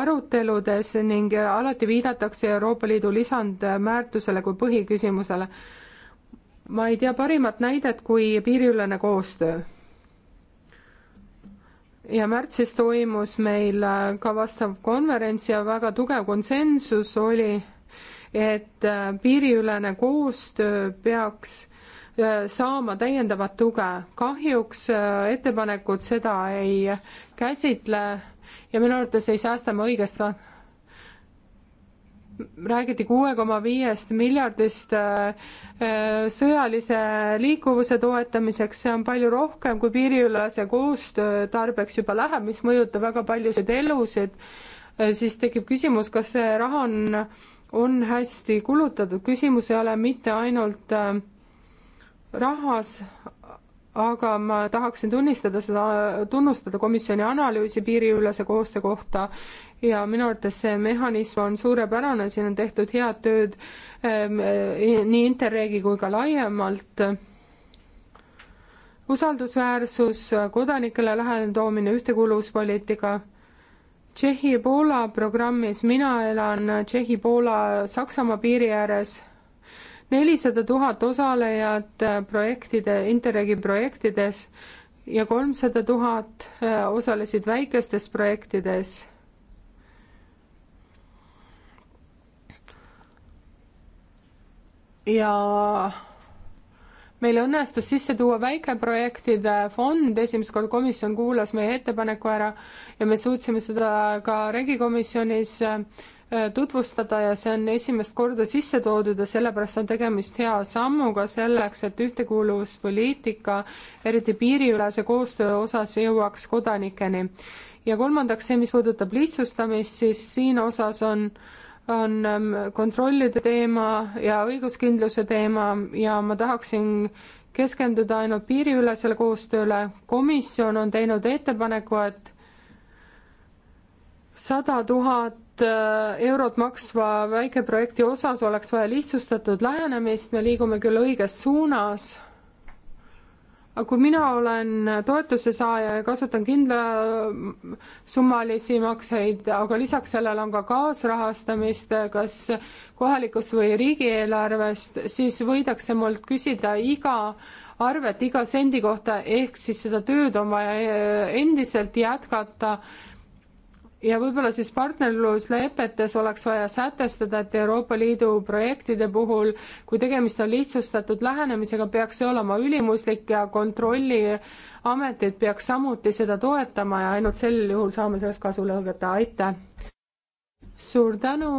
aruteludes ning alati viidatakse Euroopa Liidu lisandväärtusele kui põhiküsimusele. ma ei tea parimat näidet kui piiriülene koostöö ja märtsis toimus meil äh, ka vastav konverents ja väga tugev konsensus oli, et äh, piiriülene koostöö peaks äh, saama täiendavat tuge. kahjuks ettepanekud seda ei käsitle ja minu arvates ei säästa me õigest räägiti kuue koma viiest miljardist äh, äh, sõjalise liikuvuse toetamiseks, see on palju rohkem, kui piiriülese koostöö tarbeks juba läheb, mis mõjutab väga paljusid elusid, äh, siis tekib küsimus, kas see raha on, on hästi kulutatud, küsimus ei ole mitte ainult rahas, aga ma tahaksin tunnistada seda, tunnustada komisjoni analüüsi piiriülese koostöö kohta ja minu arvates see mehhanism on suurepärane, siin on tehtud head tööd ehm, e, nii Interregi kui ka laiemalt. usaldusväärsus, kodanikele lähedane toomine, ühtekuuluvuspoliitika. Tšehhi-Poola programmis mina elan Tšehhi-Poola-Saksamaa piiri ääres. nelisada tuhat osalejat e, projektide, Interregi projektides ja kolmsada tuhat e, osalesid väikestes projektides ja meil õnnestus sisse tuua väikeprojektide fond, esimest korda komisjon kuulas meie ettepaneku ära ja me suutsime seda ka regikomisjonis äh, tutvustada ja see on esimest korda sisse toodud ja sellepärast on tegemist hea sammuga selleks, et ühtekuuluvuspoliitika, eriti piiriülese koostöö osas, jõuaks kodanikeni. ja kolmandaks see, mis puudutab lihtsustamist, siis siin osas on äh, on ähm, kontrollide teema ja õiguskindluse teema ja ma tahaksin keskenduda ainult piiriülesele koostööle. komisjon on teinud ettepaneku, et sada tuhat äh, eurot maksva väikeprojekti osas oleks vaja lihtsustatud lähenemist, me liigume küll õiges suunas aga kui mina olen toetuse saaja ja kasutan kindlasummalisi makseid, aga lisaks sellele on ka kaasrahastamist, kas kohalikust või riigieelarvest, siis võidakse mult küsida iga arvet iga sendi kohta, ehk siis seda tööd on vaja endiselt jätkata ja võib-olla siis partnerluslepetes oleks vaja sätestada, et Euroopa Liidu projektide puhul, kui tegemist on lihtsustatud lähenemisega, peaks see olema ülimuslik ja kontrolliametid peaks samuti seda toetama ja ainult sel juhul saame sellest kasu lõõgata, aitäh! suur tänu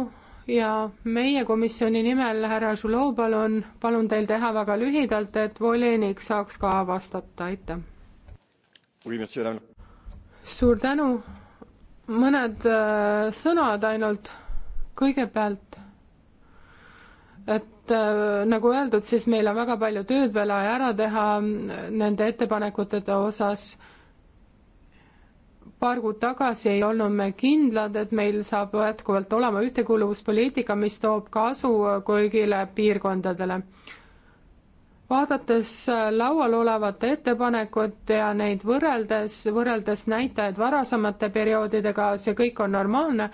ja meie komisjoni nimel, härra Žulov, palun, palun teil teha väga lühidalt, et volinik saaks ka vastata, aitäh! suur tänu! mõned äh, sõnad ainult kõigepealt, et äh, nagu öeldud, siis meil on väga palju tööd veel ära teha nende ettepanekute osas. paar kuud tagasi ei olnud me kindlad, et meil saab jätkuvalt olema ühtekuuluvuspoliitika, mis toob kasu äh, kõigile piirkondadele vaadates laual olevat ettepanekut ja neid võrreldes, võrreldes näitajaid varasemate perioodidega, see kõik on normaalne,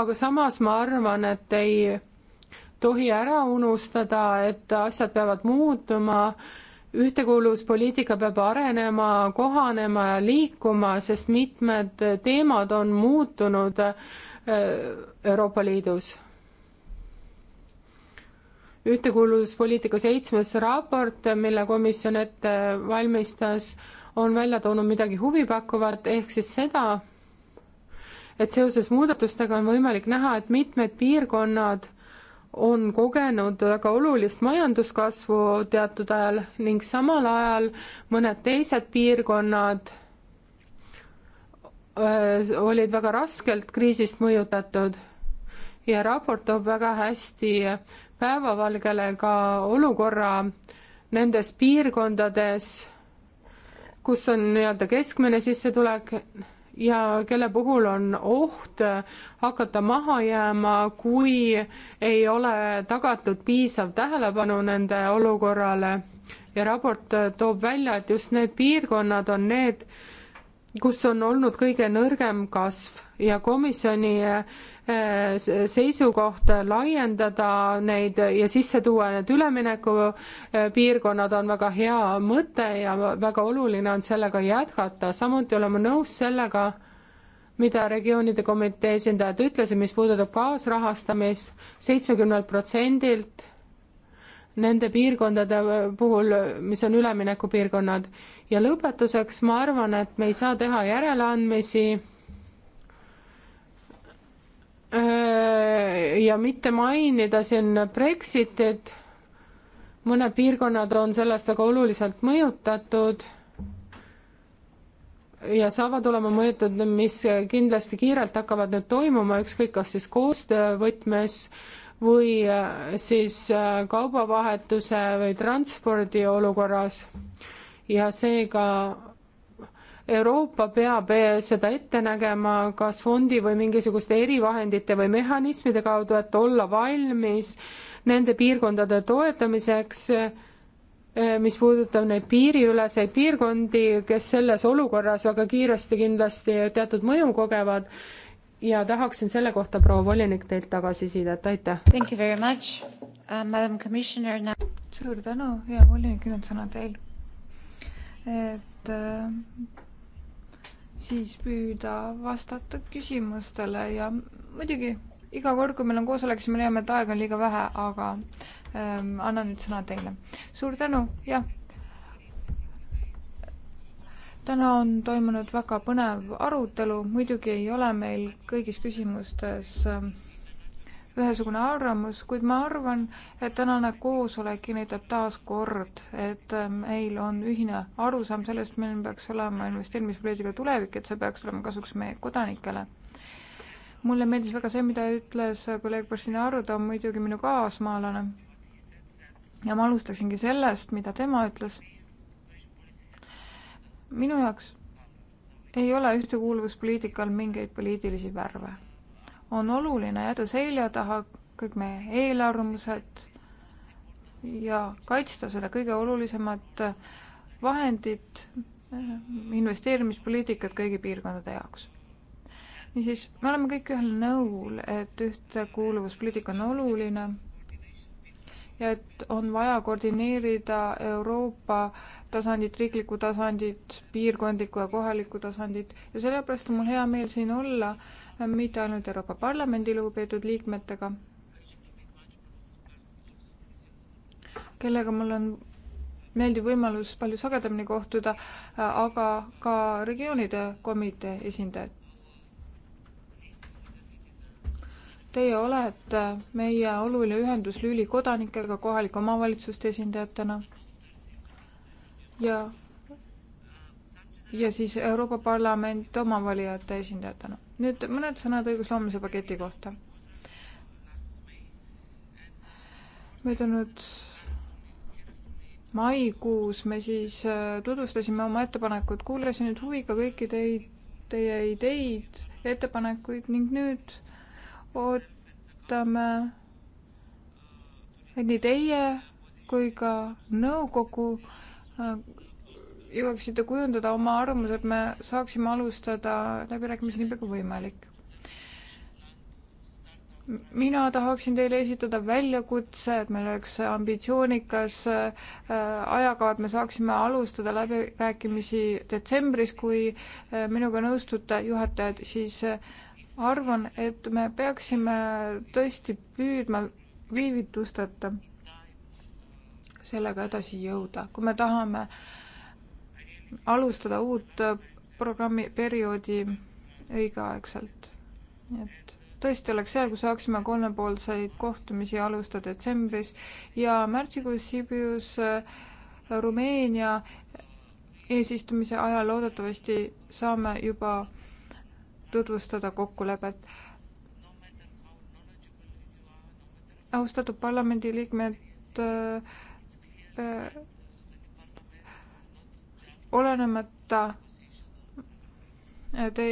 aga samas ma arvan, et ei tohi ära unustada, et asjad peavad muutuma, ühtekuuluvuspoliitika peab arenema, kohanema ja liikuma, sest mitmed teemad on muutunud äh, Euroopa Liidus ühtekuuluvuspoliitika seitsmes raport, mille komisjon ette valmistas, on välja toonud midagi huvipakkuvat, ehk siis seda, et seoses muudatustega on võimalik näha, et mitmed piirkonnad on kogenud väga olulist majanduskasvu teatud ajal ning samal ajal mõned teised piirkonnad öö, olid väga raskelt kriisist mõjutatud. ja raport toob väga hästi päevavalgele ka olukorra nendes piirkondades, kus on nii-öelda keskmine sissetulek ja kelle puhul on oht hakata maha jääma, kui ei ole tagatud piisav tähelepanu nende olukorrale. ja raport toob välja, et just need piirkonnad on need, kus on olnud kõige nõrgem kasv ja komisjoni Äh, seisukoht laiendada neid ja sisse tuua need üleminekupiirkonnad äh, on väga hea mõte ja väga oluline on sellega jätkata, samuti oleme nõus sellega, mida regioonide komitee esindajad ütlesid, mis puudutab kaasrahastamist, seitsmekümnelt protsendilt nende piirkondade puhul, mis on üleminekupiirkonnad. ja lõpetuseks ma arvan, et me ei saa teha järeleandmisi Äh, ja mitte mainida siin Brexitit, mõned piirkonnad on sellest väga oluliselt mõjutatud ja saavad olema mõjutatud, mis kindlasti kiirelt hakkavad nüüd toimuma, ükskõik kas siis koostöövõtmes või äh, siis äh, kaubavahetuse või transpordi olukorras. ja seega Euroopa peab eh, seda ette nägema kas fondi või mingisuguste erivahendite või mehhanismide kaudu, et olla valmis nende piirkondade toetamiseks, eh, mis puudutab neid piiriüleseid piirkondi, kes selles olukorras väga kiiresti kindlasti teatud mõju kogevad ja tahaksin selle kohta, proua volinik, teilt tagasisidet, aitäh! Thank you very much uh,, madam commissioner now.... suur tänu, hea volinik, nüüd on sõna teil. et äh, siis püüda vastata küsimustele ja muidugi iga kord, kui meil on koosolek, siis me leiame, et aega on liiga vähe, aga ähm, annan nüüd sõna teile. suur tänu, jah. täna on toimunud väga põnev arutelu, muidugi ei ole meil kõigis küsimustes ähm, ühesugune arvamus, kuid ma arvan, et tänane koosolek kinnitab taas kord, et ähm, meil on ühine arusaam sellest, milline peaks olema investeerimispoliitika tulevik, et see peaks olema kasuks meie kodanikele. mulle meeldis väga see, mida ütles kolleeg Bošinaru, ta on muidugi minu kaasmaalane. ja ma alustaksingi sellest, mida tema ütles. minu jaoks ei ole ühtekuuluvuspoliitikal mingeid poliitilisi värve on oluline jääda selja taha kõik meie eelarvamused ja kaitsta seda kõige olulisemat vahendit, eh, investeerimispoliitikat kõigi piirkondade jaoks. niisiis, me oleme kõik ühel nõul, et ühtekuuluvuspoliitika on oluline ja et on vaja koordineerida Euroopa tasandit, riiklikku tasandit, piirkondlikku ja kohalikku tasandit ja sellepärast on mul hea meel siin olla äh, mitte ainult Euroopa Parlamendi lugupeetud liikmetega, kellega mul on meeldiv võimalus palju sagedamini kohtuda, aga ka regioonide komitee esindajad. Teie olete meie oluline ühenduslüli kodanikega, kohalike omavalitsuste esindajatena ja, ja siis Euroopa Parlament oma valijate esindajatena nüüd mõned sõnad õigusloomise paketi kohta. möödunud maikuus me siis äh, tutvustasime oma ettepanekut, kuulasin nüüd huviga kõiki teid, teie ideid, ettepanekuid ning nüüd ootame, et nii teie kui ka nõukogu äh, jõuaksite kujundada oma arvamuse, et me saaksime alustada läbirääkimisi nii pea kui võimalik. mina tahaksin teile esitada väljakutse, et meil oleks ambitsioonikas äh, ajakava, et me saaksime alustada läbirääkimisi detsembris, kui äh, minuga nõustute juhatajad, siis äh, arvan, et me peaksime tõesti püüdma viivitusteta sellega edasi jõuda, kui me tahame äh, alustada uut äh, programmi perioodi õigeaegselt. et tõesti oleks hea, kui saaksime kolmepoolseid kohtumisi alustada detsembris ja märtsikuus Sibius äh, Rumeenia eesistumise ajal loodetavasti saame juba tutvustada kokkulepet. austatud parlamendiliikmed äh,, äh olenemata te,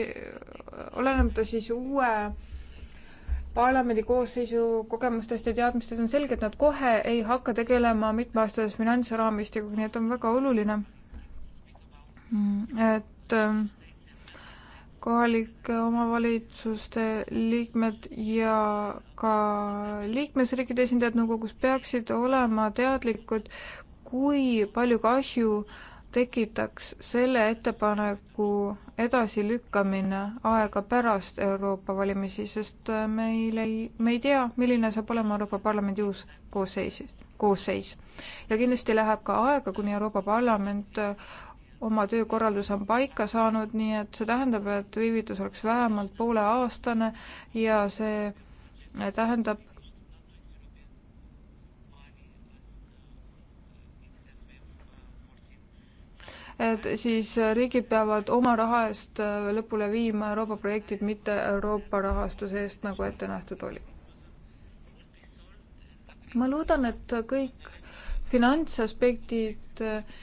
olenemata siis uue parlamendi koosseisu kogemustest ja teadmistest on selge, et nad kohe ei hakka tegelema mitmeaastases finantsraamistikuga, nii et on väga oluline, mm, et ähm, kohalike omavalitsuste liikmed ja ka liikmesriikide esindajad nõukogus peaksid olema teadlikud, kui palju kahju äh, tekitaks selle ettepaneku edasilükkamine aega pärast Euroopa valimisi, sest äh, meil ei, me ei tea, milline saab olema Euroopa Parlamendi uus koosseis, koosseis. ja kindlasti läheb ka aega, kuni Euroopa Parlament äh, oma töökorraldus on paika saanud, nii et see tähendab, et viivitus oleks vähemalt pooleaastane ja see äh, tähendab et siis riigid peavad oma raha eest äh, lõpule viima Euroopa projektid, mitte Euroopa rahastuse eest, nagu ette nähtud oli. ma loodan, et kõik finantsaspektid äh,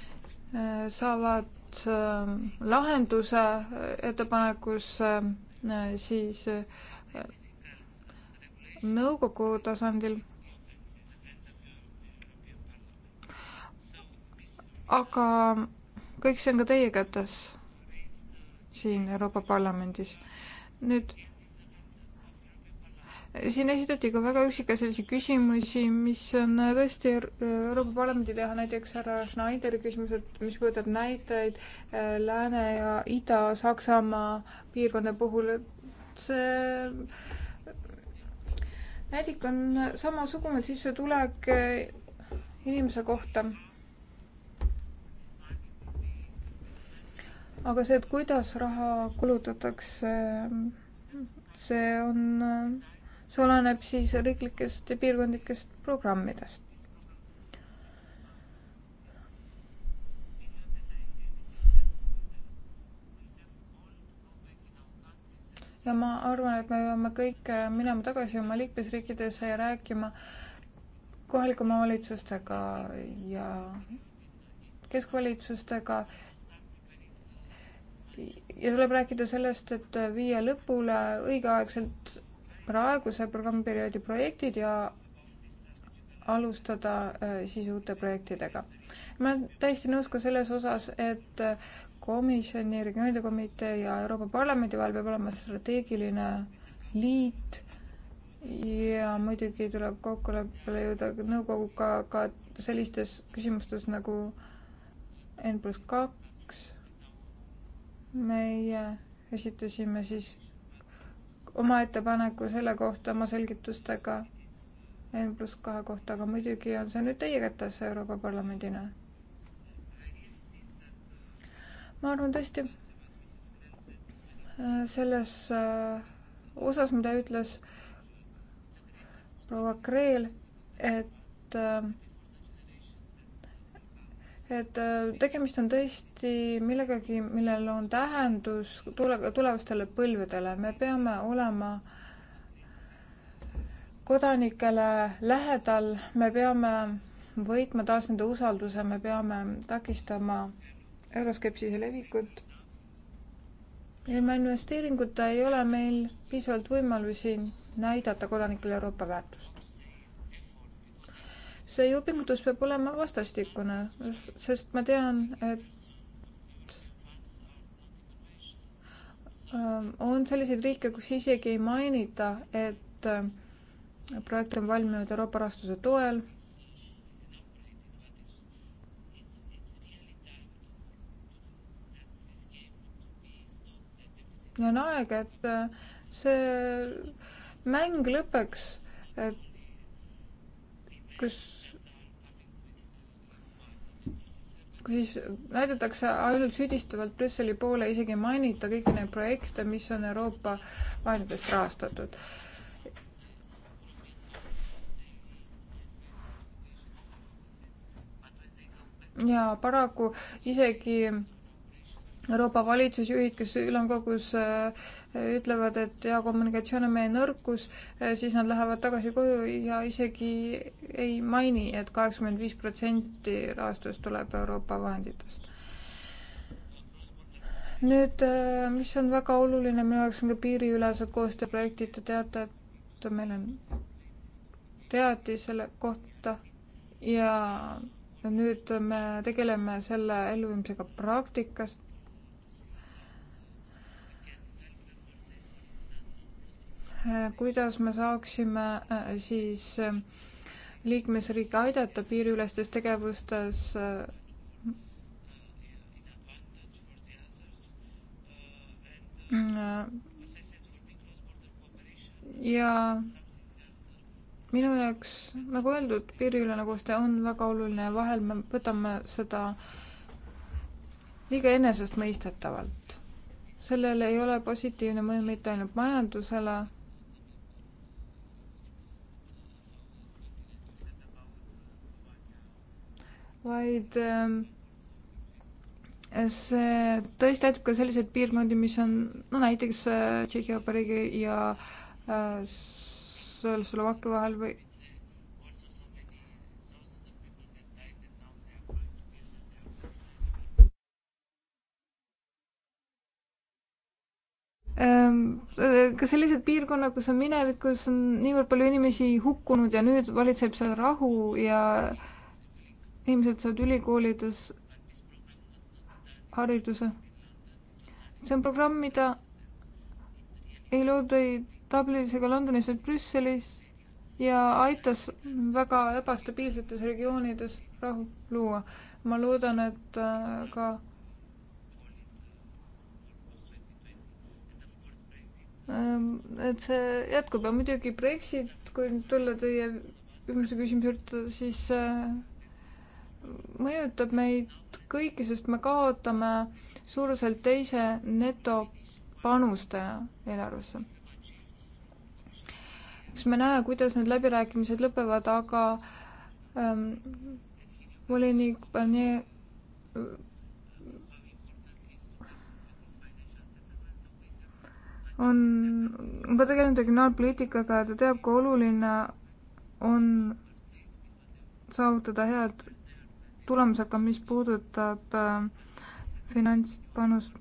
saavad äh, lahenduse ettepanekus siis nõukogu tasandil. aga kõik see on ka teie kätes siin Euroopa Parlamendis. nüüd siin esitati ka väga üksikasjalisi küsimusi, mis on tõesti Euroopa Parlamendi teha, näiteks härra Schneideri küsimus, et mis puudutab näiteid äh, Lääne- ja Ida-Saksamaa piirkonna puhul, et see näidik on samasugune sissetulek äh, inimese kohta aga see, et kuidas raha kulutatakse, see on, see oleneb siis riiklikest ja piirkondlikest programmidest. ja ma arvan, et me peame kõik minema tagasi oma liikmesriikidesse ja rääkima kohalike omavalitsustega ja keskvalitsustega ja tuleb rääkida sellest, et viia lõpule õigeaegselt praeguse programmperioodi projektid ja alustada äh, siis uute projektidega. ma olen täiesti nõus ka selles osas, et komisjoni, regioonide komitee ja Euroopa Parlamendi vahel peab olema strateegiline liit ja muidugi tuleb kokkuleppele jõuda nõukoguga ka sellistes küsimustes nagu N pluss kaks meie esitasime siis oma ettepaneku selle kohta oma selgitustega N pluss kahe kohta, aga muidugi on see nüüd teie kätes Euroopa Parlamendina. ma arvan tõesti, äh, selles äh, osas, mida ütles proua Kreel, et äh, et äh, tegemist on tõesti millegagi, millel on tähendus tule, tulevastele põlvedele. me peame olema kodanikele lähedal, me peame võitma taas nende usalduse, me peame takistama euroskepsise levikut. ilma investeeringuta ei ole meil piisavalt võimalusi näidata kodanikele Euroopa väärtust see jõupingutus peab olema vastastikune, sest ma tean, et ähm, on selliseid riike, kus isegi ei mainita, et äh, projekt on valminud Euroopa rahastuse toel. ja on aeg, et äh, see mäng lõpeks, et kus kui siis näidatakse ainult süüdistavalt Brüsseli poole, isegi ei mainita kõiki neid projekte, mis on Euroopa vahenditest rahastatud. ja paraku isegi Euroopa valitsusjuhid, kes ülemkogus äh, ütlevad, et hea kommunikatsioon on meie nõrkus, äh, siis nad lähevad tagasi koju ja isegi ei maini et, et kaheksakümmend viis protsenti rahastust tuleb Euroopa vahenditest. nüüd, äh, mis on väga oluline minu jaoks, on ka piiriülesed koostööprojektid, te teate, et meil on teatis selle kohta ja nüüd me tegeleme selle elluviimisega praktikas Äh, kuidas me saaksime äh, siis äh, liikmesriike aidata piiriülestes tegevustes mm, ja minu jaoks, nagu öeldud, piiriülene koostöö on väga oluline ja vahel me võtame seda liiga enesestmõistetavalt. sellel ei ole positiivne mõju mitte ainult majandusele, vaid ähm, see tõesti aitab ka selliseid piirkondi, mis on no näiteks äh, Tšehhi Vabariigi ja äh, Slovakkia vahel või ähm, ka sellised piirkonnad, kus on minevikus on niivõrd palju inimesi hukkunud ja nüüd valitseb seal rahu ja äh, inimesed saavad ülikoolides hariduse. see on programm, mida ei looda ei Dublinis ega Londonis, vaid Brüsselis ja aitas väga ebastabiilsetes regioonides rahu luua. ma loodan, et äh, ka ähm, et see jätkub ja muidugi Brexit, kui nüüd tulla teie viimase küsimuse juurde, siis äh, mõjutab meid kõiki, sest me kaotame suuruselt teise netopanustaja eelarvesse eks me näe, kuidas need läbirääkimised lõpevad, aga ähm, volinik Barnier äh, on, on ka tegelenud regionaalpoliitikaga ja ta teab, kui oluline on saavutada head tulemusega, mis puudutab äh, finantspanust.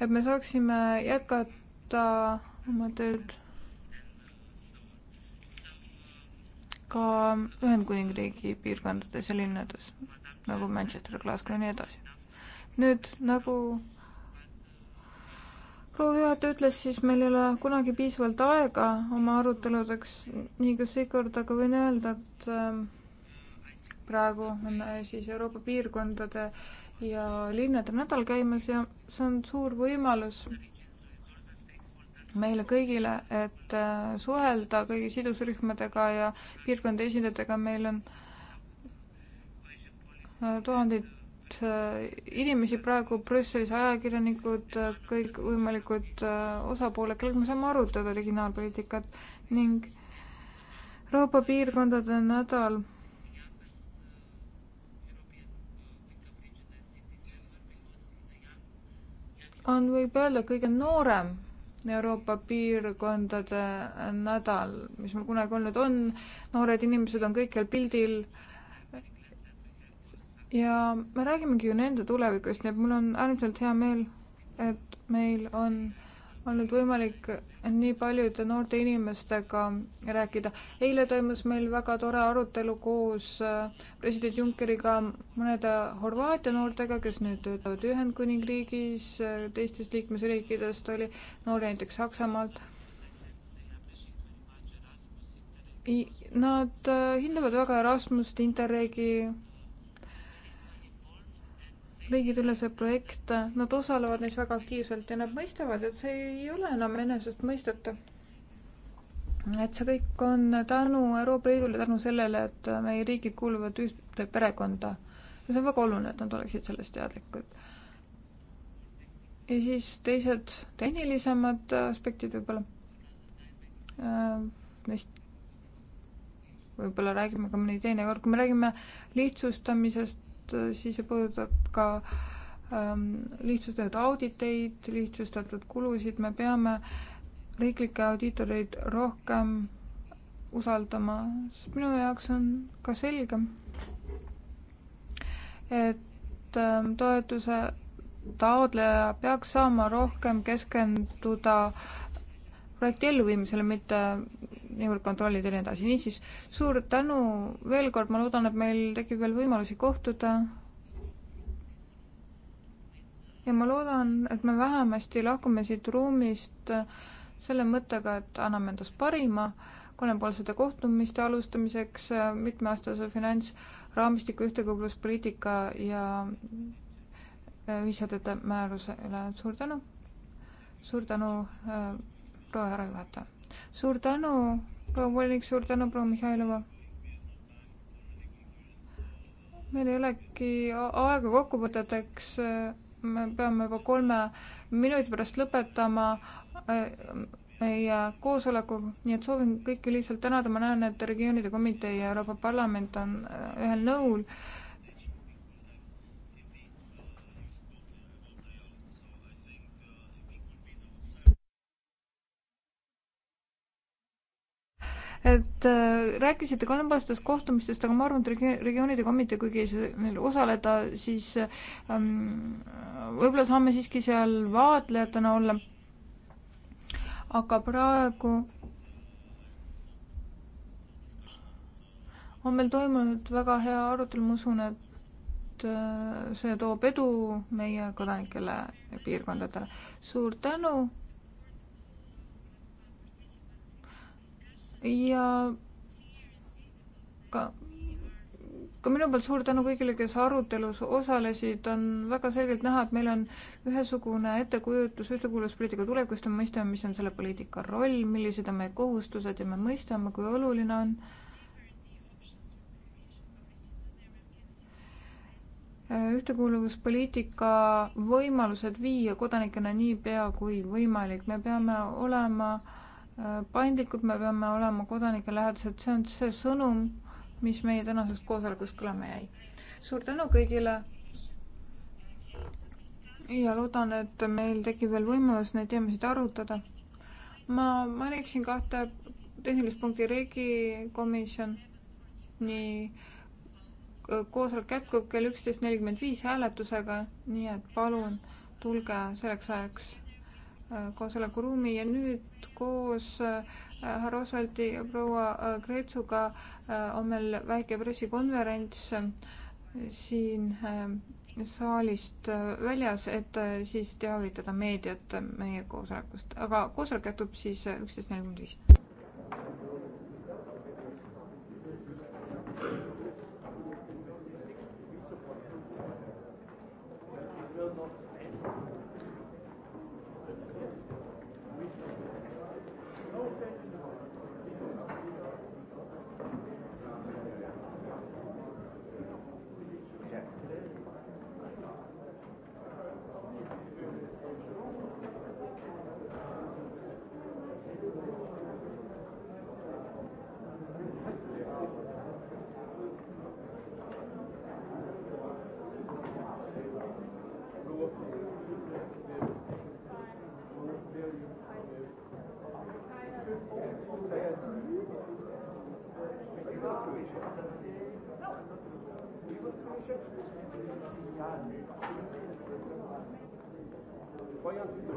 et me saaksime jätkata oma tööd ka Ühendkuningriigi piirkondades ja linnades nagu Manchester, Glasgow ja nii edasi. nüüd nagu proua juhataja ütles, siis meil ei ole kunagi piisavalt aega oma aruteludeks, nii ka seekord, aga võin öelda, et ähm, praegu on äh, siis Euroopa piirkondade ja linnade nädal käimas ja see on suur võimalus meile kõigile, et äh, suhelda kõigi sidusrühmadega ja piirkondade esindajatega, meil on äh, tuhandeid Äh, inimesi praegu Brüsselis, ajakirjanikud, äh, kõikvõimalikud äh, osapooled, kellega me saame arutada regionaalpoliitikat ning Euroopa piirkondade nädal on, võib öelda, kõige noorem Euroopa piirkondade nädal, mis meil kunagi olnud on. noored inimesed on kõikjal pildil ja me räägimegi ju nende tulevikust, nii et mul on äärmiselt hea meel, et meil on olnud võimalik nii paljude noorte inimestega rääkida. eile toimus meil väga tore arutelu koos äh, president Junckeriga mõnede Horvaatia noortega, kes nüüd töötavad Ühendkuningriigis, äh, teistest liikmesriikidest oli noori näiteks Saksamaalt. Nad äh, hindavad väga Erasmust, Interregi riigiülese projekte, nad osalevad neis väga aktiivselt ja nad mõistavad, et see ei ole enam enesestmõistetav. et see kõik on tänu Euroopa Liidule, tänu sellele, et meie riigid kuuluvad ühte perekonda. ja see on väga oluline, et nad oleksid sellest teadlikud. ja siis teised tehnilisemad aspektid võib-olla. Äh, neist võib-olla räägime ka mõni teine kord, kui me räägime lihtsustamisest, Äh, siis see puudutab ka ähm, lihtsustatud auditeid, lihtsustatud kulusid, me peame riiklikke audiitoreid rohkem usaldama, sest minu jaoks on ka selgem, et ähm, toetuse taotleja peaks saama rohkem keskenduda projekti elluviimisele, mitte julgekontrollid ja nii edasi, niisiis suur tänu veel kord, ma loodan, et meil tekib veel võimalusi kohtuda. ja ma loodan, et me vähemasti lahkume siit ruumist selle mõttega, et anname endast parima kolmepoolsete kohtumiste alustamiseks mitmeaastase finantsraamistiku ühtekuuluvuspoliitika ja ühisõdede määruse üle, et suur tänu, suur tänu äh,, proua härra juhataja suur tänu, proua volinik, suur tänu, proua Mihhailova. meil ei olegi aega kokkuvõteteks, me peame juba kolme minuti pärast lõpetama äh, meie koosoleku, nii et soovin kõiki lihtsalt tänada, ma näen, et regioonide komitee ja Euroopa Parlament on äh, ühel nõul äh, et äh, rääkisite kolmepoolsetest kohtumistest, aga ma arvan, et regi-, regioonide komitee, kuigi ei saa neil osaleda, siis ähm, võib-olla saame siiski seal vaatlejatena olla. aga praegu on meil toimunud väga hea arutelu, ma usun, et äh, see toob edu meie kodanikele ja piirkondadele. suur tänu ja ka ka minu poolt suur tänu kõigile, kes arutelus osalesid, on väga selgelt näha, et meil on ühesugune ettekujutus ühtekuuluvuspoliitika tulevikust ja me mõistame, mis on selle poliitika roll, millised on meie kohustused ja me mõistame, kui oluline on ühtekuuluvuspoliitika võimalused viia kodanikena niipea kui võimalik, me peame olema äh, paindlikud, me peame olema kodanike lähedased, see on see sõnum, mis meie tänasest koosolekust kõlama jäi. suur tänu kõigile. ja loodan, et meil tekib veel võimalus neid teemasid arutada. ma mainiksin kahte tehnilist punkti, riigikomisjon nii äh, koosolek jätkub kell üksteist nelikümmend viis hääletusega, nii et palun tulge selleks ajaks äh, koosolekuruumi ja nüüd koos härra äh, Roosevelti ja proua äh, Kreetsuga äh, on meil väike pressikonverents siin saalist väljas, et siis teavitada meediat meie koosolekust, aga koosolek jätub siis üksteist nelikümmend viis. Thank you. Thank you.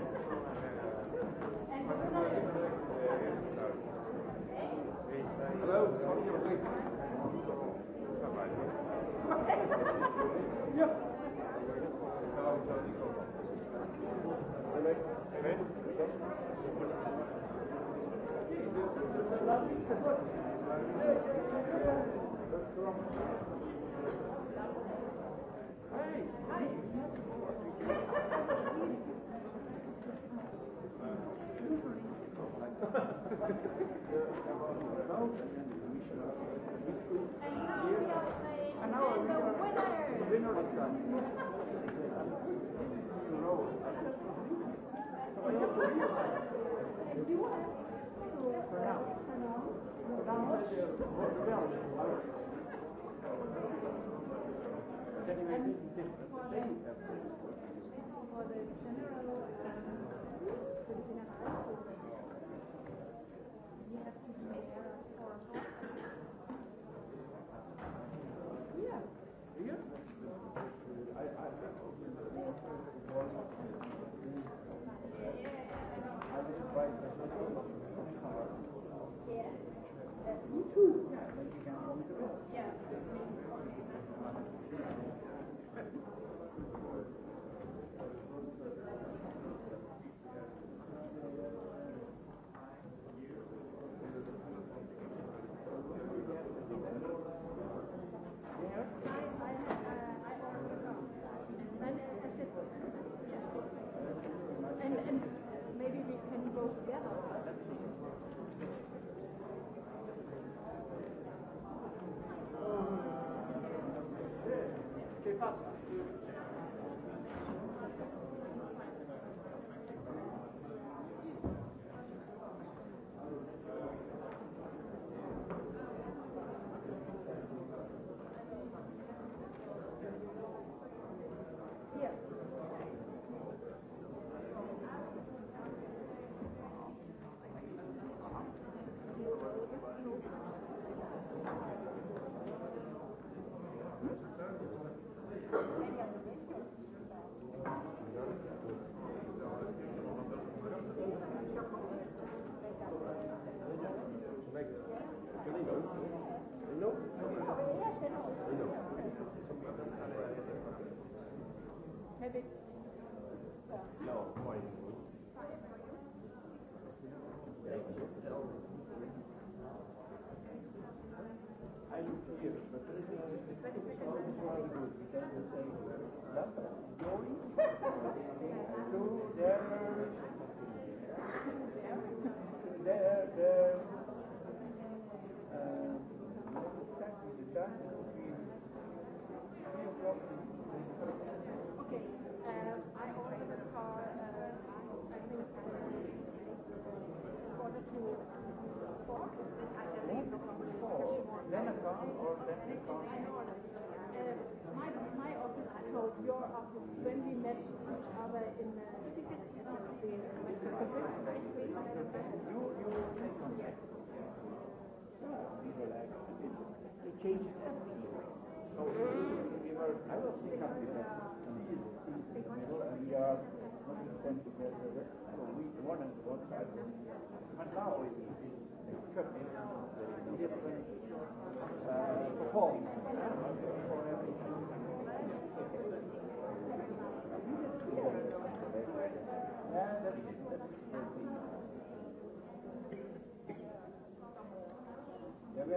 general uh, uh, uh, Yeah. your of when we met each other in the you you stay contact. No, we were like it, it changes everything. So we were I was thinking of this and he is in the middle and we are not in the together. So we one and one side. But now it is it's cut in different uh, performance.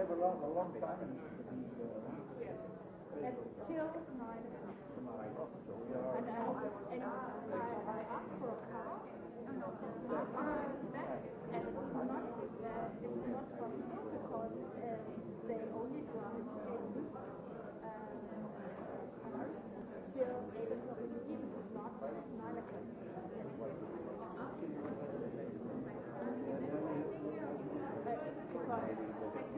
have a long, a long time. And, and, uh, yeah. and she also tonight. Tonight. So we are. And, uh, and I, I asked for a car. No, no. Uh, back, and it was not, uh, it was not possible because uh, they only drive in uh, cars till 8 o'clock in the evening, not 9 o'clock. Thank you.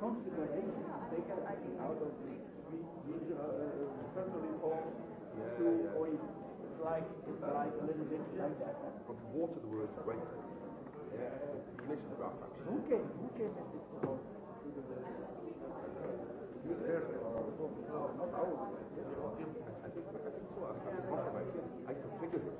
considerations taken out of these regional uh, personal reforms yeah, to yeah. or it's like it's like a little bit like that. From water the words great. Yeah. Commission about that. Who came who came with this proposal? You there? No, not ours. I think I think so. I have to compromise. I configured it.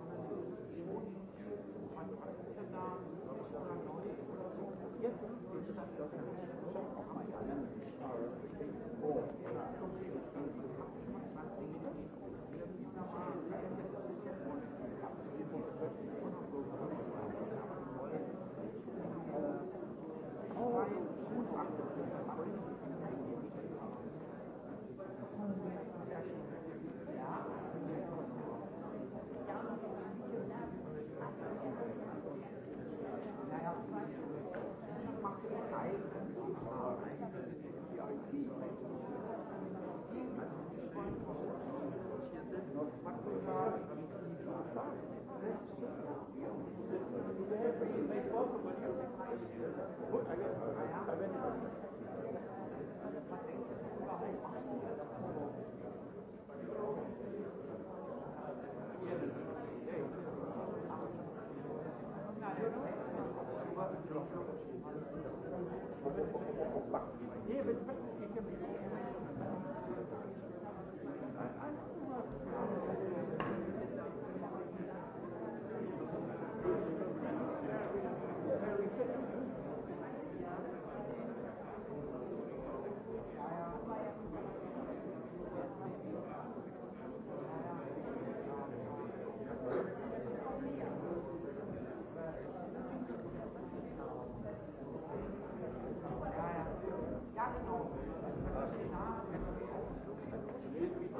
Thank you.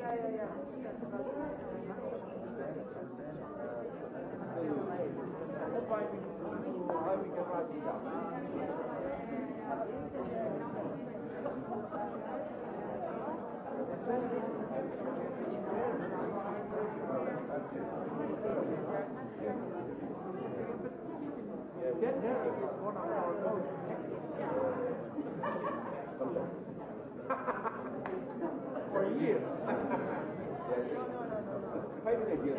Yeah, yeah, yeah. <laughs> Get there is one of our most. For years. Five years.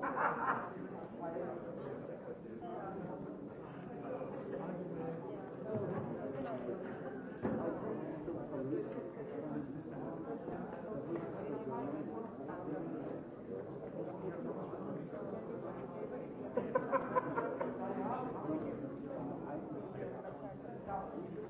Niemand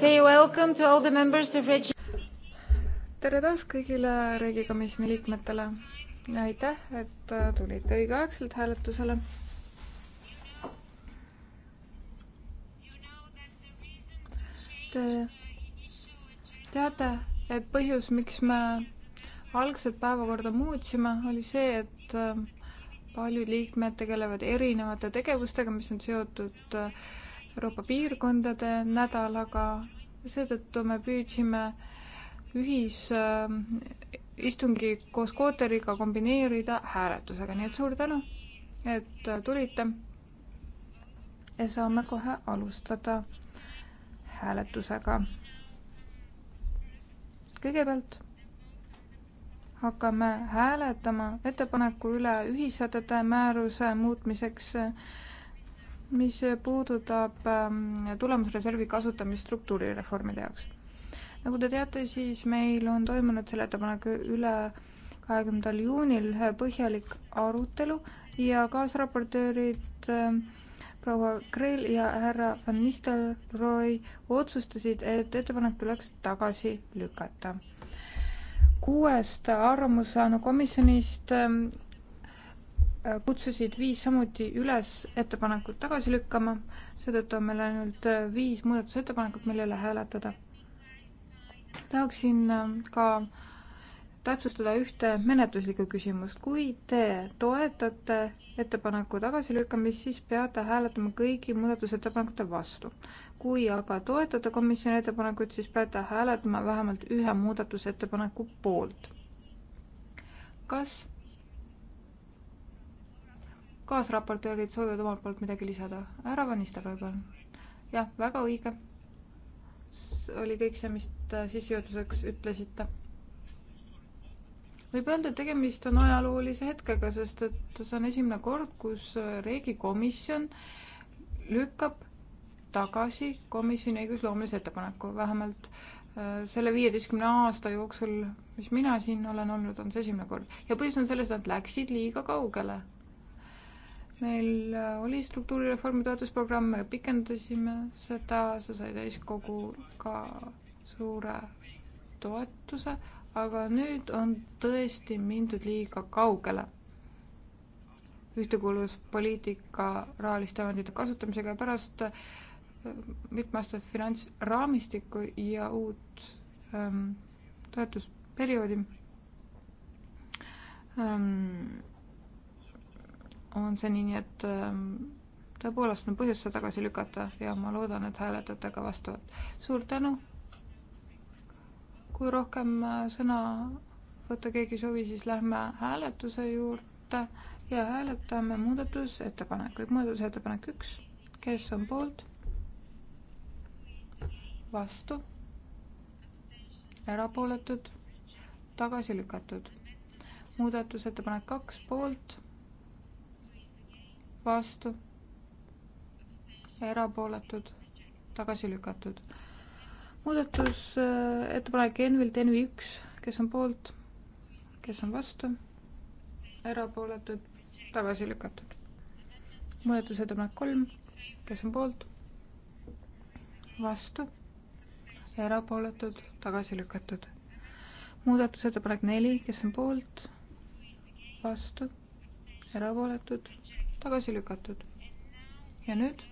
say welcome to all the members of Regi- tere taas kõigile riigikomisjoni liikmetele. aitäh, et äh, tulite õigeaegselt hääletusele. Te teate, et põhjus, miks me algselt päevakorda muutsime, oli see, et äh, paljud liikmed tegelevad erinevate tegevustega, mis on seotud äh, Euroopa piirkondade nädalaga, seetõttu me püüdsime ühisistungi äh, koos Kooteriga kombineerida hääletusega, nii et suur tänu, et äh, tulite. ja saame kohe alustada hääletusega. kõigepealt hakkame hääletama ettepaneku üle ühissätete määruse muutmiseks mis puudutab ähm, tulemusreservi kasutamist struktuurireformide jaoks. nagu te teate, siis meil on toimunud selle ettepaneku üle kahekümnendal juunil põhjalik arutelu ja kaasraportöörid ähm, proua Kreel ja härra Van Nistelrooy otsustasid, et ettepanek tuleks tagasi lükata. kuuest arvamuse saanud komisjonist ähm, Äh, kutsusid viis samuti üles ettepanekut tagasi lükkama, seetõttu on meil ainult äh, viis muudatusettepanekut, mille üle hääletada. tahaksin äh, ka täpsustada ühte menetluslikku küsimust. kui te toetate ettepaneku tagasilükkamist, siis peate hääletama kõigi muudatusettepanekute vastu. kui aga toetate komisjoni ettepanekut, siis peate hääletama vähemalt ühe muudatusettepaneku poolt. kas kaasraportöörid soovivad omalt poolt midagi lisada. härra Vanisteroi, palun. jah, väga õige. oli kõik see, mis te sissejuhatuseks ütlesite. võib öelda, et tegemist on ajaloolise hetkega, sest et see on esimene kord, kus riigikomisjon lükkab tagasi komisjoni õigusloomelise ettepaneku, vähemalt äh, selle viieteistkümne aasta jooksul, mis mina siin olen olnud, on see esimene kord. ja põhjus on selles, et nad läksid liiga kaugele meil äh, oli struktuurireformi toetusprogramm, me pikendasime seda, see sai täiskoguga suure toetuse, aga nüüd on tõesti mindud liiga kaugele ühtekuuluvuspoliitika rahaliste vahendite kasutamisega pärast äh, mitmeaastast finantsraamistikku ja uut ähm, toetusperioodi ähm, on see nii, nii et ähm, tõepoolest on põhjust seda tagasi lükata ja ma loodan, et hääletate ka vastavalt. suur tänu. kui rohkem äh, sõna võtta keegi ei soovi, siis lähme hääletuse juurde ja hääletame muudatusettepanekuid. muudatusettepanek üks, kes on poolt? vastu? erapooletud? tagasi lükatud? muudatusettepanek kaks poolt vastu, erapooletud, tagasi lükatud. muudatusettepanek Envilt Envi üks, kes on poolt, kes on vastu, erapooletud, tagasi lükatud. muudatusettepanek kolm, kes on poolt, vastu, erapooletud, tagasi lükatud. muudatusettepanek neli, kes on poolt, vastu, erapooletud, tagasi lükatud. ja nüüd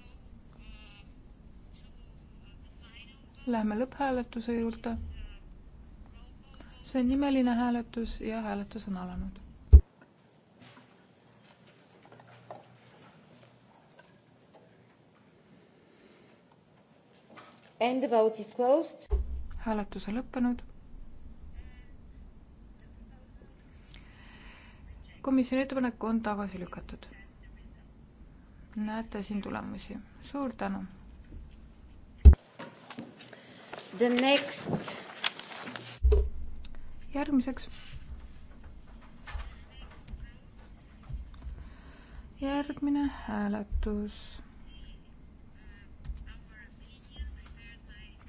lähme lõpphääletuse juurde. see on nimeline hääletus ja hääletus on alanud. And the vote is closed. hääletus on lõppenud. komisjoni ettepanek on tagasi lükatud näete siin tulemusi. suur tänu. The next. järgmiseks. järgmine hääletus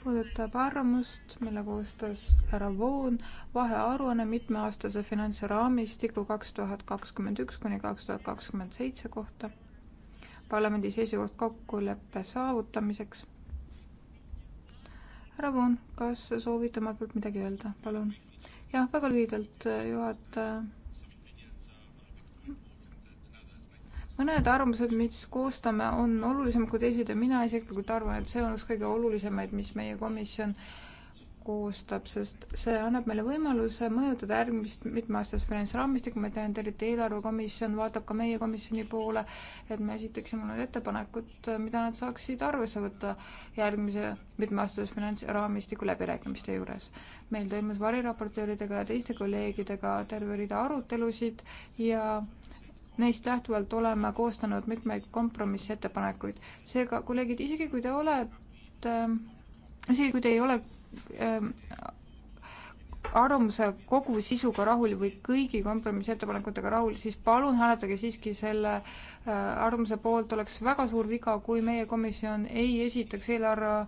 puudutab arvamust, mille koostas härra Voon, vahearuanne mitmeaastase finantsraamistiku kaks tuhat kakskümmend üks kuni kaks tuhat kakskümmend seitse kohta parlamendi seisukoht kokkuleppe saavutamiseks. härra Voon, kas soovite omalt poolt midagi öelda, palun? jah, väga lühidalt, äh, juhataja mõned arvamused, mis koostame, on olulisemad kui teised ja mina isiklikult arvan, et see on üks kõige olulisemaid, mis meie komisjon äh, koostab, sest see annab meile võimaluse mõjutada järgmist mitmeaastast finantsraamistikku, ma tean, et eriti eelarvekomisjon vaatab ka meie komisjoni poole, et me esitaksime need ettepanekud, mida nad saaksid arvesse võtta järgmise mitmeaastase finantsraamistiku läbirääkimiste juures. meil toimus variraportööridega ja teiste kolleegidega terve rida arutelusid ja Neist lähtuvalt oleme koostanud mitmeid kompromissettepanekuid. seega, kolleegid, isegi kui te olete isegi kui te ei ole ähm, arvamuse kogu sisuga rahul või kõigi kompromissettepanekutega rahul, siis palun hääletage siiski selle äh, arvamuse poolt, oleks väga suur viga, kui meie komisjon ei esitaks eelarve,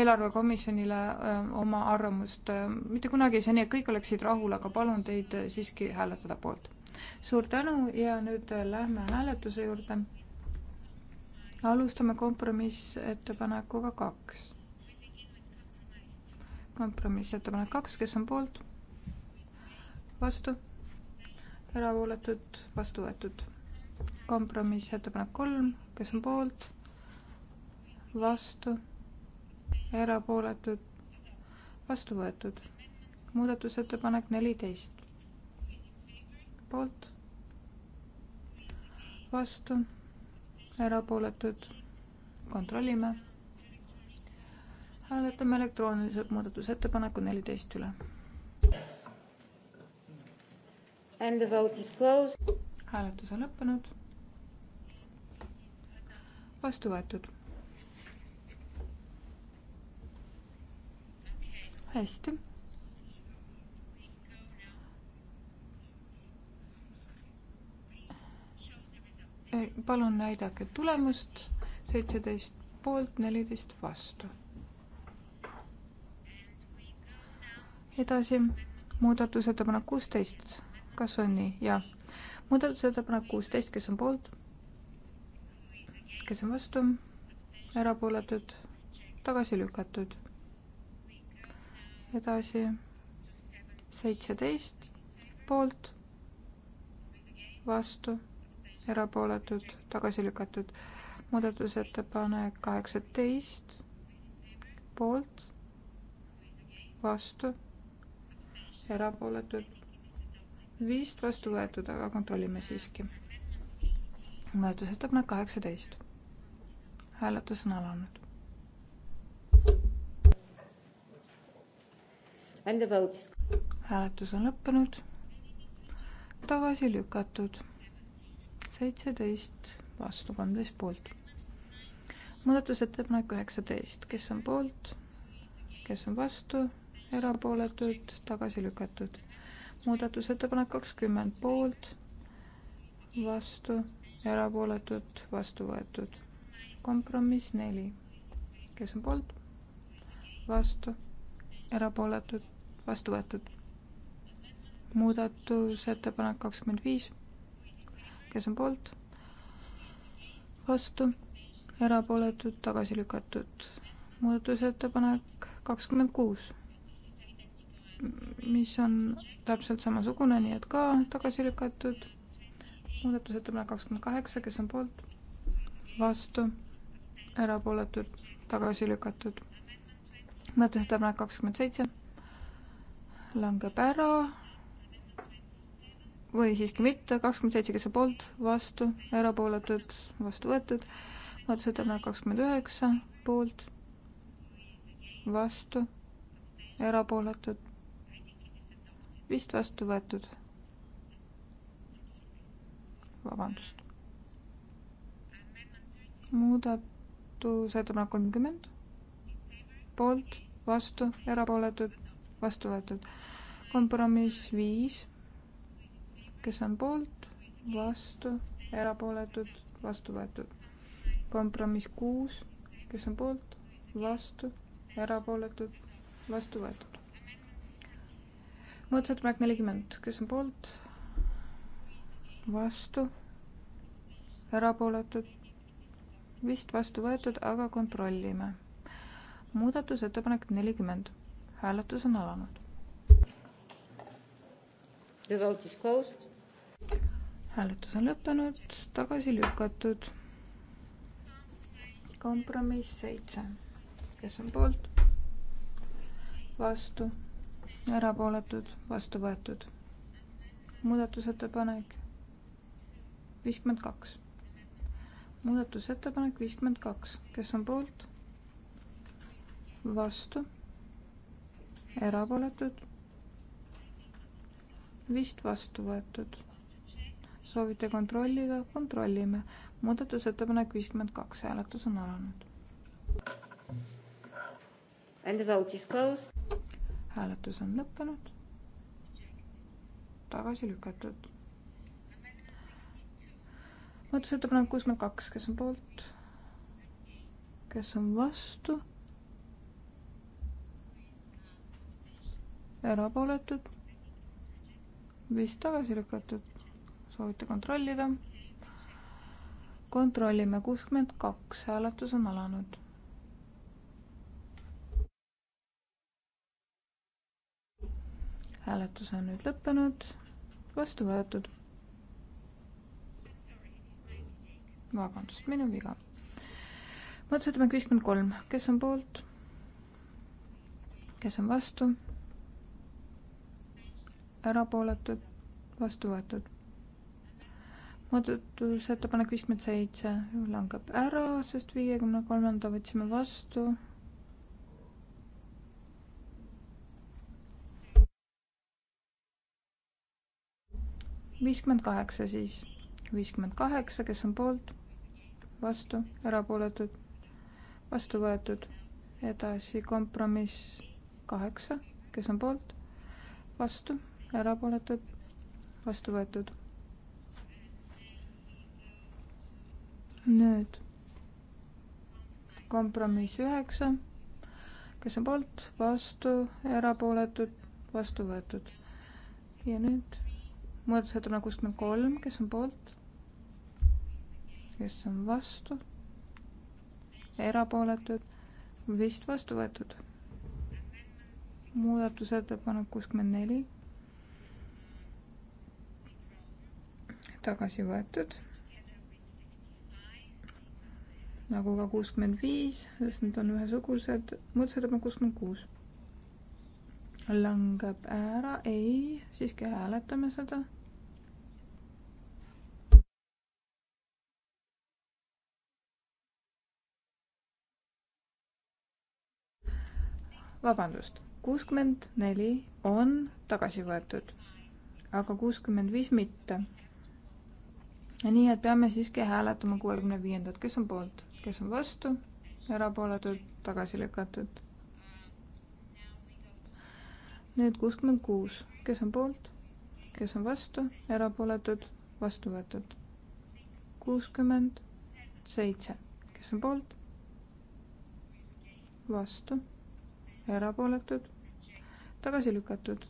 eelarvekomisjonile ähm, oma arvamust ähm, mitte kunagi seni, et kõik oleksid rahul, aga palun teid äh, siiski hääletada poolt. suur tänu ja nüüd äh, lähme hääletuse juurde. alustame kompromissettepanekuga kaks kompromissettepanek kaks, kes on poolt? vastu? erapooletud, vastu võetud. kompromissettepanek kolm, kes on poolt? vastu? erapooletud, vastu võetud. muudatusettepanek neliteist, poolt? vastu? erapooletud, kontrollime hääletame elektrooniliselt muudatusettepaneku neliteist üle. And the vote is closed. hääletus on lõppenud. vastu võetud. hästi. Eh, palun näidake tulemust, seitseteist poolt, neliteist vastu edasi, muudatusettepanek kuusteist, kas on nii? jah. muudatusettepanek kuusteist, kes on poolt? kes on vastu? erapooletud? tagasi lükatud? edasi, seitseteist, poolt, vastu, erapooletud, tagasi lükatud. muudatusettepanek kaheksateist, poolt, vastu erapooletud, vist vastu võetud, aga kontrollime siiski. muudatusettepanek kaheksateist. hääletus on alanud. hääletus on lõppenud, tagasi lükatud, seitseteist vastu, kolmteist poolt. muudatusettepanek üheksateist, kes on poolt, kes on vastu erapooletud, tagasi lükatud. muudatusettepanek kakskümmend poolt, vastu, erapooletud, vastu võetud. kompromiss neli, kes on poolt, vastu, erapooletud, vastu võetud. muudatusettepanek kakskümmend viis, kes on poolt, vastu, erapooletud, tagasi lükatud. muudatusettepanek kakskümmend kuus mis on täpselt samasugune, nii et ka tagasi lükatud. muudatusettepanek kakskümmend kaheksa, kes on poolt, vastu, erapooletud, tagasi lükatud. muudatusettepanek kakskümmend seitse langeb ära või siiski mitte, kakskümmend seitse, kes on poolt, vastu, erapooletud, vastu võetud. muudatusettepanek kakskümmend üheksa, poolt, vastu, erapooletud, vist vastu võetud. vabandust. muudatusettepanek kolmkümmend, poolt, vastu, erapooletud, vastu võetud. kompromiss viis, kes on poolt, vastu, erapooletud, vastu võetud. kompromiss kuus, kes on poolt, vastu, erapooletud, vastu võetud muudatusettepanek nelikümmend, kes on poolt? vastu? erapooletud? vist vastu võetud, aga kontrollime. muudatusettepanek nelikümmend, hääletus on alanud. The vote is closed. hääletus on lõppenud, tagasi lükatud kompromiss seitse, kes on poolt, vastu erapooletud, vastu võetud. muudatusettepanek viiskümmend kaks. muudatusettepanek viiskümmend kaks, kes on poolt? vastu, erapooletud, vist vastu võetud. soovite kontrollida, kontrollime. muudatusettepanek viiskümmend kaks, hääletus on alanud. And the vote is closed hääletus on lõppenud. tagasi lükatud. muudatusettepanek kuuskümmend kaks, kes on poolt? kes on vastu? erapooletud? vist tagasi lükatud. soovite kontrollida? kontrollime, kuuskümmend kaks, hääletus on alanud. hääletus on nüüd lõppenud, vastu võetud. vabandust, minu viga. muudatusettepanek viiskümmend kolm, kes on poolt? kes on vastu? erapooletud, vastu võetud. muudatusettepanek viiskümmend seitse langeb ära, sest viiekümne kolmanda võtsime vastu viiskümmend kaheksa siis, viiskümmend kaheksa, kes on poolt, vastu, erapooletud, vastu võetud. edasi kompromiss kaheksa, kes on poolt, vastu, erapooletud, vastu võetud. nüüd kompromiss üheksa, kes on poolt, vastu, erapooletud, vastu võetud. ja nüüd muudatusettepanek kuuskümmend kolm, kes on poolt? kes on vastu? erapooletud? vist vastu võetud. muudatusettepanek kuuskümmend neli. tagasi võetud. nagu ka kuuskümmend viis, sest need on ühesugused. muudatusettepanek kuuskümmend kuus langeb ära, ei, siiski hääletame seda. vabandust, kuuskümmend neli on tagasi võetud, aga kuuskümmend viis mitte. nii et peame siiski hääletama kuuekümne viiendat, kes on poolt, kes on vastu, erapooletud, tagasi lükatud nüüd kuuskümmend kuus, kes on poolt, kes on vastu, erapooletud, vastu võetud. kuuskümmend seitse, kes on poolt, vastu, erapooletud, tagasi lükatud.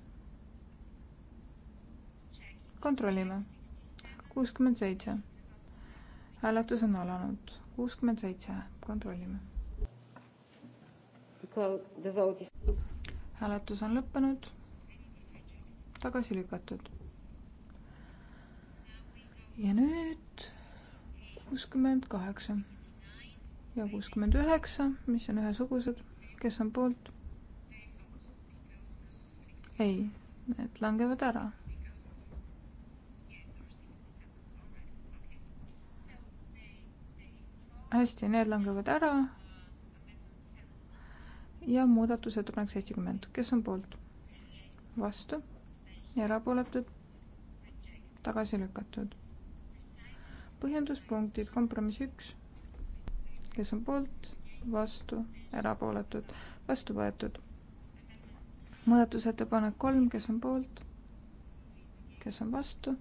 kontrollime. kuuskümmend seitse. hääletus on alanud. kuuskümmend seitse, kontrollime hääletus on lõppenud, tagasi lükatud. ja nüüd kuuskümmend kaheksa ja kuuskümmend üheksa, mis on ühesugused, kes on poolt? ei, need langevad ära. hästi, need langevad ära ja muudatusettepanek seitsekümmend, kes on poolt? vastu, erapooletud, tagasi lükatud. põhjenduspunktid, kompromiss üks, kes on poolt, vastu, erapooletud, vastu võetud. muudatusettepanek kolm, kes on poolt, kes on vastu,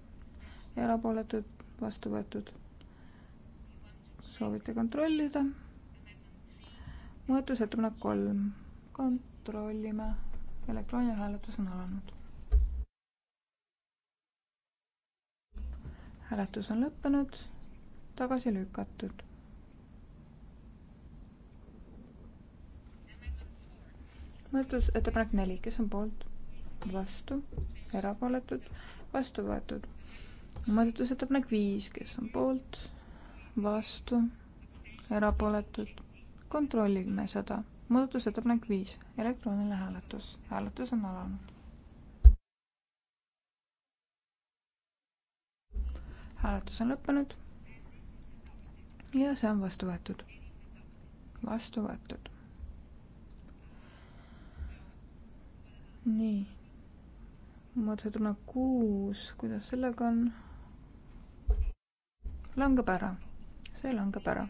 erapooletud, vastu võetud. soovite kontrollida? muudatusettepanek kolm, kontrollime, elektrooniline hääletus on alanud. hääletus on lõppenud, tagasi lükatud. muudatusettepanek neli, kes on poolt? vastu, erapooletud, vastu võetud. muudatusettepanek viis, kes on poolt, vastu, erapooletud, kontrollime seda. muudatusettepanek viis, elektrooniline hääletus. hääletus on alanud. hääletus on lõppenud. ja see on vastu võetud. vastu võetud. nii. muudatusettepanek kuus, kuidas sellega on? langeb ära, see langeb ära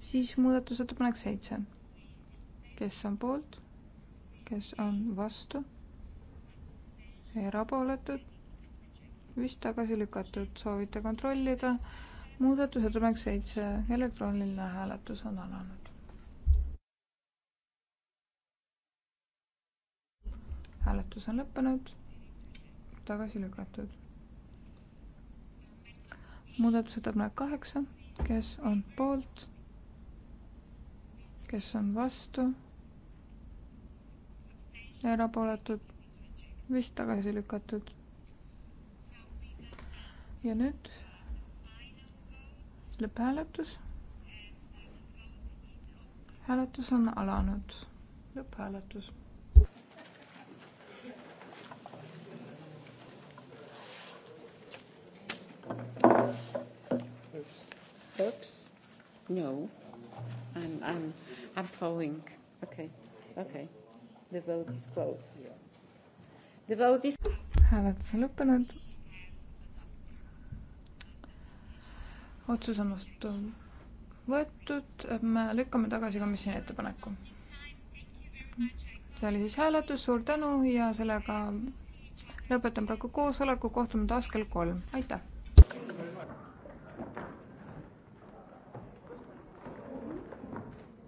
siis muudatusettepanek seitse. kes on poolt, kes on vastu, erapooletud, vist tagasi lükatud, soovite kontrollida. muudatusettepanek seitse, elektrooniline hääletus on alanud. hääletus on lõppenud, tagasi lükatud. muudatusettepanek kaheksa, kes on poolt kes on vastu, erapooletud, vist tagasi lükatud. ja nüüd lõpphääletus. hääletus on alanud, lõpphääletus Oops. Oops. No. I'm, I'm, I'm following. Okay, okay. The vote is closed. The vote is... hääletus on lõppenud. otsus on vastu võetud, me lükkame tagasi komisjoni ettepaneku. see oli siis hääletus, suur tänu ja sellega lõpetan praegu koosoleku, kohtume taas kell kolm, aitäh!